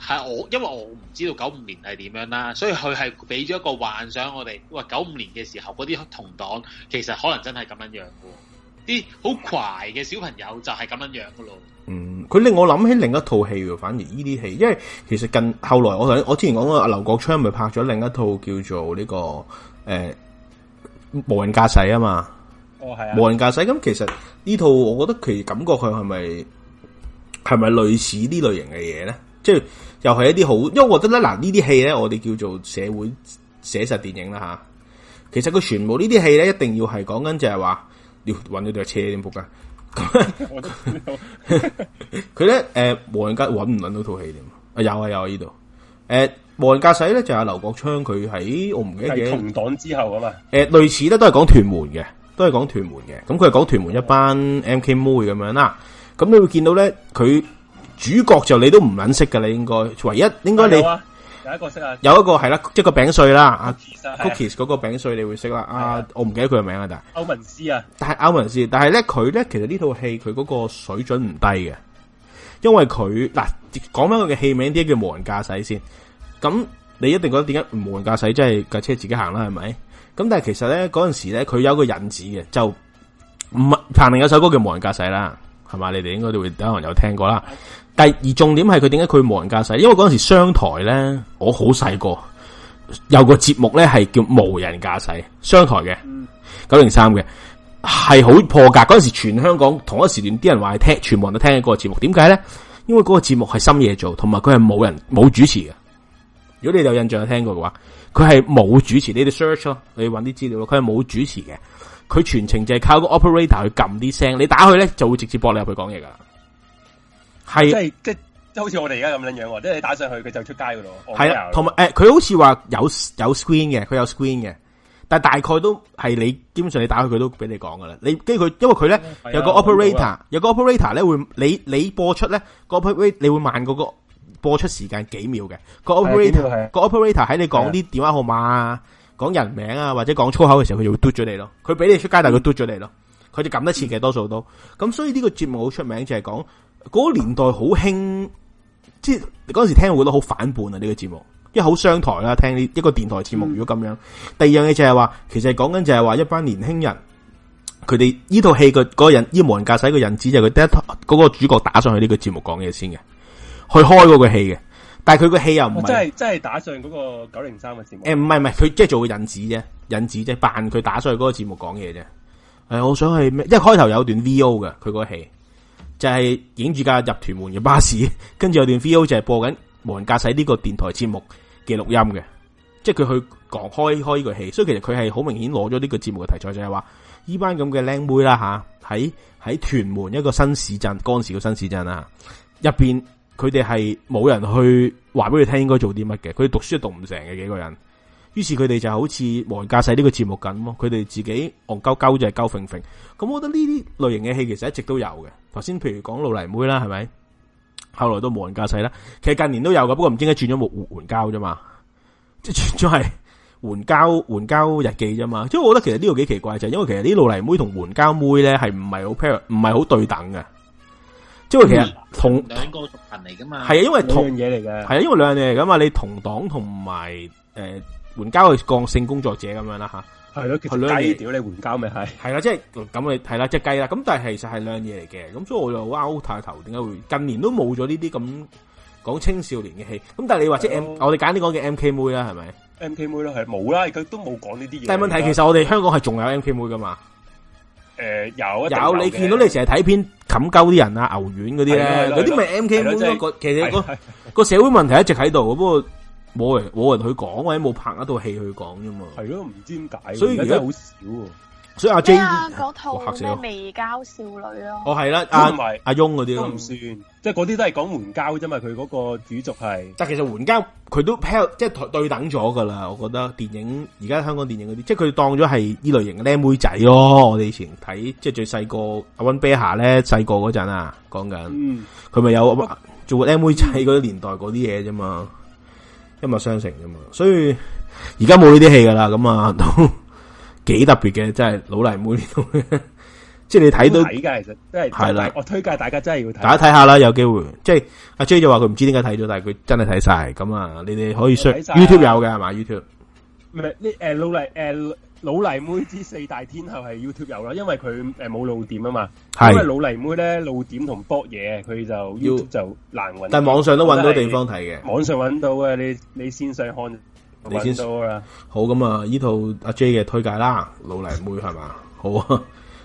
係我，因為我唔知道九五年係點樣啦，所以佢係俾咗一個幻想我哋。喂，九五年嘅時候嗰啲同黨，其實可能真係咁樣樣嘅，啲好懷嘅小朋友就係咁樣樣噶咯。嗯，佢令我諗起另一套戲喎。反而呢啲戲，因為其實近後來我，我我之前講過阿劉國昌咪拍咗另一套叫做呢、這個誒、欸、無人駕駛啊嘛。哦，係啊，無人駕駛。咁、嗯、其實呢套我覺得其實感覺佢係咪係咪類似呢類型嘅嘢咧？即係又係一啲好，因為我覺得咧，嗱呢啲戲咧，我哋叫做社會寫實電影啦吓。其實佢全部這些戲呢啲戲咧，一定要係講緊就係話，要搵咗對車點仆街。佢咧誒，無、 [laughs] [laughs] 呃、人駕駛搵唔搵到套戲點？啊有啊有，啊有啊這裡、呃、呢度。誒，無人駕駛咧就阿、是、劉國昌佢喺我唔記得。是同黨之後啊嘛。誒、呃，類似咧都係講屯門嘅，都係講屯門嘅。咁佢係講屯門一班 M K 妹咁樣啦。咁你會見到咧佢。他主角就你都唔撚識嘅你應該唯一應該你有一個識啊，有一個係啦，即係個,、啊、個餅碎啦，啊 Cookies 嗰、那個餅碎你會識啦，啊，我唔記得佢嘅名啊，但歐文斯啊，但係歐文斯，但係咧佢咧其實呢套戲佢嗰個水準唔低嘅，因為佢嗱講翻佢嘅戲名點解叫無人駕駛先，咁你一定覺得點解無人駕駛即係架車自己行啦，係咪？咁但係其實咧嗰陣時咧佢有一個引子嘅，就唔係彈另一有首歌叫無人駕駛啦，係嘛？你哋應該都會可能有聽過啦。第二重點係佢點解佢無人駕駛？因為嗰陣時商台咧，我好細個有個節目咧係叫無人駕駛商台嘅九零三嘅，係好破格。嗰陣時全香港同一時段啲人話係聽，全部人都聽嘅個節目。點解咧？因為嗰個節目係深夜做，同埋佢係冇人冇主持嘅。如果你有印象有聽過嘅話，佢係冇主持，呢啲 search 咯，你揾啲資料，佢係冇主持嘅。佢全程就係靠個 operator 去撳啲聲，你打佢咧就會直接駁你入去講嘢噶。係即係即係，好似我哋而家咁樣樣，即係你打上去佢就出街噶咯。係、哦、啦，同埋誒，佢、啊欸、好似話有有 screen 嘅，佢有 screen 嘅，但係大概都係你基本上你打去佢都俾你講噶啦。你，即佢，因為佢咧、啊、有個 operator，、啊、有個 operator 咧會你你播出咧個 operator，你會慢過個播出時間幾秒嘅個 operator，個、啊啊啊、operator 喺你講啲電話號碼啊，講人名啊或者講粗口嘅時候，佢就會嘟咗你咯。佢俾你出街，但係佢嘟咗你咯。佢就撳得次嘅，多數都咁，所以呢個節目好出名就係講。嗰、那個年代好興，即係嗰陣時聽，我覺得好反叛啊！呢、這個節目，因為好商台啦，聽呢一個電台節目、嗯。如果咁樣，第二樣嘢就係話，其實係講緊就係話一班年輕人，佢哋呢套戲嘅嗰個人，呢、這個、無人駕駛個引子就佢第一套、那個主角打上去呢個節目講嘢先嘅，去開嗰個戲嘅。但係佢個戲又唔係，真係真係打上嗰個九零三嘅節目。誒唔係唔係，佢即係做個引子啫，引子啫，扮佢打上去嗰個節目講嘢啫。誒、哎，我想係咩？一開頭開頭有一段 V O 嘅，佢個戲。就係影住架入屯門嘅巴士，跟住有段 V.O. 就係播緊無人駕駛呢個電台節目嘅錄音嘅，即係佢去講開開呢個戲，所以其實佢係好明顯攞咗呢個節目嘅題材，就係話呢班咁嘅靚妹啦吓，喺喺屯門一個新市鎮嗰陣時嘅新市鎮啊，入邊佢哋係冇人去話俾佢聽應該做啲乜嘅，佢哋讀書都讀唔成嘅幾個人，於是佢哋就好似無人駕駛呢個節目咁，佢哋自己戇鳩鳩，就係鳩揈揈咁，我覺得呢啲類型嘅戲其實一直都有嘅。頭先譬如講老泥妹啦，係咪？後來都無人駕駛啦，其實近年都有噶，不過唔知點解轉咗換援交啫嘛，即係轉咗係援交，援交日記啫嘛。即係我覺得其實呢個幾奇怪就係，因為其實呢老泥妹同援交妹咧係唔係好 pair，唔係好對等嘅。即係其實同兩個族群嚟噶嘛，係啊，因為兩樣嘢嚟嘅，係啊，因為兩樣嘢嚟噶嘛，你同黨同埋誒援交嘅剛性工作者咁樣啦吓。係咯佢雞屌你援交咪係？係啦，即係咁咪係啦，即係雞啦。咁但係其實係兩樣嘢嚟嘅。咁所以我就 out 下頭，點解會近年都冇咗呢啲咁講青少年嘅戲？咁但係你話即係 M，我哋簡單啲講嘅 MK 妹啦，係咪？MK 妹啦，係冇啦，佢都冇講呢啲嘢。但係問題其實我哋香港係仲有 MK 妹噶嘛？誒，有有，你見到你成日睇片冚鳩啲人啊，牛丸嗰啲咧，嗰啲咪 MK 妹咯。其實個個社會問題一直喺度，不過。冇人冇人去講，或者冇拍一套戲去講啫嘛。係咯，唔知點解。所以而家好少。所以阿 J 嗰、啊、套咩《微交少女、啊》咯。哦，係啦，阿阿、啊、翁嗰啲都唔算，即係嗰啲都係講援交啫嘛。佢嗰個主軸係。但其實援交佢都 pair 即係對等咗噶啦。我覺得電影而家香港電影嗰啲，即係佢當咗係呢類型嘅靚妹仔咯。我哋以前睇，即、就、係、是、最細個阿溫碧霞咧，細個嗰陣啊，講緊。佢、嗯、咪有不做靚妹仔嗰啲年代嗰啲嘢啫嘛？一脈相承啫嘛，所以而家冇呢啲戲噶啦，咁啊都幾 [laughs] 特別嘅，真係老嚟妹這。即係你睇到。睇噶其實，即係我推介大家真係要。睇。大家睇下啦，有機會，即係阿 J 就話佢唔知點解睇咗，但係佢真係睇晒，咁啊，你哋可以 search。YouTube 有嘅係嘛？YouTube 唔係啲誒老嚟誒。老泥妹之四大天后係 YouTube 有啦，因為佢誒冇露點啊嘛。係因為老泥妹咧露點同搏嘢，佢就 YouTube 就難揾。但係網上都揾到地方睇嘅，網上揾到嘅，你你先上看，你先到啦。好咁啊，依套阿 J 嘅推介啦， [laughs] 老泥妹係嘛？好啊，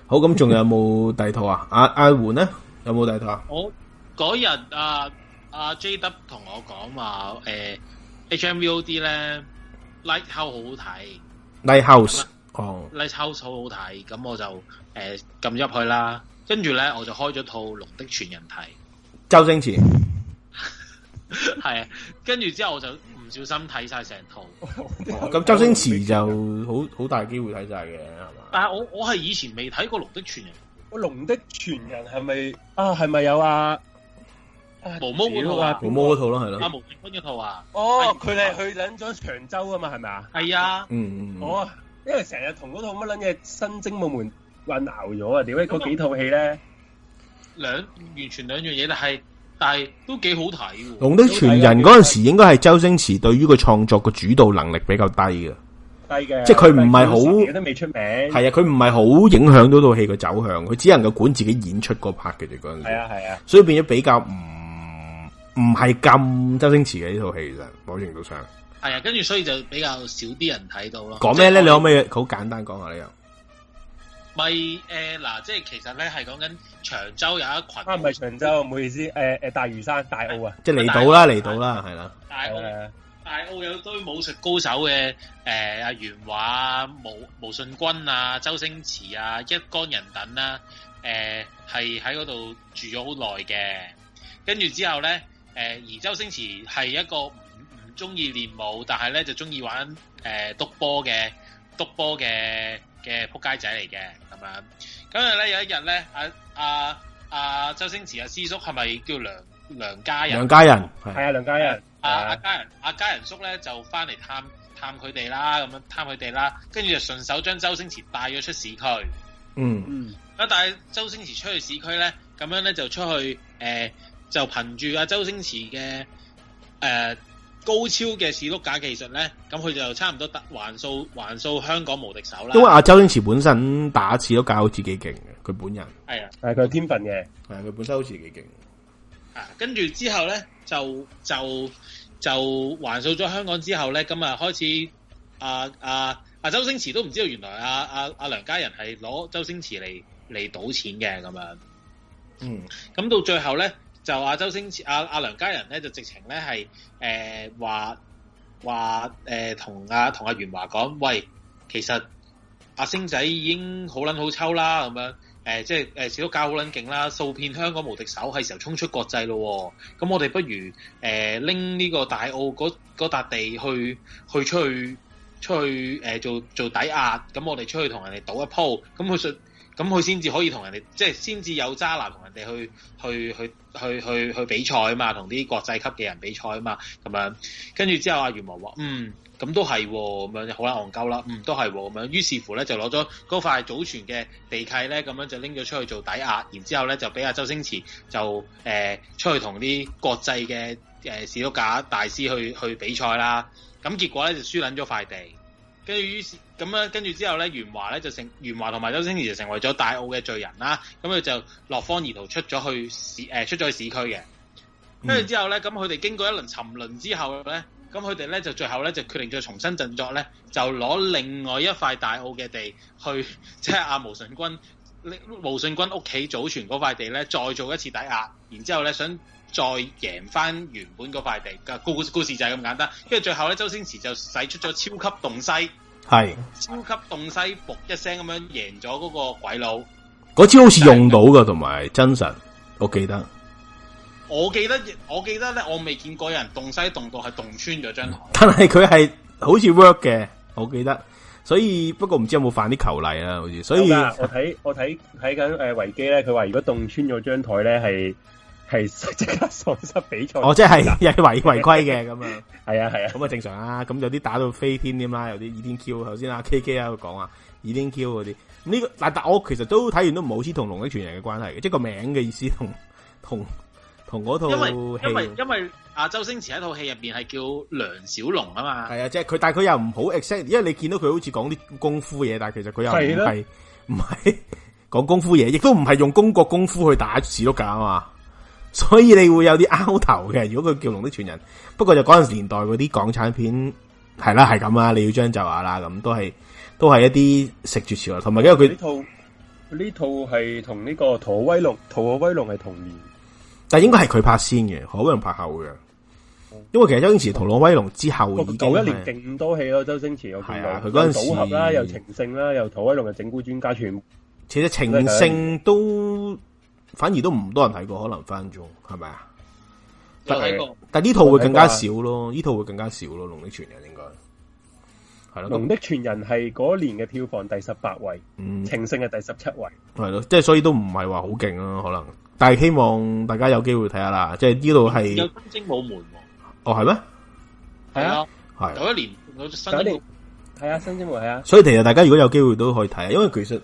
好咁仲有冇第二套啊？ [laughs] 阿阿媛咧有冇第二套？我嗰日啊阿 J w 同我講話誒、啊啊、H M V O D 咧 l i k e 後好好睇。Lighthouse 哦、嗯、Lighthouse、oh. Lighthouse 好好睇，咁我就誒撳入去啦，跟住咧我就開咗套《龍的傳人》睇，周星馳係啊，跟 [laughs] 住之後我就唔小心睇晒成套，咁 [laughs] 哦、周星馳就好好大機會睇晒嘅係嘛？但係我我係以前未睇過《龍的傳人》，龍的傳人係咪？我《龍的傳人》係咪啊係咪有啊？毛毛嗰套啊，毛毛嗰套咯，係咯。阿毛建勳嗰套啊，哦，佢哋去領咗長洲啊嘛，係咪啊？係啊，嗯嗯。哦，因為成日同嗰套乜撚嘅新精武門混淆咗啊！點解，嗰幾套戲咧，兩完全兩樣嘢，但係但係都幾好睇。《龍的傳人》嗰陣時，應該係周星馳對於個創作個主導能力比較低嘅，低嘅，即係佢唔係好，都未出名。係啊，佢唔係好影響到嗰套戲個走向，佢只能夠管自己演出嗰 part 嘅啫。嗰陣時係啊係啊，所以變咗比較唔。唔係咁周星馳嘅呢套戲，其實某程度上。係啊，跟住所以就比較少啲人睇到咯。講咩咧？你可唔可以好簡單講下、這個呃、即其實呢？又咪誒嗱，即係其實咧係講緊長洲有一群，唔、啊、係長洲，唔好意思，誒、呃、誒大嶼山大澳啊，即係離島啦，離島啦，係啦。大澳、啊啊啊、大澳、啊大澳，大澳，啊、大澳有堆武術高手嘅，誒阿元華、毛毛舜筠啊、周星馳啊、一干人等啦、啊，誒係喺嗰度住咗好耐嘅，跟住之後咧。誒、呃，而周星馳係一個唔唔中意練武，但係咧就中意玩誒篤波嘅篤波嘅嘅扑街仔嚟嘅，咁、呃、咪？咁啊咧有一日咧，阿阿阿周星馳阿師叔係咪叫梁梁家仁？梁家仁係啊，啊，梁家仁，阿、啊、阿、啊啊、家仁阿家仁叔咧就翻嚟探探佢哋啦，咁樣探佢哋啦，跟住就順手將周星馳帶咗出市區。嗯嗯，咁帶周星馳出去市區咧，咁樣咧就出去誒。呃就憑住阿周星馳嘅誒高超嘅士碌架技術咧，咁佢就差唔多得橫掃橫掃香港無敵手啦。因為阿周星馳本身打次都搞好自己勁嘅，佢本人係啊係佢天分嘅，係佢本身好似幾勁啊。跟住之後咧，就就就橫掃咗香港之後咧，咁啊開始阿阿、啊啊啊、周星馳都唔知道原來阿阿阿梁家仁係攞周星馳嚟嚟賭錢嘅咁樣，嗯，咁到最後咧。就阿、啊、周星馳阿阿梁家仁咧，就直情咧係誒話話誒同阿同阿元華講喂，其實阿、啊、星仔已經好撚好抽啦，咁樣誒、呃、即係誒小教好撚勁啦，數遍香港無敵手係時候衝出國際咯、哦。咁我哋不如誒拎呢個大澳嗰嗰笪地去去出去出去誒、呃、做做抵押。咁我哋出去同人哋賭一鋪，咁佢想咁佢先至可以同人哋即係先至有揸拿同人哋去去去。去去去去去比賽啊嘛，同啲國際級嘅人比賽啊嘛，咁樣跟住之後，阿袁和話：嗯，咁都係喎，咁樣好啦，戇鳩啦，嗯，都係喎，咁樣。於是乎咧，就攞咗嗰塊祖傳嘅地契咧，咁樣就拎咗出去做抵押，然之後咧就俾阿周星馳就誒、呃、出去同啲國際嘅誒少骨架大師去去比賽啦。咁結果咧就輸撚咗塊地。跟住於是咁咧，跟住之後咧，袁華咧就成袁華同埋周星馳就成為咗大澳嘅罪人啦。咁佢就落荒而逃出咗去市誒、呃、出咗去市區嘅。跟、嗯、住之後咧，咁佢哋經過一輪沉淪之後咧，咁佢哋咧就最後咧就決定再重新振作咧，就攞另外一塊大澳嘅地去，即係阿毛信君、毛信君屋企祖傳嗰塊地咧，再做一次抵押，然之後咧想。再贏翻原本嗰塊地故，故事就係咁簡單，跟住最後咧周星馳就使出咗超級洞西，係超級洞西，卟一聲咁樣贏咗嗰個鬼佬。嗰招好似用到㗎，同埋真實，我記得。我記得我記得咧，我未見過有人洞西洞到係洞穿咗張台。但係佢係好似 work 嘅，我記得。所以不過唔知有冇犯啲球例啦，好似。所以我睇我睇睇緊誒維基咧，佢話如果洞穿咗張台咧係。係 [laughs] 即刻喪失比賽，哦，即係係違違規嘅咁啊，係啊係啊，咁啊 [laughs] 正常啊，咁有啲打到飛天添、啊、啦，有啲二天 Q 頭先阿 K K 啊講啊二天、啊、Q 嗰啲。呢個但但我其實都睇完都唔好似同龍的傳人嘅關係，即係個名嘅意思同同同嗰套，因為因為因為啊周星馳喺套戲入邊係叫梁小龍啊嘛，係啊，即係佢但係佢又唔好 exact，因為你見到佢好似講啲功夫嘢，但係其實佢又唔係唔係講功夫嘢，亦都唔係用中國功夫去打少碌架啊嘛。所以你會有啲拗頭嘅，如果佢叫龍的傳人，不過就嗰陣年代嗰啲港產片係啦，係咁啊，你要將就下啦，咁都係都係一啲食住潮啊，潮同埋因為佢呢套呢套係同呢個逃學威龍逃學威龍係同年，但係應該係佢拍先嘅，逃學威龍拍後嘅、嗯，因為其實周星馳逃學威龍之後已經，舊、那個、一年勁多戲咯，周星馳又係啊，佢嗰陣時啦又，又情聖啦又逃學威龍嘅整蠱專家，全其實情聖都。反而都唔多人睇過，可能翻中係咪啊？就睇過，但呢套會更加少咯。呢、啊、套會更加少咯，龍的傳人應該《龍的傳人》應該係咯，《龍的傳人》係嗰年嘅票房第十八位，嗯、情聖嘅第十七位，係咯，即係所以都唔係話好勁咯。可能，但係希望大家有機會睇下啦。即係呢套係有新精武門，啊，哦係咩？係啊，係嗰一年，嗰新一、啊、年係啊，新精武係啊。所以其實大家如果有機會都可以睇，下，因為其實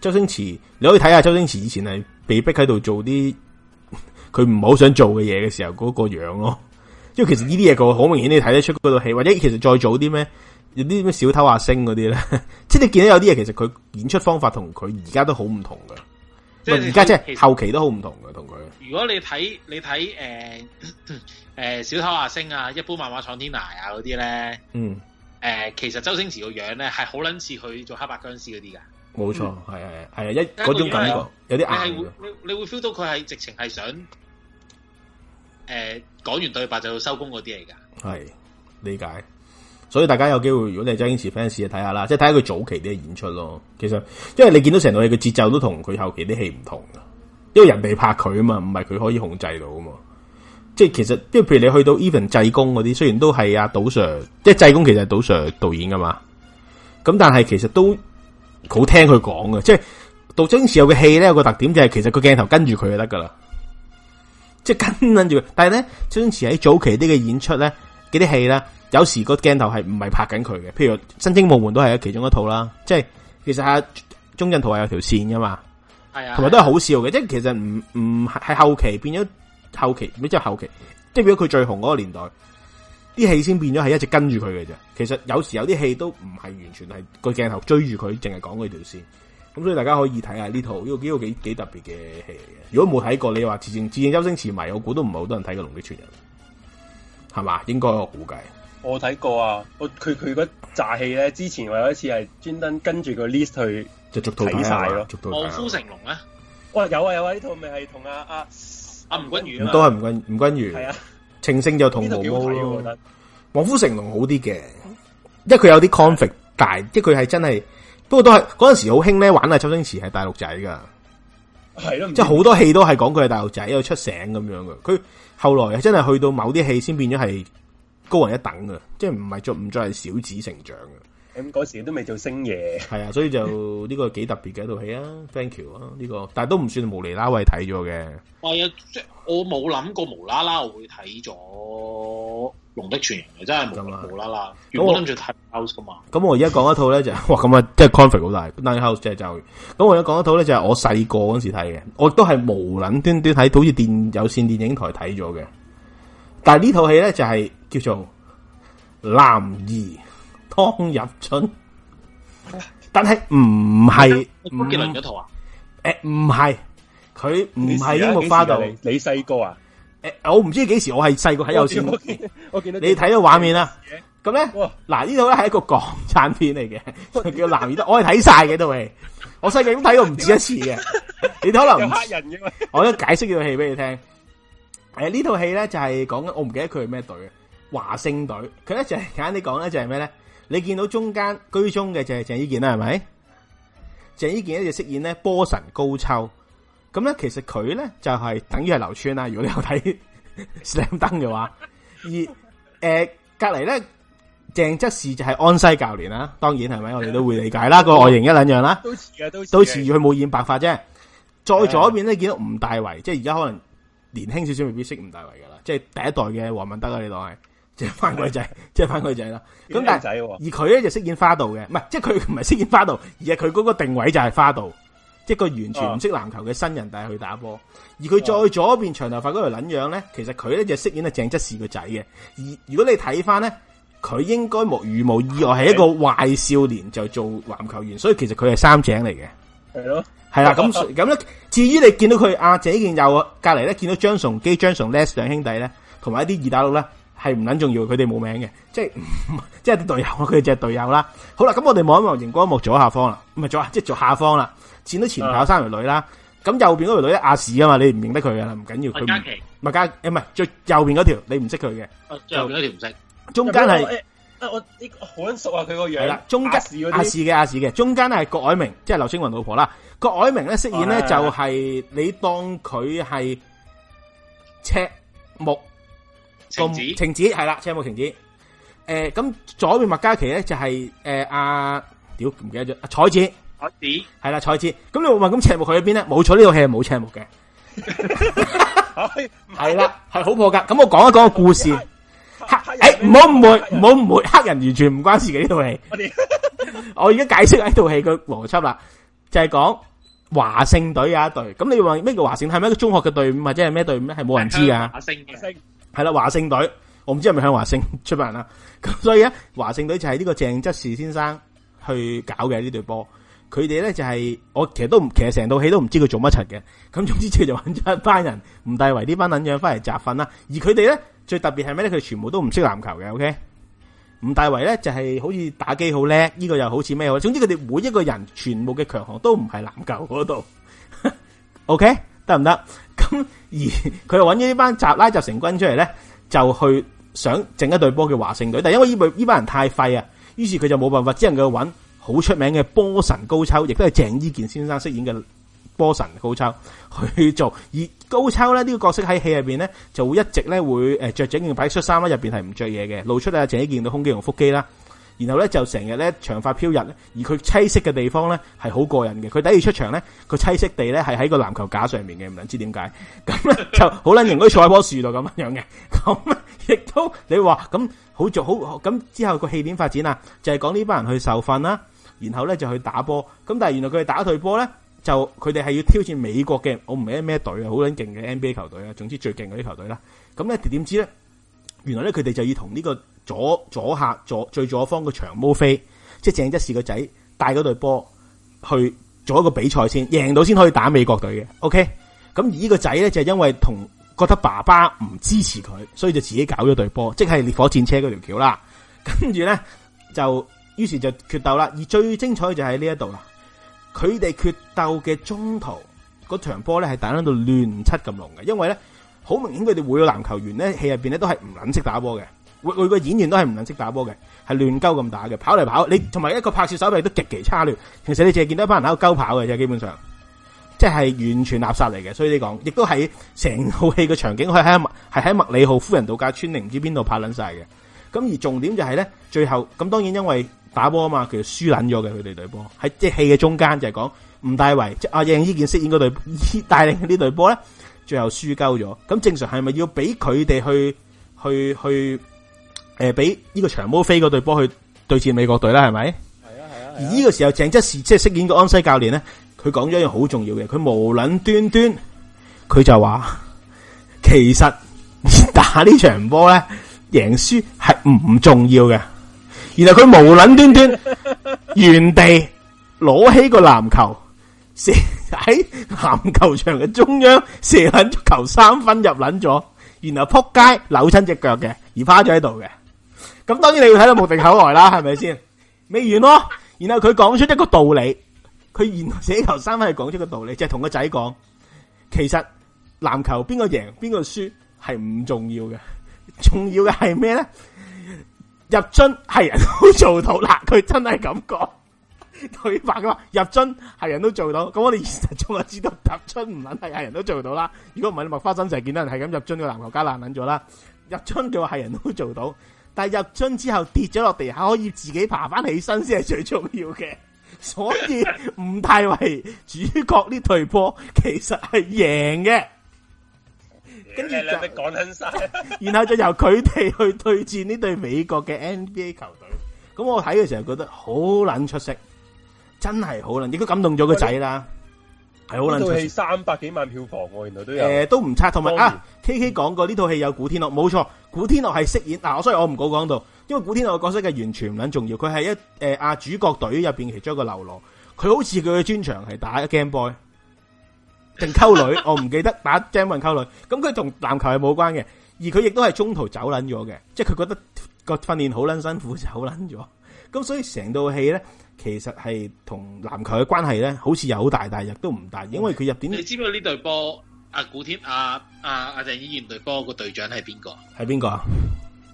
周星馳你可以睇下周星馳以前係。被迫喺度做啲佢唔好想做嘅嘢嘅時候嗰個樣咯，即係其實呢啲嘢佢好明顯你睇得出嗰套戲，或者其實再早啲咩有啲咩小偷阿星嗰啲咧，即係你見到有啲嘢其實佢演出方法同佢而家都好唔同嘅，即係而家即係後期都好唔同嘅同佢。如果你睇你睇誒誒小偷阿星啊，一般漫畫闖天涯啊嗰啲咧，嗯誒、呃、其實周星馳個樣咧係好捻似佢做黑白僵屍嗰啲噶。冇錯，係係係一嗰種感覺，有啲硬。你會你會 feel 到佢係直情係想，誒、呃，講完對白就收工嗰啲嚟噶。係理解，所以大家有機會，如果你係周英馳 fans 嘅，睇下啦，即係睇下佢早期啲嘅演出咯。其實，因為你見到成套戲嘅節奏都同佢後期啲戲唔同，因為人哋拍佢啊嘛，唔係佢可以控制到啊嘛。即係其實，即係譬如你去到 even 濟公嗰啲，雖然都係阿杜 Sir，即係濟公其實係杜 Sir 導演啊嘛。咁但係其實都。好聽佢講嘅，即係周星馳有嘅戲咧，有個特點就係其實個鏡頭跟住佢就得噶啦，即係跟跟住。但係咧，周星馳喺早期啲嘅演出咧，嗰啲戲咧，有時個鏡頭係唔係拍緊佢嘅，譬如《新精武門》都係其中一套啦。即係其實阿鍾鎮濤係有條線噶嘛，係啊，同埋都係好笑嘅。即係其實唔唔係後期變咗後期，咩即係後期？即係變咗佢最紅嗰個年代。啲戲先變咗係一直跟住佢嘅啫，其實有時有啲戲都唔係完全係個鏡頭追住佢，淨係講佢條線，咁所以大家可以睇下呢套呢、這個幾幾、這個、特別嘅戲嚟嘅。如果冇睇過，你話自認自認周星馳迷，我估都唔係好多人睇過《龍的傳人》，係嘛？應該我估計。我睇過啊，佢佢個詐戲咧，之前我列列有一次係專登跟住個 list 去就逐套睇曬咯，望夫成龍啊？哇有啊有啊，呢、啊、套咪係同阿阿阿吳君如，都係吳君吳君如。啊稱星就同毛毛王夫成龍好啲嘅、嗯，因為佢有啲 conflict、嗯、大，即係佢係真係，不過都係嗰陣時好興咧玩啊！周星馳係大陸仔噶，係咯，即係好多戲都係講佢係大陸仔，又出醒咁樣噶。佢後來真係去到某啲戲先變咗係高人一等㗎，即係唔係再唔再係小子成長噶。咁嗰時都未做星爺，係 [laughs] 啊，所以就呢、這個幾特別嘅一套戲啊，Thank you 啊，呢、啊這個，但係都唔算無厘啦，我係睇咗嘅。係啊，即係我冇諗過無啦啦會睇咗《龍的傳人》嘅，真係無無啦啦。我跟住睇 House 噶嘛。咁我而家講一套咧就，哇，咁啊，即係 conflict 好大。Nine、House 真是真是就是，咁我而家講一套咧就係我細個嗰時睇嘅，我都係無捻端端喺好似電有線電影台睇咗嘅。但係呢套戲咧就係、是、叫做藍《男兒》。當入樽，但係唔係，周杰倫嗰套啊？誒，唔係，佢唔係櫻木花道，你細個啊？誒，我唔知幾時，我係細個喺有綫，我見到你睇到畫面啦。咁咧，嗱呢度咧係一個港產片嚟嘅，佢叫《男兒德》，我係睇晒嘅套戲，我細個已經睇過唔止一次嘅。你可能吓人嘅，我咧解釋呢套戲俾你聽。誒，呢套戲咧就係講，我唔記得佢係咩隊啊？華星隊，佢咧就係簡單啲講咧就係咩咧？你見到中間居中嘅就係鄭伊健啦，係咪？鄭伊健一就飾演咧波神高秋，咁咧其實佢咧就係等於係流川啦。如果你有睇《閃燈》嘅話， [laughs] 而誒隔籬咧鄭則仕就係安西教練啦。當然係咪？我哋都會理解啦，個外形一兩樣啦，都似嘅，佢冇染白髮啫。再左邊咧見到吳大維，即係而家可能年輕少少未必識吳大維噶啦，即係第一代嘅黃文德啊，你當係。即係翻鬼仔，即係翻鬼仔啦。咁但係仔、哦、而佢咧就飾演花道嘅，唔係即係佢唔係飾演花道，而係佢嗰個定位就係花道，即係個完全唔識籃球嘅新人，哦、但係去打波。而佢再左邊長頭髮嗰條撚樣咧，其實佢咧就飾演係鄭則仕個仔嘅。而如果你睇翻咧，佢應該無與無意外係一個壞少年，就做籃球員，所以其實佢係三井嚟嘅。係咯，係啦，咁咁咧。至於你到他姐姐姐見到佢阿鄭伊健又隔籬咧見到張崇基、張 [laughs] 崇叻兩兄弟咧，同埋一啲二打六咧。係唔捻重要，佢哋冇名嘅，即係、嗯、即係隊友，佢哋就係隊友啦。好啦，咁我哋望一望熒光幕左下方啦，唔係左，即係左下方啦，前度前排有三條女啦。咁右邊嗰條女阿史啊嘛，你唔認得佢嘅啦，唔緊要。佢唔係嘉，唔係最右邊嗰條，你唔識佢嘅。最右邊嗰條唔識，中間係、哎，我呢好熟啊，佢個樣。係啦，阿史阿史嘅阿史嘅，中間咧係郭藹明，即係劉青雲老婆啦。郭藹明咧飾演咧、啊、就係、係、你當佢係赤木。晴子係啦，赤木晴子。誒，咁左邊麥嘉琪咧就係誒阿屌唔記得咗，阿彩子彩子係啦彩子。咁你會問咁赤木去咗邊咧？冇錯，呢套戲係冇赤木嘅，係啦係好破格。咁我講一講個故事。黑、誒，唔好唔好唔好唔好黑人完全唔關事嘅呢套戲。我哋我而家解釋喺套戲嘅邏輯啦，就係講華勝隊有一隊。咁你話咩叫華勝？係咪一個中學嘅隊伍，或者係咩隊伍？係冇人知噶。係啦，華盛隊，我唔知係咪向華盛出人啦。咁所以咧、啊，華盛隊就係呢個鄭則仕先生去搞嘅呢隊波。佢哋咧就係、是，我其實都唔，其實成套戲都唔知佢做乜柒嘅。咁總之，佢就搵咗一班人，吳大維呢班捻樣翻嚟集訓啦。而佢哋咧最特別係咩咧？佢哋全部都唔識籃球嘅。O K，吳大維咧就係、是、好似打機好叻，呢、這個又好似咩好。總之佢哋每一個人全部嘅強項都唔係籃球嗰度。O K，得唔得？OK? 行咁 [laughs] 而佢又揾咗呢班集拉集成軍出嚟咧，就去想整一隊波嘅華盛隊，但係因為呢班人太廢啊，於是佢就冇辦法，只能佢揾好出名嘅波神高秋，亦都係鄭伊健先生飾演嘅波神高秋去做。而高秋咧呢、呢個角色喺戲入邊咧，就會一直咧會誒、呃、着整件白色衫啦，入邊係唔着嘢嘅，露出啊鄭伊健嘅胸肌同腹肌啦。然後咧就成日咧長髮飄逸，而佢棲息嘅地方咧係好過癮嘅。佢第一次出場咧，佢棲息地咧係喺個籃球架上面嘅，唔諗知點解。咁咧就好捻型，佢坐喺棵樹度咁樣樣嘅。咁亦都你話咁好做好咁，之後個戲點發展啊？就係講呢班人去受訓啦，然後咧就去打波。咁但係原來佢哋打退波咧，就佢哋係要挑戰美國嘅，我唔知咩隊啊，好捻勁嘅 NBA 球隊啊，總之最勁嗰啲球隊啦。咁咧點知咧，原來咧佢哋就要同呢個。左左下左最左方嘅長毛飛，即係鄭一士個仔帶嗰隊波去做一個比賽先，贏到先可以打美國隊嘅。O K，咁而個呢個仔咧就係、是、因為同覺得爸爸唔支持佢，所以就自己搞咗隊波，即係烈火戰車嗰條橋啦。跟住咧就於是就決鬥啦，而最精彩就喺呢一度啦。佢哋決鬥嘅中途，嗰場波咧係打到亂七咁龍嘅，因為咧好明顯佢哋會個籃球員咧戲入邊咧都係唔捻識打波嘅。每個演員都係唔能識打波嘅，係亂鳩咁打嘅，跑嚟跑你，同埋一個拍攝手法都極其差劣，其實你淨係見到一班人喺度鳩跑嘅啫。基本上，即係完全垃圾嚟嘅。所以你講，亦都係成套戲嘅場景，佢喺係喺麥理浩夫人度假村你唔知邊度拍捻晒嘅。咁而重點就係、是、咧，最後咁當然因為打波啊嘛，其實輸捻咗嘅佢哋隊波，喺即係戲嘅中間就係講吳大維即阿鄭伊健飾演嗰隊，帶領對呢隊波咧，最後輸鳩咗。咁正常係咪要俾佢哋去去去？去去誒、呃，俾呢個長毛飛嗰隊波去對戰美國隊啦，係咪？係啊，係啊，啊。而呢個時候鄭時，鄭則仕即係飾演個安西教練咧，佢講咗一樣好重要嘅，佢無撚端端，佢就話，其實打場呢場波咧，贏輸係唔重要嘅。然後佢無撚端端， [laughs] 原地攞起個籃球，射喺籃球場嘅中央，射撚足球三分入撚咗，然後扑街扭親隻腳嘅，而趴咗喺度嘅。咁當然你要睇到目定口呆啦，係咪先未完咯？然後佢講出一個道理，佢現死球生返去講出一個道理，即係同個仔講，其實籃球邊個贏邊個輸係唔重要嘅，重要嘅係咩咧？入樽係人都做到啦，佢真係咁講。對白㗎嘛，入樽係人都做到。咁我哋現實中就知道，入樽唔撚係係人都做到啦。如果唔係，你麥花臣成日見到人係咁入樽個籃球架爛捻咗啦。入樽嘅話係人都做到。但入樽之後跌咗落地下，可以自己爬翻起身先係最重要嘅。所以吳大維主角呢隊波其實係贏嘅。跟住就講緊晒，然後就， [laughs] 然後就由佢哋去對戰呢隊美國嘅 NBA 球隊。咁我睇嘅時候覺得好捻出色，真係好捻。亦都感動咗個仔啦。係好難，呢套戲三百幾萬票房喎，原來都有。誒、呃，都唔差，同埋啊，K K 講過呢套戲有古天樂，冇錯，古天樂係飾演嗱，啊、sorry, 我所以我唔好講到，因為古天樂嘅角色係完全唔撚重要，佢係一誒亞、呃、主角隊入邊其中一個流浪，佢好似佢嘅專長係打一 game boy，定溝女， [laughs] 我唔記得打 game boy 溝女，咁佢同籃球係冇關嘅，而佢亦都係中途走撚咗嘅，即係佢覺得個訓練好撚辛苦，就走撚咗，咁所以成套戲咧。其實係同籃球嘅關係咧，好似有好大，但亦都唔大，因為佢入邊。你知唔知呢隊波？阿、啊、古天、阿啊阿鄭伊健隊波個隊長係邊個？係邊個啊？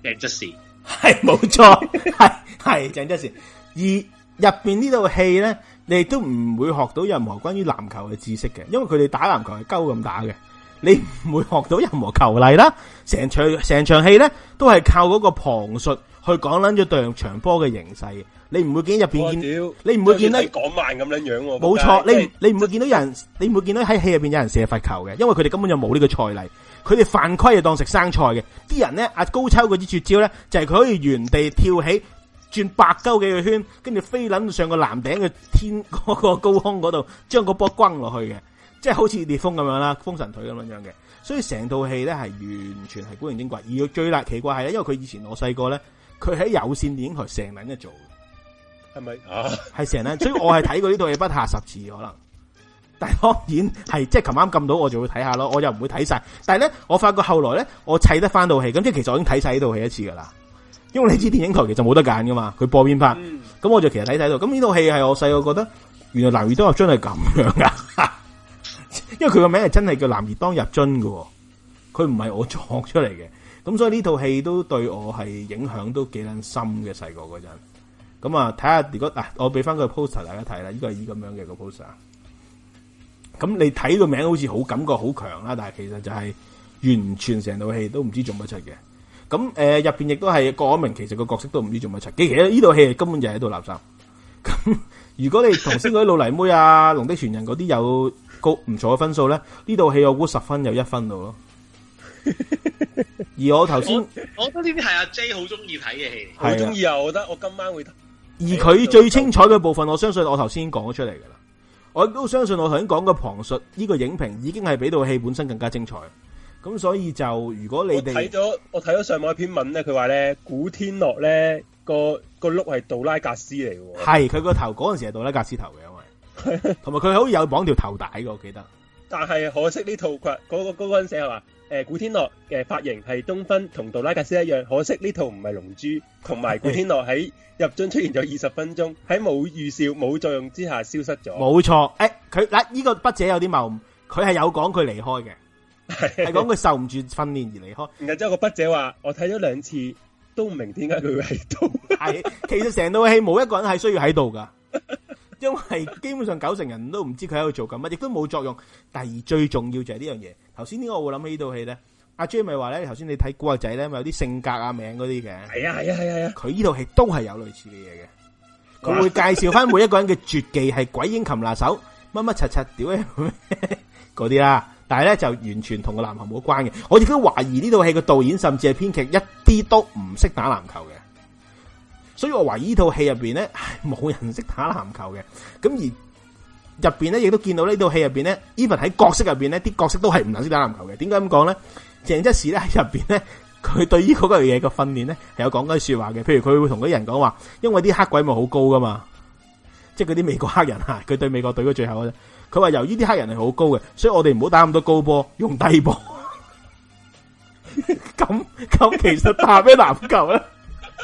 鄭則士？係冇錯，係係鄭則士。而入邊呢套戲咧，你都唔會學到任何關於籃球嘅知識嘅，因為佢哋打籃球係鳩咁打嘅，你唔會學到任何球例啦。成場成場戲咧，都係靠嗰個旁述。去講捻咗對場波嘅形勢，你唔會見入邊見，你唔會見到港漫咁樣樣喎。冇錯，你、啊、錯你唔會見到有人，你唔會見到喺戲入邊有人射罰球嘅，因為佢哋根本就冇呢個賽例，佢哋犯規就當食生菜嘅。啲人咧，阿高秋嗰啲絕招咧，就係、是、佢可以原地跳起轉百鳩幾個圈，跟住飛捻上，上個籃頂嘅天嗰個 [laughs] 高空嗰度，將個波轟落去嘅，即係好似烈風咁樣啦，風神腿咁樣樣嘅。所以成套戲咧係完全係古靈精怪，而最辣奇怪係咧，因為佢以前我細個咧。佢喺有線電影台成晚一做，係咪？係成晚，所以我係睇過呢套嘢不下十次可能。但係當然係，即係琴晚撳到我就會睇下咯。我又唔會睇晒。但係咧，我發覺後來咧，我砌得翻套戲，咁即係其實我已經睇晒呢套戲一次噶啦。因為你知電影台其實冇得揀噶嘛，佢播片拍，咁、嗯、我就其實睇睇到。咁呢套戲係我細個覺得，原來男兒當入樽係咁樣噶、啊，因為佢個名係真係叫男兒當入樽噶，佢唔係我作出嚟嘅。咁所以呢套戲都對我係影響都幾捻深嘅，細個嗰陣。咁啊，睇下如果啊，我俾翻個 poster 大家睇啦，呢個係依咁樣嘅個 poster。咁你睇個名好似好感覺好強啦，但係其實就係完全成套戲都唔知做乜出嘅。咁誒，入邊亦都係郭安明，其實個角色都唔知做乜出嘅。其實呢套戲根本就喺度垃圾。咁如果你頭先嗰啲老泥妹啊、龍的傳人嗰啲有高唔錯嘅分數咧，呢套戲我估十分有一分到咯。 [laughs] 而我頭先，我覺得呢啲係阿 J 好中意睇嘅戲，好中意啊！我覺得我今晚會睇。而佢最精彩嘅部分，我相信我頭先已經講咗出嚟噶啦。我亦都相信我頭先講嘅旁述，呢、這個影評已經係比到戲本身更加精彩。咁所以就，如果你哋睇咗，我睇咗上網一篇文咧，佢話咧古天樂咧個個碌係杜拉格斯嚟，係佢個頭嗰陣、嗯、時係杜拉格斯頭嘅，因為同埋佢好似有綁條頭帶嘅，我記得。但係可惜呢套劇嗰、那個高跟鞋係嘛？誒，古天樂嘅髮型係東分，同杜拉格斯一樣。可惜呢套唔係龍珠，同埋古天樂喺入樽出現咗二十分鐘，喺冇預兆、冇作用之下消失咗。冇錯，誒，佢嗱呢個筆者有啲謬誤，佢係有講佢離開嘅，係講佢受唔住訓練而離開。 [laughs] 然後之後個筆者話，我睇咗兩次都唔明點解佢會喺度。係，其實成套戲冇一個人係需要喺度噶。因為基本上九成人都唔知佢喺度做緊乜，亦都冇作用。第二最重要就係呢樣嘢，頭先點解我會諗起呢套戲咧，阿 J 咪話咧，頭先你睇《古惑仔》咧，咪有啲性格啊、名嗰啲嘅，係啊，係啊，係啊，佢呢套戲都係有類似嘅嘢嘅，佢會介紹翻每一個人嘅絕技係鬼影擒拿手乜乜柒柒屌嗰啲啦，但係咧就完全同個籃球冇關嘅，我亦都懷疑呢套戲個導演甚至係編劇一啲都唔識打籃球嘅。所以我懷疑呢套戲入邊咧，冇人識打籃球嘅。咁而入邊咧，亦都見到呢套戲入邊咧，even 喺角色入邊咧，啲角色都係唔能識打籃球嘅。點解咁講咧？鄭則仕咧喺入邊咧，佢對於嗰樣嘢嘅訓練咧係有講嗰啲說話嘅。譬如佢會同嗰啲人講話，因為啲黑鬼咪好高㗎嘛，即係嗰啲美國黑人啊。佢對美國隊嘅最後，佢話由於啲黑人係好高嘅，所以我哋唔好打咁多高波，用低波。咁 [laughs] 咁其實打咩籃球咧？ [laughs]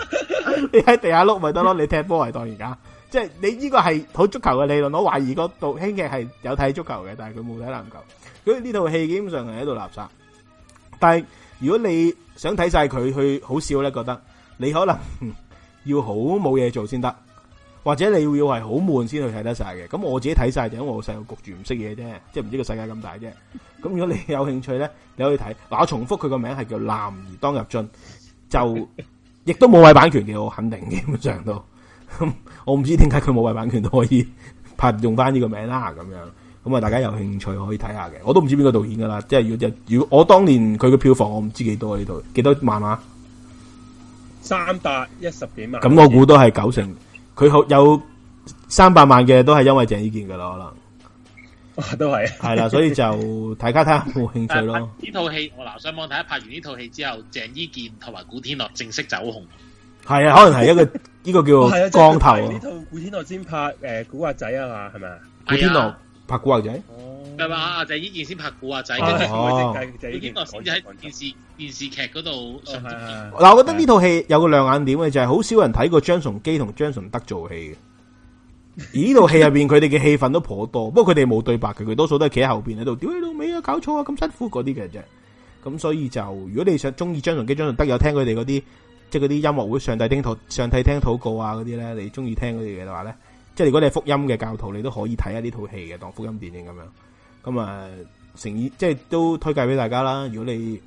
[laughs] 你喺地下碌咪得咯，你踢波係當而家，即係你呢個係好足球嘅理論。我懷疑嗰度輕嘅係有睇足球嘅，但係佢冇睇籃球。所以呢套戲基本上係喺度垃圾。但係如果你想睇晒佢去好笑咧，覺得你可能要好冇嘢做先得，或者你要要係好悶先去睇得晒嘅。咁我自己睇晒就因為我細個焗住唔識嘢啫，即係唔知個世界咁大啫。咁如果你有興趣咧，你可以睇。嗱，我重複佢個名係叫《男兒當入樽》。就。亦都冇位版權嘅，我肯定基本上都，我唔知點解佢冇位版權都可以拍用返呢個名啦，咁樣，咁啊大家有興趣可以睇下嘅，我都唔知邊個導演噶啦，即係如果如果我當年佢嘅票房我唔知幾多呢度，幾多萬嘛，啊，三百一十幾萬，咁我估都係九成，佢好有三百萬嘅都係因為鄭伊健噶啦可能。都係，係 [laughs] 啦，所以就睇下睇下冇興趣咯。呢套戲我嗱上網睇，拍完呢套戲之後，鄭伊健同埋古天樂正式走紅。係 [laughs] 啊，可能係一個呢 [laughs] 個叫做光頭、啊。呢、哦、套古天樂先拍誒、呃、古惑仔啊嘛，係咪？古天樂拍古惑仔，係、嗯、嘛？鄭、啊、伊健先拍古惑仔，跟 [laughs] 住、啊啊啊、古天樂先至喺電視電視劇嗰度。嗱、哦 [laughs] 啊，我覺得呢套戲有個亮眼點嘅就係、是、好少人睇過張崇基同張崇德做戲嘅。而呢套戲入邊，佢哋嘅戲份都頗多，不過佢哋冇對白嘅，佢多數都係企喺後邊喺度屌你老味啊，搞錯啊，咁辛苦嗰啲嘅啫。咁所以就如果你想中意張崇基張崇德，有聽佢哋嗰啲即係嗰啲音樂會上，上帝聽討上帝聽禱告啊嗰啲咧，你中意聽嗰啲嘅話咧，即係如果你係福音嘅教徒，你都可以睇下呢套戲嘅，當福音電影咁樣。咁啊，誠意即係都推介俾大家啦。如果你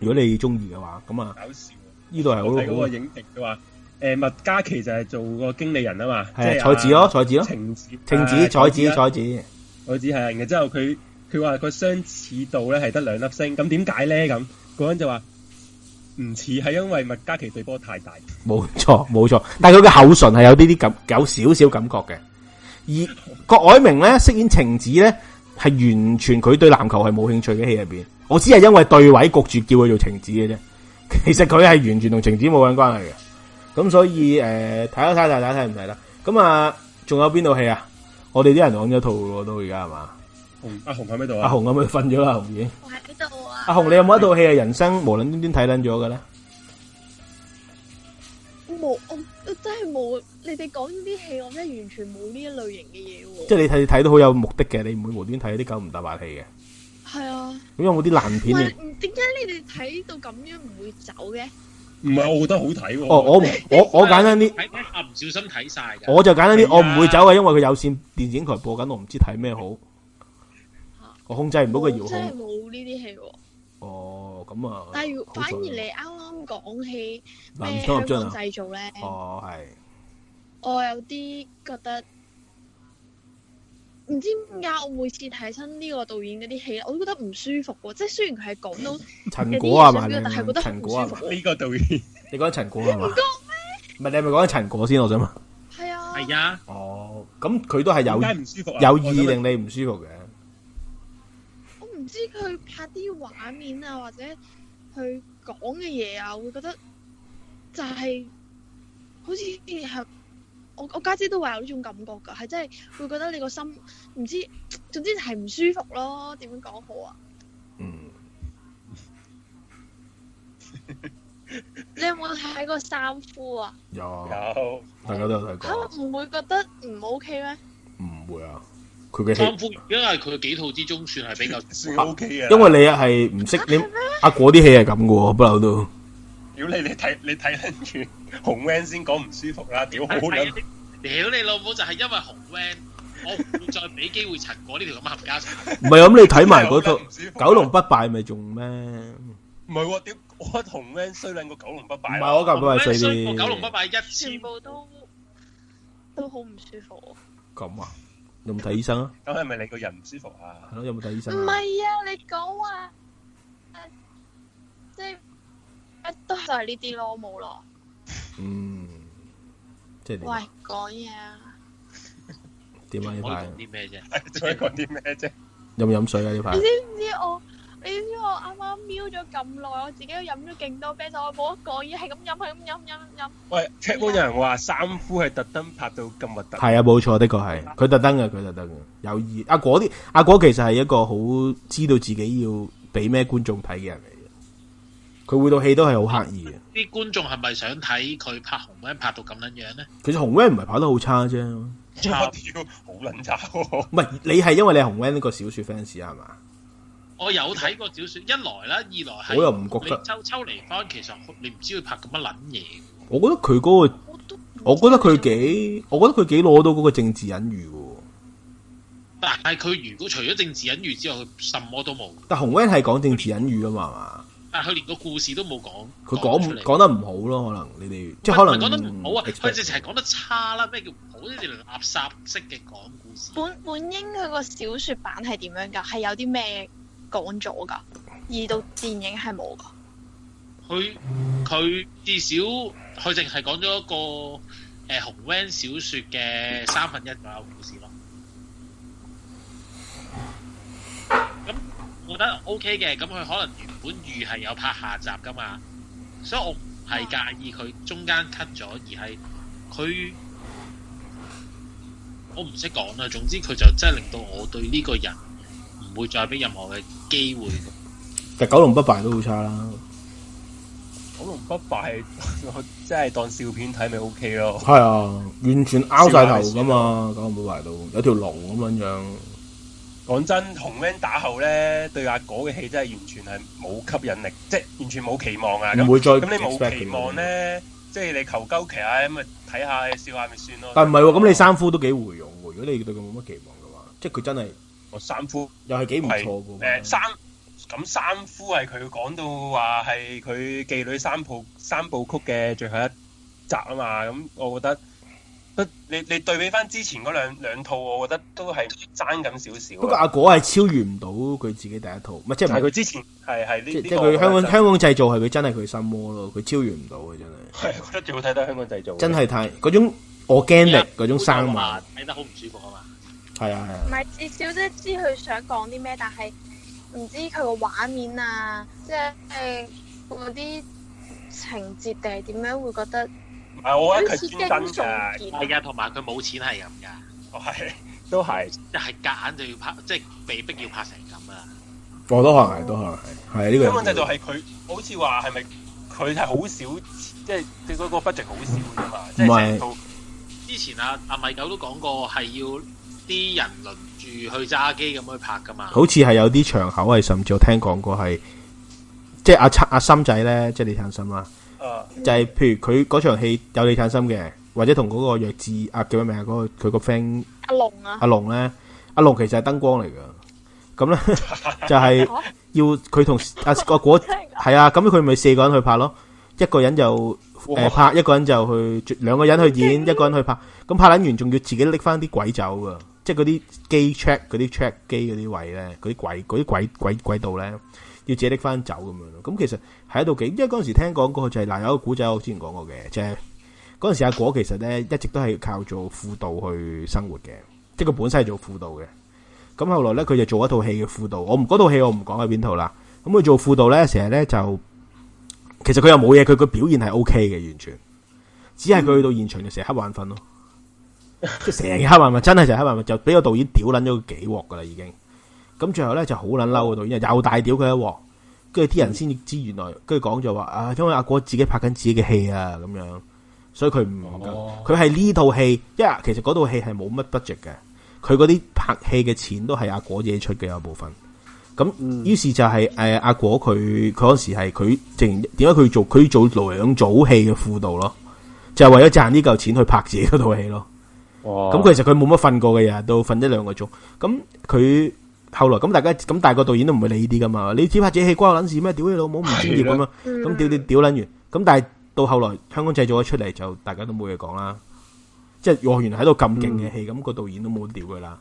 如果你中意嘅話，咁啊，搞笑。呢度係好好。我睇嗰影評嘅話。誒，麥嘉琪就係做個經理人啊嘛，係彩、啊、子咯、哦，彩子咯、哦，晴子，晴子，彩、啊、子，彩子，彩子係。然之後佢佢話佢相似度咧係得兩粒星，咁點解咧？咁嗰人就話唔似，係因為麥嘉琪對波太大。冇錯，冇錯。但係佢嘅口唇係有呢啲感，有少少感覺嘅。而郭藹明咧飾演晴子咧，係完全佢對籃球係冇興趣嘅，戲入邊，我只係因為對位焗住叫佢做晴子嘅啫。其實佢係完全同晴子冇緊關係嘅。咁所以誒，睇都睇睇睇睇唔睇啦。咁啊，仲有邊套戲啊？我哋啲人講咗套咯都而家係嘛？阿紅喺邊度？阿紅咁咪瞓咗啦，紅爺。我喺度啊。阿紅、啊啊啊啊，你有冇一套戲係、啊、人生無卵端端睇捻咗嘅咧？冇，我真係冇。你哋講呢啲戲，我真係完全冇呢一類型嘅嘢喎。即係你睇睇到好有目的嘅，你唔會無端睇啲九唔搭八戲嘅。係啊。咁有冇啲爛片嚟。點解你哋睇到咁樣唔會走嘅？唔係，我覺得好睇喎。哦。哦，我我我簡單啲，睇啊！唔小心睇晒。我就簡單啲，我唔會走嘅，因為佢有線，電視台播緊，我唔知睇咩好。我控制唔到個遙控。我真係冇呢啲戲。哦，咁啊。但係，反而你啱啱講起咩香港製造咧？哦，嗯，係。我有啲覺得。唔知點解我每次睇親呢個導演嗰啲戲，我都覺得唔舒服喎。即係雖然佢係講到，陳果啊嘛，但係覺得好唔舒服。呢個導演，你講緊陳果係嘛？唔係你係咪講緊陳果先？我想問。係啊。係啊。哦，咁佢都係有有意令你唔舒服嘅。我唔知佢拍啲畫面啊，或者佢講嘅嘢啊，我會覺得就係好似係。我我家姐,姐都話有呢種感覺噶，係真係會覺得你個心唔知，總之係唔舒服咯。點樣講好啊？嗯。 [laughs] 你有冇睇過三夫啊？有，有，大家都有睇過。唔、啊、會覺得唔 OK 咩？唔會啊，佢嘅戲。三夫因為佢幾套之中算係比較 OK 嘅、啊，因為你係唔識你阿果啲戲係咁嘅，不、啊、嬲、啊、都。屌你！你睇你睇緊住紅 van 先講唔舒服啦，屌好啦！屌你老母就係因為紅 van，我唔再俾機會陳果呢條咁嘅冚家鏟。唔係咁，你睇埋嗰套《九龍不敗》咪仲咩？唔係，我屌我紅 van 衰卵過《九龍不敗》。唔係我《九龍不敗》衰啲。《九龍不敗》一次部都都好唔舒服。咁啊？有冇睇醫生啊？咁係咪你個人唔舒服啊？係咯？有冇睇醫生？唔係啊！你講啊！即係。都就係呢啲咯，冇咯。嗯，即係點？喂，講嘢啊！點啊呢排？做啲咩啫？做咩講啲咩啫？飲唔飲水啊？呢排？你知唔知我？你知我啱啱瞄咗咁耐，我自己都飲咗勁多啤酒，我冇得講嘢，係咁飲，係咁飲，飲，飲。喂，check one 有人話三夫係特登拍到咁核突。係啊，冇錯，的確係。佢特登嘅，佢特登嘅，有意。阿果啲，阿果其實係一個好知道自己要俾咩觀眾睇嘅人嚟。佢會到戲都係好刻意嘅。啲觀眾係咪想睇佢拍紅 Van 拍到咁捻樣咧？其實紅 Van 唔係拍得好差啫，差啲好捻差。唔係你係因為你紅 Van 呢個小說 fans 係嘛？我有睇過小說，一來啦，二來係我又唔覺得。抽秋嚟翻，其實你唔知佢拍咁乜捻嘢。我覺得佢嗰、那個，我,我覺得佢幾，我覺得佢幾攞到嗰個政治隱喻。但係佢如果除咗政治隱喻之外，佢什麼都冇。但紅 Van 係講政治隱喻啊嘛，係嘛？但佢連個故事都冇講，佢講講得唔好咯？可能你哋即係可能講得唔好啊！佢、呃、直情係講得差啦，咩叫好？呢啲垃圾式嘅講故事。本本英佢個小說版係點樣噶？係有啲咩講咗噶？而到電影係冇噶。佢佢至少佢淨係講咗一個誒、呃《紅 van》小說嘅三分一左右故事咯。我覺得 O K 嘅，咁佢可能原本預係有拍下集噶嘛，所以我唔係介意佢中間 cut 咗，而係佢我唔識講啦。總之佢就真係令到我對呢個人唔會再俾任何嘅機會。但《九龍不敗》都好差啦，《九龍不敗》我真係當笑片睇咪 O K 咯。係啊，完全拗晒頭噶嘛，《九龍不敗》到有條龍咁樣樣。講真，紅 van 打後咧，對阿果嘅戲真係完全係冇吸引力，即係完全冇期望啊！唔會再咁你冇期望咧，即係你求鳩其下咁咪睇下笑下咪算咯。但唔係喎，咁你三夫都幾回勇喎。如果你對佢冇乜期望嘅話，即係佢真係我三夫我又係幾唔錯喎。誒，三咁三夫係佢講到話係佢妓女三部三部曲嘅最後一集啊嘛，咁我覺得。你你對比翻之前嗰兩兩套，我覺得都係爭緊少少。不過阿果係超越唔到佢自己第一套，唔係即係唔係佢之前係係呢呢。即係佢香港香港製造係佢真係佢心魔咯，佢超越唔到嘅真係。係，覺得最好睇到香港製造。真係太嗰種我驚力嗰種生物睇得好唔舒服啊嘛。係啊係啊。唔係至少即係知佢想講啲咩，但係唔知佢個畫面啊，即係嗰啲情節定係點樣會覺得。係我覺得佢真嘅，係啊，同埋佢冇錢係咁噶，係都係，係夾硬就要拍，即係被逼要拍成咁啊！我都可能係，都可能。係，係呢個。根本制度係佢好似話係咪佢係好少，即係嗰個 budget 好少啫嘛。唔係之前阿、啊、阿米九都講過，係要啲人輪住去揸機咁去拍噶嘛。好似係有啲場口係甚至我聽講過係，即係阿七阿森仔咧，即係李探森啊。就係、是、譬如佢嗰場戲有你產生嘅，或者同嗰個弱智阿叫咩名啊？嗰個佢個 friend 阿龍啊，阿龍咧，阿龍其實係燈光嚟噶。咁咧 [laughs] 就係要佢同啊個果係啊，咁佢咪四個人去拍咯，一個人就拍、呃，一個人就去，兩個人去演， [laughs] 一個人去拍。咁拍捻完仲要自己拎翻啲鬼走噶，即係嗰啲機 check 嗰啲 check 機嗰啲位咧，嗰啲鬼嗰啲鬼鬼軌道咧。要自己拎翻走咁樣咯，咁其實喺度幾，因為嗰陣時聽講過就係、是、嗱，有個古仔，我之前講過嘅，就係嗰陣時阿果其實咧一直都係靠做輔導去生活嘅，即係佢本身係做輔導嘅。咁後來咧佢就做一套戲嘅輔導，我唔嗰套戲我唔講喺邊套啦。咁佢做輔導咧成日咧就，其實佢又冇嘢，佢個表現係 O K 嘅完全，只係佢去到現場就成日黑眼瞓咯，即成日黑眼瞓，真係成日黑眼瞓，就俾個導演屌捻咗幾鑊噶啦已經。咁最後咧就好捻嬲度，導演，又大屌佢一鑊，跟住啲人先知原來，跟住講就話啊，因為阿果自己拍緊自己嘅戲啊，咁樣，所以佢唔佢係呢套戲，因為、哦、其實嗰套戲係冇乜 budget 嘅，佢嗰啲拍戲嘅錢都係阿果自己出嘅一部分。咁於是就係誒阿果佢佢嗰時係佢正點解佢做佢做兩組戲嘅輔導咯，就係、是、為咗賺呢嚿錢去拍自己嗰套戲咯。哦，咁其實佢冇乜瞓過嘅，日日都瞓一兩個鐘。咁佢。後來咁大家咁大個導演都唔會理啲噶嘛，你只拍自己戲關我撚事咩？屌你老母唔專業咁樣，咁屌你屌撚完，咁但係到後來香港製造出嚟就大家都冇嘢講啦，即係我原來喺度咁勁嘅戲，咁個導演都冇得屌佢啦，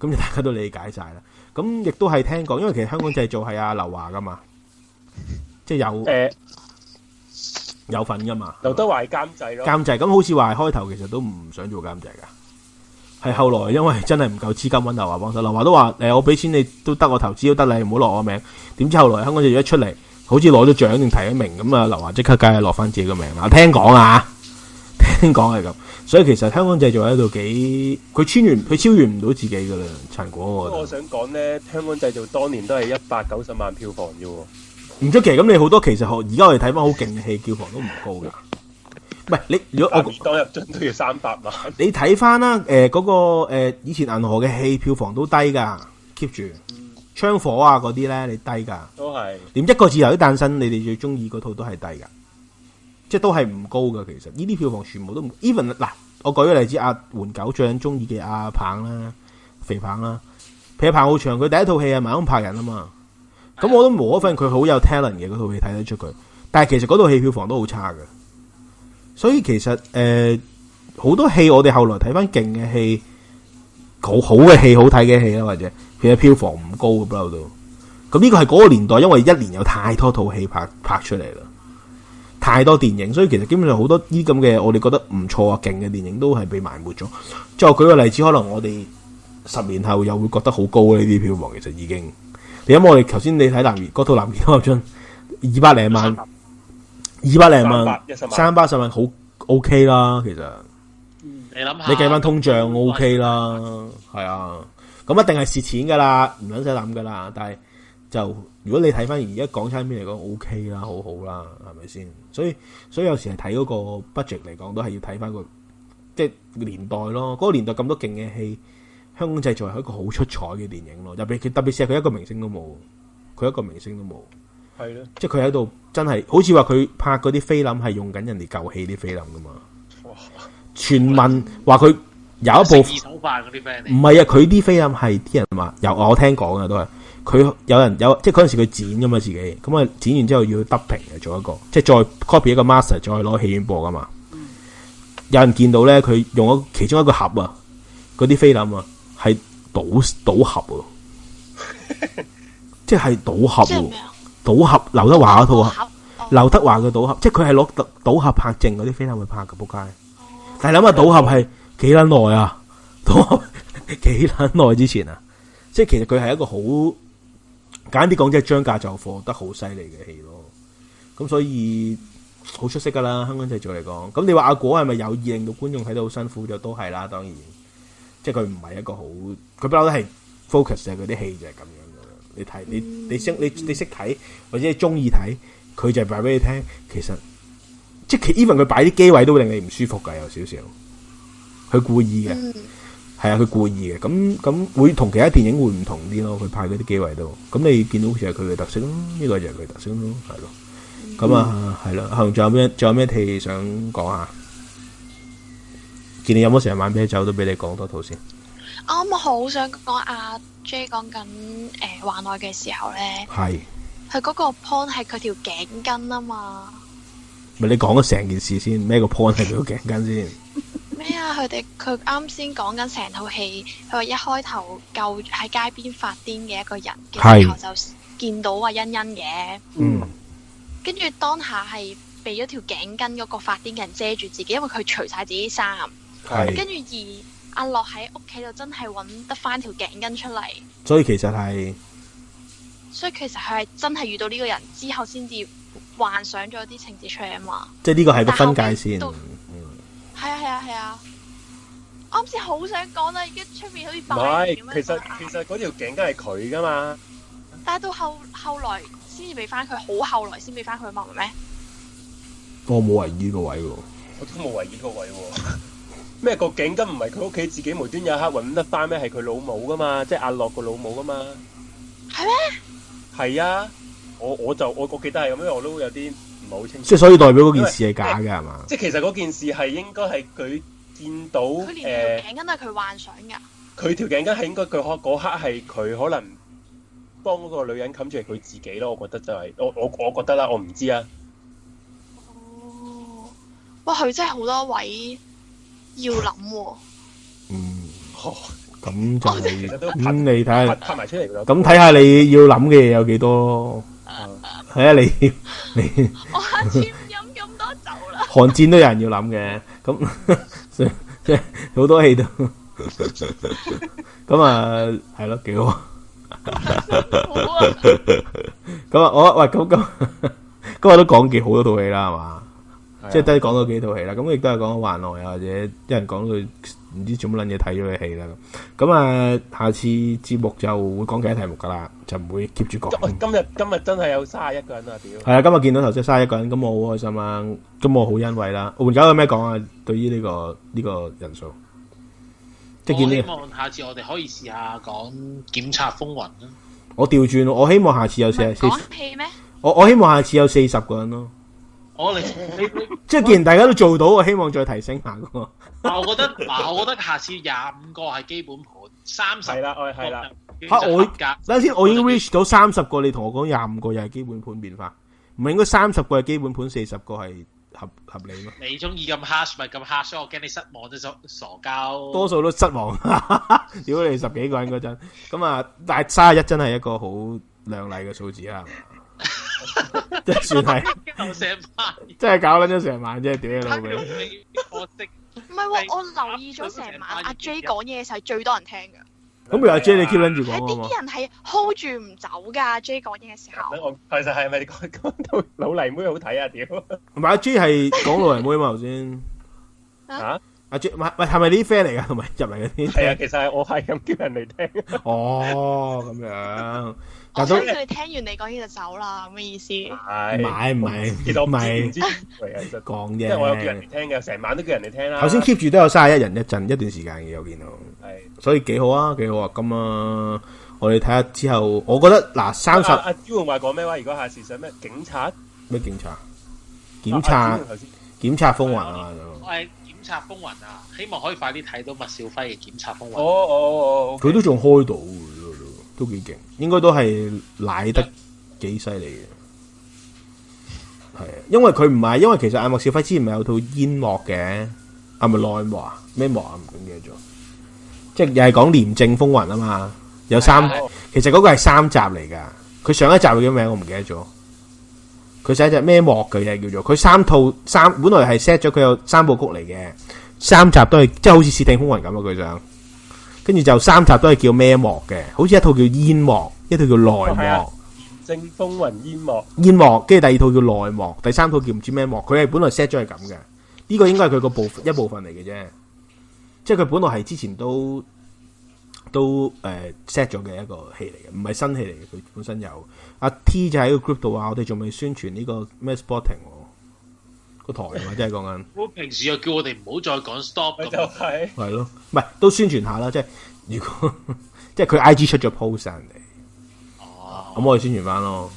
咁就大家都理解晒啦。咁亦都係聽講，因為其實香港製造係阿劉華噶嘛，即係有誒有份噶嘛。劉德華係監製咯。監製，咁好似話開頭其實都唔想做監製噶。係後來因為真係唔夠資金，搵劉華幫手。劉華都話：誒、欸，我俾錢你都得，我投資都，都得，你唔好落我名。點知後來香港製造一出嚟，好似攞咗獎定提名咁啊，劉華即刻梗係落翻自己個名啦。聽講啊，聽講係咁。所以其實香港製造喺度幾，佢超越佢超越唔到自己噶啦。陳果我，我想講咧，香港製造當年都係一百九十萬票房啫。唔出奇。咁你好多其實，而家我哋睇翻好勁嘅戲，票房都唔高嘅。唔你如果我當入樽都要三百萬，你睇翻啦，誒、呃、嗰、那個誒、呃、以前銀河嘅戲票房都低噶，keep 住，槍、嗯、火啊嗰啲咧，你低噶，都係，連一個自由啲誕生，你哋最中意嗰套都係低噶，即係都係唔高噶。其實呢啲票房全部都唔 even 嗱，我舉個例子阿黃、啊、狗最緊中意嘅阿彭啦，肥彭啦，譬如彭浩翔佢第一套戲係《咁拍人》啊嘛，咁、哎、我都冇。可否認佢好有 talent 嘅嗰套戲睇得出佢，但係其實嗰套戲票房都好差嘅。所以其實誒、呃，好多戲我哋後來睇翻勁嘅戲，好好嘅戲、好睇嘅戲啦，或者其實票房唔高嘅不嬲，都，咁呢個係嗰個年代，因為一年有太多套戲拍拍出嚟啦，太多電影，所以其實基本上好多呢啲咁嘅我哋覺得唔錯啊、勁嘅電影都係被埋沒咗。再舉個例子，可能我哋十年後又會覺得好高嘅呢啲票房，其實已經，因為我哋頭先你睇南粵嗰套南粵香樽，二百零萬。二百零萬，三百十萬，好 OK 啦，其實。你諗下，你計翻通脹 OK 啦，係、嗯、啊。咁一,一定係蝕錢噶啦，唔撚使諗噶啦。但係就如果你睇翻而家港產片嚟講 OK 啦，好好啦，係咪先？所以所以有時係睇嗰個 budget 嚟講，都係要睇翻、那個即係、就是、年代咯。嗰、那個年代咁多勁嘅戲，香港製作係一個好出彩嘅電影咯。特別佢特佢一個明星都冇，佢一個明星都冇。係咯，即係佢喺度真係，好似話佢拍嗰啲菲林係用緊人哋舊戲啲菲林噶嘛？哇！傳聞話佢有一部二手啲唔係啊，佢啲菲林係啲人嘛，由我聽講嘅都係佢有人有即係嗰陣時佢剪噶嘛，自己咁啊，剪完之後要 d u p 嘅做一個，即係再 copy 一個 master，再攞戲院播噶嘛、嗯。有人見到咧，佢用咗其中一個盒啊，嗰啲菲林啊，係賭賭俠啊， [laughs] 即係賭俠。賭俠劉德華嗰套啊，劉德華嘅賭俠，即係佢係攞賭賭俠拍正嗰啲飛車咪拍嘅仆街，但係諗下賭俠係幾捻耐啊，賭俠幾捻耐之前啊，即係其實佢係一個好簡單啲講，即係張架就放得好犀利嘅戲咯，咁所以好出色噶啦，香港製造嚟講，咁你話阿果係咪有意令到觀眾睇到好辛苦就都係啦，當然，即係佢唔係一個好，佢不嬲都係 focus 喺嗰啲戲就係咁樣。你睇你你識你你識睇，或者你中意睇，佢就擺俾你聽。其實即係 even 佢擺啲機位都會令你唔舒服噶，有少少。佢故意嘅，係啊，佢故意嘅。咁咁會同其他電影會唔同啲咯？佢拍嗰啲機位都。咁你見到好似係佢嘅特色咯，呢個就係佢特色咯，係咯。咁啊，係啦。後仲有咩？仲有咩戲想講下？見你飲咗成日啤酒，都俾你講多套先。我啱好想講阿 J 講緊誒幻愛嘅時候咧，係佢嗰個 point 係佢條頸巾啊嘛。咪你講咗成件事先，咩個 point 係佢條頸巾先？咩啊？佢哋佢啱先講緊成套戲，佢話一開頭救喺街邊發癲嘅一個人嘅時候是就見到阿、啊、欣欣嘅，嗯，跟住當下係俾咗條頸巾嗰個發癲嘅人遮住自己，因為佢除晒自己衫，係跟住二。阿樂喺屋企度真係揾得翻條頸巾出嚟，所以其實係，所以其實佢係真係遇到呢個人之後先至幻想咗啲情節出嚟，就是嗯，啊嘛，即係呢個係個分界線，係啊係啊係啊，我啱先好想講啦，而家出面好似唔係，其實其實嗰條頸巾係佢噶嘛，但係到後後來先至俾翻佢，好後來先俾翻佢，明唔明？我冇為意個位喎，我都冇為意個位喎。 [laughs] 咩個頸巾唔係佢屋企自己無端有刻搵得返咩？係佢老母噶嘛，即係阿樂個老母噶嘛。係咩？係啊，我我就我我記得係咁，因為我都有啲唔係好清楚。即係所以代表嗰件事係假噶，係嘛？即係其實嗰件事係應該係佢見到條頸巾都係佢幻想噶。佢條頸巾係應該佢可嗰刻係佢可能幫嗰個女人冚住佢自己咯。我覺得就係、是、我我我覺得啦，我唔知啊。哦，哇！佢真係好多位。要諗，嗯，嗬，咁就咁你睇下，拍埋出嚟咯，咁睇下你要諗嘅嘢有幾多，係啊，你你，我下次唔飲咁多酒啦，寒戰都有人要諗嘅，咁即係好多戲都，咁啊係咯幾好，咁啊我喂咁咁，今日都講幾好多套戲啦，係嘛？是即係都係講到幾套戲啦，咁亦都係講得還耐啊，或者一人講到唔知做乜撚嘢睇咗佢戲啦。咁啊，下次節目就會講其他題目噶啦、嗯，就唔會 keep 住講。今日今日真係有卅一個人啊！屌。係啊，今日見到頭先卅一個人，咁我好開心啊，咁我好欣慰啦。換家有咩講啊？對於呢、這個呢、這個人數，我希望下次我哋可以試下講《檢察風雲》。我調轉，我希望下次有四十戲我我希望下次有四十個人咯。我 [laughs] 你即係既然大家都做到，我希望再提升下那個。 [laughs] 但我覺得，嗱，我覺得下次廿五個係基本盤三十啦，我係啦。吓、啊、我，等先，我已經 reach 到三十個，你同我講廿五個又係基本盤變化，唔係應該三十個係基本盤，四十個係合合理嗎？你中意咁 hard 咪咁 hard，所以我驚你失望都傻傻交。多數都失望， [laughs] 如果你十幾個人嗰陣咁啊， [laughs] 但係三十一真係一個好靚麗嘅數字啊！即係算係，即係搞捻咗成晚，即係屌你老味。唔係喎，我留意咗成晚阿 J 講嘢嘅時候係最多人聽噶。咁譬如阿 J 你 keep 捻住講啊嘛。係啲人係 hold 住唔走噶，J 講嘢嘅時候。我其實係咪講到老泥妹好睇啊？屌，同埋阿 J 係講老泥妹嘛頭先。啊，阿 J，喂，係咪呢啲 friend 嚟噶？同埋入嚟嗰啲。係啊，其實係我係咁叫人嚟聽。哦，咁樣。我想佢聽完你講嘢就走啦，咁嘅意思。係，唔係，唔係，幾多米？唔知有冇得講嘅。即係我有叫人嚟聽嘅，成晚都叫人嚟聽啦。頭先 keep 住都有三十一人一陣一段時間嘅，我見到。係，所以幾好啊，幾好啊。咁啊，我哋睇下之後，我覺得嗱三十。阿朱仲話講咩話？如果下次想咩警察？咩警察？檢察。頭先《檢察風雲》啊嘛。我係《檢察風雲》啊，希望可以快啲睇到麥兆輝嘅《檢察風雲》。哦哦哦。佢都仲開到。都幾勁，應該都係奶得幾犀利嘅，係啊，因為佢唔係，因為其實阿莫小輝之前咪有套煙幕嘅，係咪內幕啊？咩幕啊？我唔記得咗，即係又係講廉政風雲啊嘛，有三，其實嗰個係三集嚟㗎，佢上一集叫咩？我唔記得咗，佢寫只咩幕，佢就叫做佢三套三，本來係 set 咗佢有三部曲嚟嘅，三集都係即係好似《竊聽風雲》咁啊，佢就。跟住就三集都係叫咩幕嘅？好似一套叫煙幕，一套叫內幕。係啊，正風雲煙幕。煙幕，跟住第二套叫內幕，第三套叫唔知咩幕。佢係本來 set 咗係咁嘅。呢個應該係佢個部分一部分嚟嘅啫。即係佢本來係之前都都誒 set 咗嘅一個戲嚟嘅，唔係新戲嚟嘅。佢本身有阿 T 就喺個 group 度話，我哋仲未宣傳呢個咩 sporting。那個台嘛，即係講緊。 [laughs] 我平時又叫我哋唔好再講 stop 咁、就係。就係。係咯，唔係都宣傳下啦，即係如果即係佢 I G 出咗 post 人哋。哦、啊。咁我哋宣傳翻咯。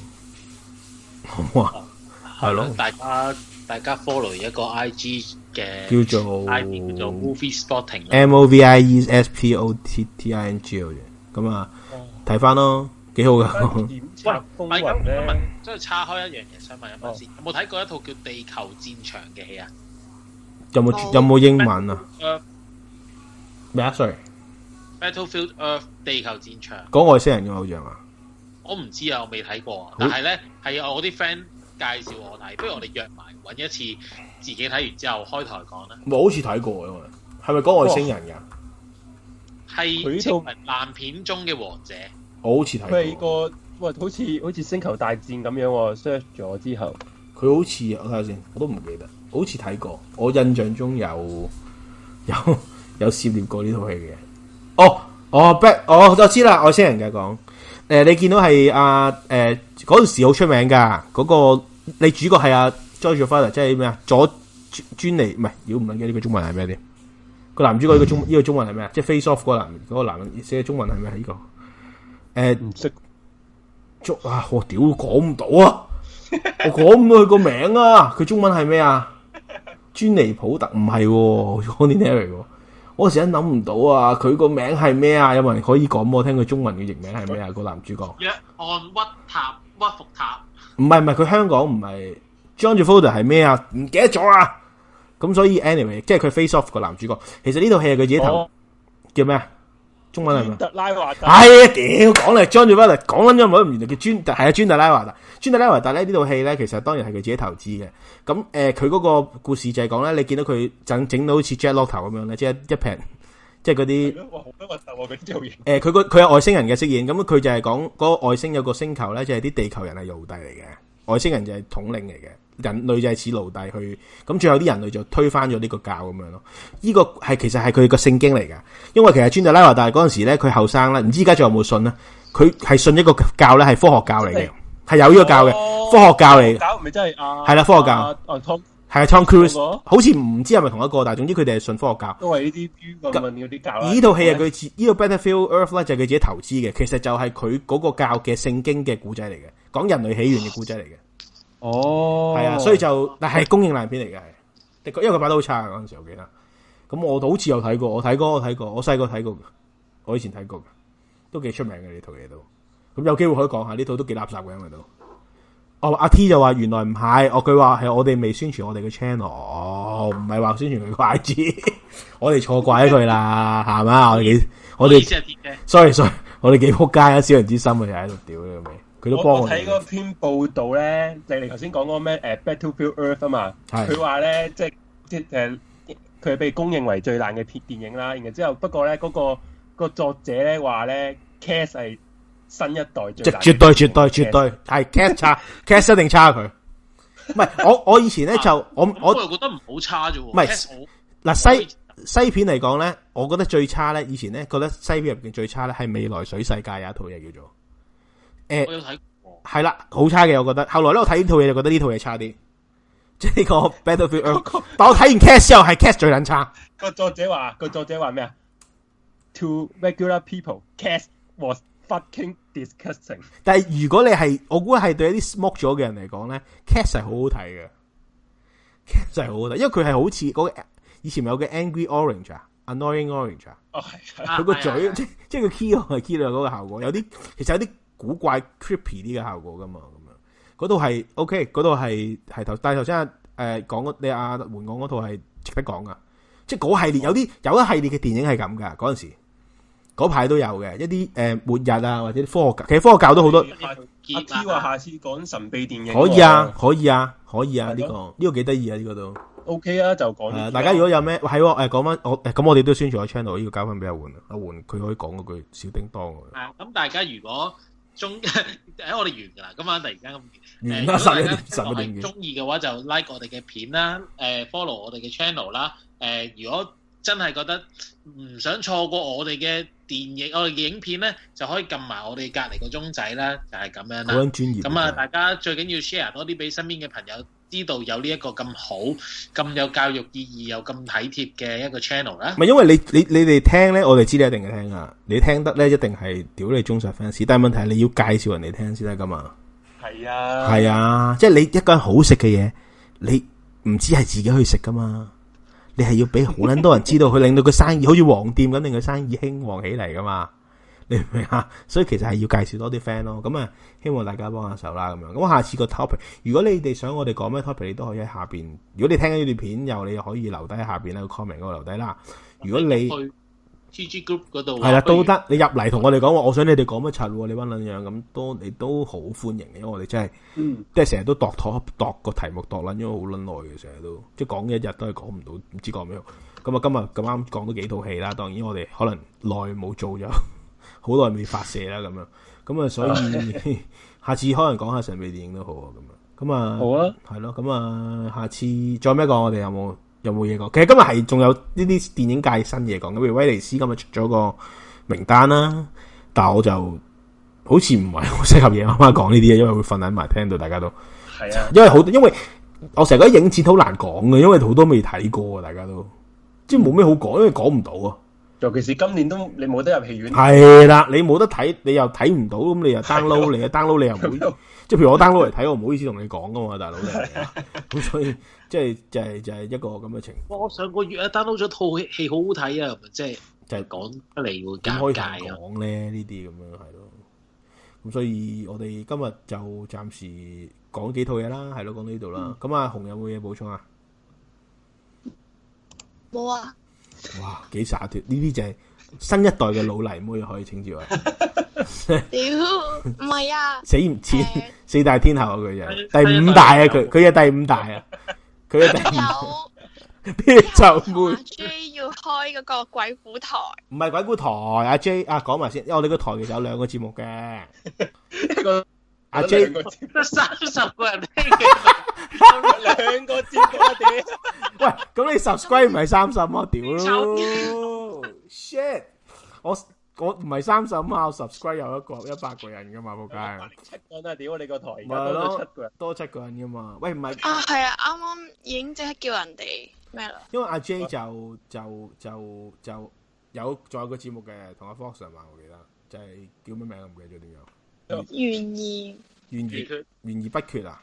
好啊。係咯。大家大家 follow 一個 I G 嘅叫做叫做 Movie Spotting。M O V I E -S, S P O T T I N G 咁啊睇翻咯。啊。幾好噶！喂，咁唔好問，即係岔開一樣嘢，想問一問先。有冇睇過一套叫《地球戰場》嘅戲啊？有冇有冇英文啊？咩啊？sorry，Battlefield Earth，地球戰場，講外星人嘅好像啊？我唔知啊，我未睇過啊。但係咧，係我啲 friend 介紹我睇，不如我哋約埋，搵一次自己睇完之後開台講啦。我好似睇過啊，係咪講外星人噶？係稱為爛片中嘅王者。我好似睇佢個喂，好似好似星球大戰咁樣 search、哦、咗之後，佢好似我睇下先，我都唔記得。好似睇過，我印象中有有有，有涉獵過呢套戲嘅。哦，哦 Black 我我知啦。外星人嘅講誒，你見到係阿誒嗰陣時好出名噶。嗰個你主角係阿 George Fuller，即係咩啊？Varder, 左專尼唔係，我唔記得呢個中文係咩啲。嗰個男主角呢個中呢、嗯這個中文係咩啊？即係 Face Off 嗰男個男人、嗰個嗰個、寫中文係咩？呢、這個。誒、欸，唔識捉啊！我屌講唔到啊，我講唔到佢個名啊。佢中文係咩啊？尊尼普特唔係，我呢啲嚟嘅。我一時諗唔到啊，佢個名係咩啊？有冇人可以講？我聽佢中文嘅譯名係咩啊？個男主角，約翰屈塔，屈伏塔，唔係唔係，佢香港唔係 John Travolta 係咩啊？唔記得咗啊！咁所以 anyway，即係佢 face off 個男主角，其實呢套戲係佢自己頭，oh. 叫咩啊？中文係特拉華，哎呀屌，講嚟裝講咗唔原嚟叫尊，係啊尊特拉華達，尊特拉華達咧呢套戲咧，其實當然係佢自己投資嘅。咁誒，佢、呃、嗰個故事就係講咧，你見到佢整整到好似 Jet Lot 頭咁樣咧，即係一平，即係嗰啲。好多誒，佢佢係外星人嘅飾演，咁佢就係講個外星有個星球咧，就係、是、啲地球人係奴隸嚟嘅，外星人就係統領嚟嘅。人類就係似奴隸去，咁最後啲人類就推翻咗呢個教咁樣咯。呢、這個係其實係佢個聖經嚟噶，因為其實專到拉華大嗰陣時咧，佢後生呢，唔知家仲有冇信咧。佢係信一個教咧，係科學教嚟嘅，係有呢個教嘅、哦、科學教嚟。嘅，係、啊、啦，科學教。係啊，Tom Cruise，好似唔知係咪同一個，但係總之佢哋係信科學教。因為呢啲啲教。而呢套戲係佢呢個《Battlefield Earth》呢，就係佢自己投資嘅，其實就係佢嗰個教嘅聖經嘅故仔嚟嘅，講人類起源嘅故仔嚟嘅。Oh, 哦，係啊，所以就但係供應爛片嚟嘅，的確，因為佢拍得好差嗰陣時候，我記得。咁我都好似有睇過，我睇過，我睇過，我細個睇過，我睇過，我以前睇過，都幾出名嘅呢套嘢都。咁有機會可以講下呢套、這個、都幾垃圾嘅咁啊都。哦，阿 T 就話原來唔係，哦，佢話係我哋未宣傳我哋嘅 channel，唔係話宣傳佢個 I G，我哋錯怪咗佢啦，係 [laughs] 嘛？我哋 [laughs] 我哋 sorry sorry，我哋幾扑街啊，小人之心我哋喺度屌呢個名。 [laughs] [laughs] [laughs] 佢都幫我我睇嗰篇報道咧，就你頭先講嗰咩誒《Battlefield Earth》啊嘛，佢話咧即係啲誒，佢、就是呃、被公認為最爛嘅片電影啦。然之後，不過咧嗰、那個、那個作者咧話咧，Cast 係新一代最即絕絕對絕對絕對，係 [laughs] Cast 差，Cast 一定差佢、啊。唔係 [laughs] 我我以前咧、啊、就我、啊、我又覺得唔好差啫。唔係嗱西西片嚟講咧，我覺得最差咧，以前咧覺得西片入邊最差咧係《未來水世界》有一套嘢叫做。誒，我有睇，係啦，好差嘅，我覺得。後來咧，我睇呢套嘢，就覺得呢套嘢差啲，即係呢個 Battlefield。但係我睇完 Cast 之後，係 Cast 最撚差。個作者話，個作者話咩啊？To regular people, Cast was fucking disgusting。但係如果你係，我估係對一啲 smoke 咗嘅人嚟講咧，Cast 係好好睇嘅。Cast 係好好睇，因為佢係好似嗰個以前咪有個 Angry Orange 啊，Annoying Orange 啊。哦，係。佢個嘴，即即係佢 key，係 key 咗嗰個效果。有啲，其實有啲。古怪 creepy 啲嘅效果噶嘛，咁樣嗰度係 OK，嗰度係係頭。但係頭先誒講個你阿換講嗰套係值得講噶，即係嗰系列有啲有一系列嘅電影係咁噶。嗰陣時嗰排都有嘅一啲誒末日啊，或者科學教，其實科學教都好多。阿 Key 話下次講神秘電影，可以啊，可以啊，可以啊，呢個呢個幾得意啊，呢個都 OK 啊，就講。誒大家如果有咩係誒講翻我誒咁，我哋都宣傳咗 channel，我呢個交翻俾阿換阿換，佢可以講嗰句小叮噹。係咁，大家如果。中喺、哎、我哋完噶啦，今晚突然間咁唔該晒。我哋、嗯、明，中意嘅話就 like 我哋嘅片啦，誒、呃、follow 我哋嘅 channel 啦。誒、呃，如果真係覺得唔想錯過我哋嘅電影，我哋嘅影片咧，就可以撳埋我哋隔離個鐘仔啦，就係、是、咁樣啦。咁啊，嗯、大家最緊要 share 多啲俾身邊嘅朋友。知道有呢一個咁好、咁有教育意義又咁體貼嘅一個 channel 啦。唔係因為你你你哋聽咧，我哋知道你一定嘅聽啊。你聽得咧，一定係屌你忠實 fans。但係問題係你要介紹人哋聽先得噶嘛。係啊，係啊，即係你一個好食嘅嘢，你唔知係自己去食噶嘛？你係要俾好撚多人知道，佢 [laughs] 令到佢生意好似黃店咁，令佢生意興旺起嚟噶嘛。你明唔明啊？所以其實係要介紹多啲 friend 咯。咁啊，希望大家幫下手啦。咁樣咁，下次個 topic，如果你哋想我哋講咩 topic，你都可以喺下面。如果你聽緊呢段片又，你可以留低喺下面呢個，comment 我留低啦。如果你去 G G Group 嗰度，係啦都得。你入嚟同我哋講話，我想你哋講乜柒？你玩撚樣咁多，你，你都好歡迎嘅。因為我哋真係，嗯，即係成日都度妥度，度個題目度撚咗好撚耐嘅，成日都即係、就是、講一日都係講唔到，唔知講咩。咁啊，今日咁啱講多幾套戲啦。當然我哋可能耐冇做咗。 [laughs] 好耐未發射啦，咁樣咁啊，所以 [laughs] 下次可能講下神秘電影都好啊，咁啊，咁啊，好啊，係咯，咁啊，下次再咩講？我哋有冇有冇嘢講？其實今日係仲有呢啲電影界新嘢講，咁譬如威尼斯今日出咗個名單啦，但係我就好似唔係好適合夜媽媽講呢啲嘢，因為會瞓喺埋聽到大家都係啊，因為好多，因為我成日覺得影展好難講嘅，因為好多未睇過啊，大家都即係冇咩好講，嗯，因為講唔到啊。尤其是今年都你冇得入戲院，係啦，你冇得睇，你又睇唔到，咁你又 download，你又 download 你又唔即係，譬如我 download 嚟睇，我唔好意思同你講噶嘛，大佬嚟噶。咁所以即係就係就係一個咁嘅情況。我上個月啊 download 咗套戲，好好睇啊，即係就係講得嚟會尷尬啊。講咧呢啲咁樣係咯。咁所以我哋今日就暫時講幾套嘢啦，係咯，講到呢度啦。咁阿紅有冇嘢補充啊？冇啊。哇，幾灑脱！呢啲就係新一代嘅老泥妹，可以稱之為屌，唔 [laughs] 係 [laughs] 啊，死唔錢、呃、四大天后啊，佢又第五大啊，佢佢第五大啊，佢第五。就阿 J 要開嗰個鬼古台，唔係鬼古台啊 J 啊，講埋先，因為我哋個台其實有兩個節目嘅。 [laughs] [laughs] 阿 J 得三十個人聽嘅，得兩個字我哋。喂，咁你 subscribe 唔係三十麼？屌，臭，shit！我我唔係三十，我 subscribe 有一個一百個人噶嘛，仆街。七個人啊，屌你個台！唔係咯，七個人多七個人噶嘛。喂，唔係啊，係啊，啱啱已經即刻叫人哋咩啦？因為阿 J 就就就就有再個節目嘅，同阿 Fox 成日話，我記得就係叫咩名，我唔記得點樣。懸疑，懸疑，懸疑，疑不決啊？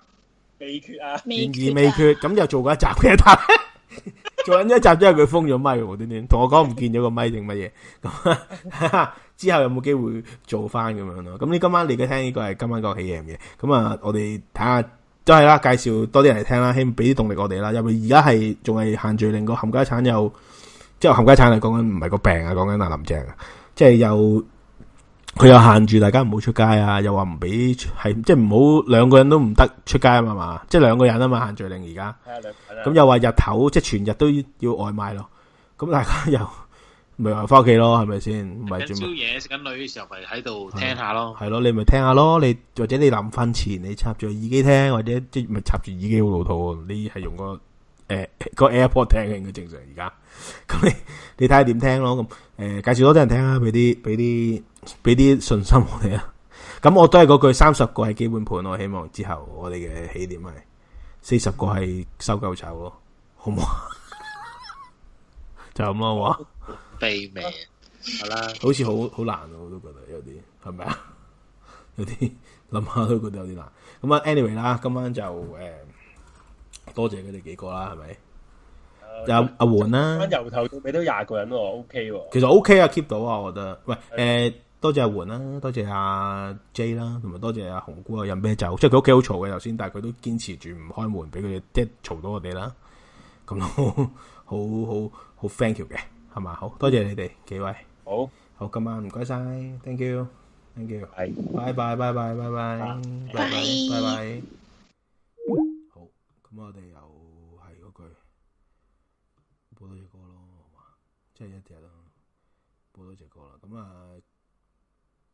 未決啊？懸而未決？咁就、啊、做過一集嘅，一但做緊一集之後，因為佢封咗咪點點同我講唔見咗個咪定乜嘢？咁之後有冇機會做翻咁樣咯？咁你今晚嚟嘅聽呢個係今晚個戲夜唔夜啊？我哋睇下都係啦，介紹多啲人嚟聽啦，希望俾啲動力我哋啦。因為而家係仲係限聚令個冚家鏟又即係冚家鏟嚟講緊，唔係個病啊，講緊阿林鄭啊，即係又。佢又限住大家唔好出街啊，又話唔俾係即係唔好兩個人都唔得出街啊嘛，即係兩個人啊嘛限聚令而家。係兩個咁又話日頭即係全日都要外賣咯，咁大家又咪話翻屋企咯，係咪先？唔係做乜嘢？食緊女嘅時候咪喺度聽下咯。係咯，你咪聽下咯，你或者你臨瞓前你插住耳機聽，或者即係咪插住耳機好老土你係用個。嗯誒、呃，那個 airport 聽嘅應該正常而家，咁你你睇下、呃、點聽咯，咁誒介紹多啲人聽啊，俾啲俾啲俾啲信心我哋啊，咁我都係嗰句，三十個係基本盤，我希望之後我哋嘅起點係四十個係收夠籌咯，好唔好？ [laughs] 就咁咯，喎，卑微？係、啊、啦，好似好好難咯，我都覺得有啲係咪啊？有啲諗下都覺得有啲難。咁啊，anyway 啦，今晚就誒。嗯多謝佢哋幾個啦，係咪？阿阿媛啦，由頭到尾都廿個人喎，O K。其實 O K 啊，keep 到啊，我覺得。喂，誒、呃，多謝阿媛啦，多謝阿 J 啦，同埋多謝阿、啊、紅姑啊，飲啤酒，即係佢屋企好嘈嘅頭先，但係佢都堅持住唔開門，俾佢哋，即係嘈到我哋啦。咁都好好好，thank you 嘅，係嘛？好，好，謝謝好多謝你哋幾位。好，好，今晚唔該晒，thank you，thank you，係，拜拜，拜拜，拜拜，拜、啊、拜，拜拜。啊拜拜啊拜拜啊拜拜。咁我哋又係嗰句，播多隻歌咯，係嘛，即係一日啦，播多隻歌啦。咁啊，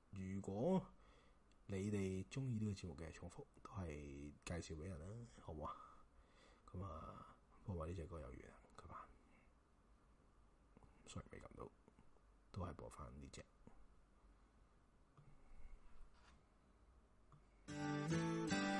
如果你哋中意呢個節目嘅重複，都係介紹俾人啦，好唔好啊？咁啊，播埋呢隻歌有完啦，係嘛？雖然未撳到，都係播翻呢隻。 [music]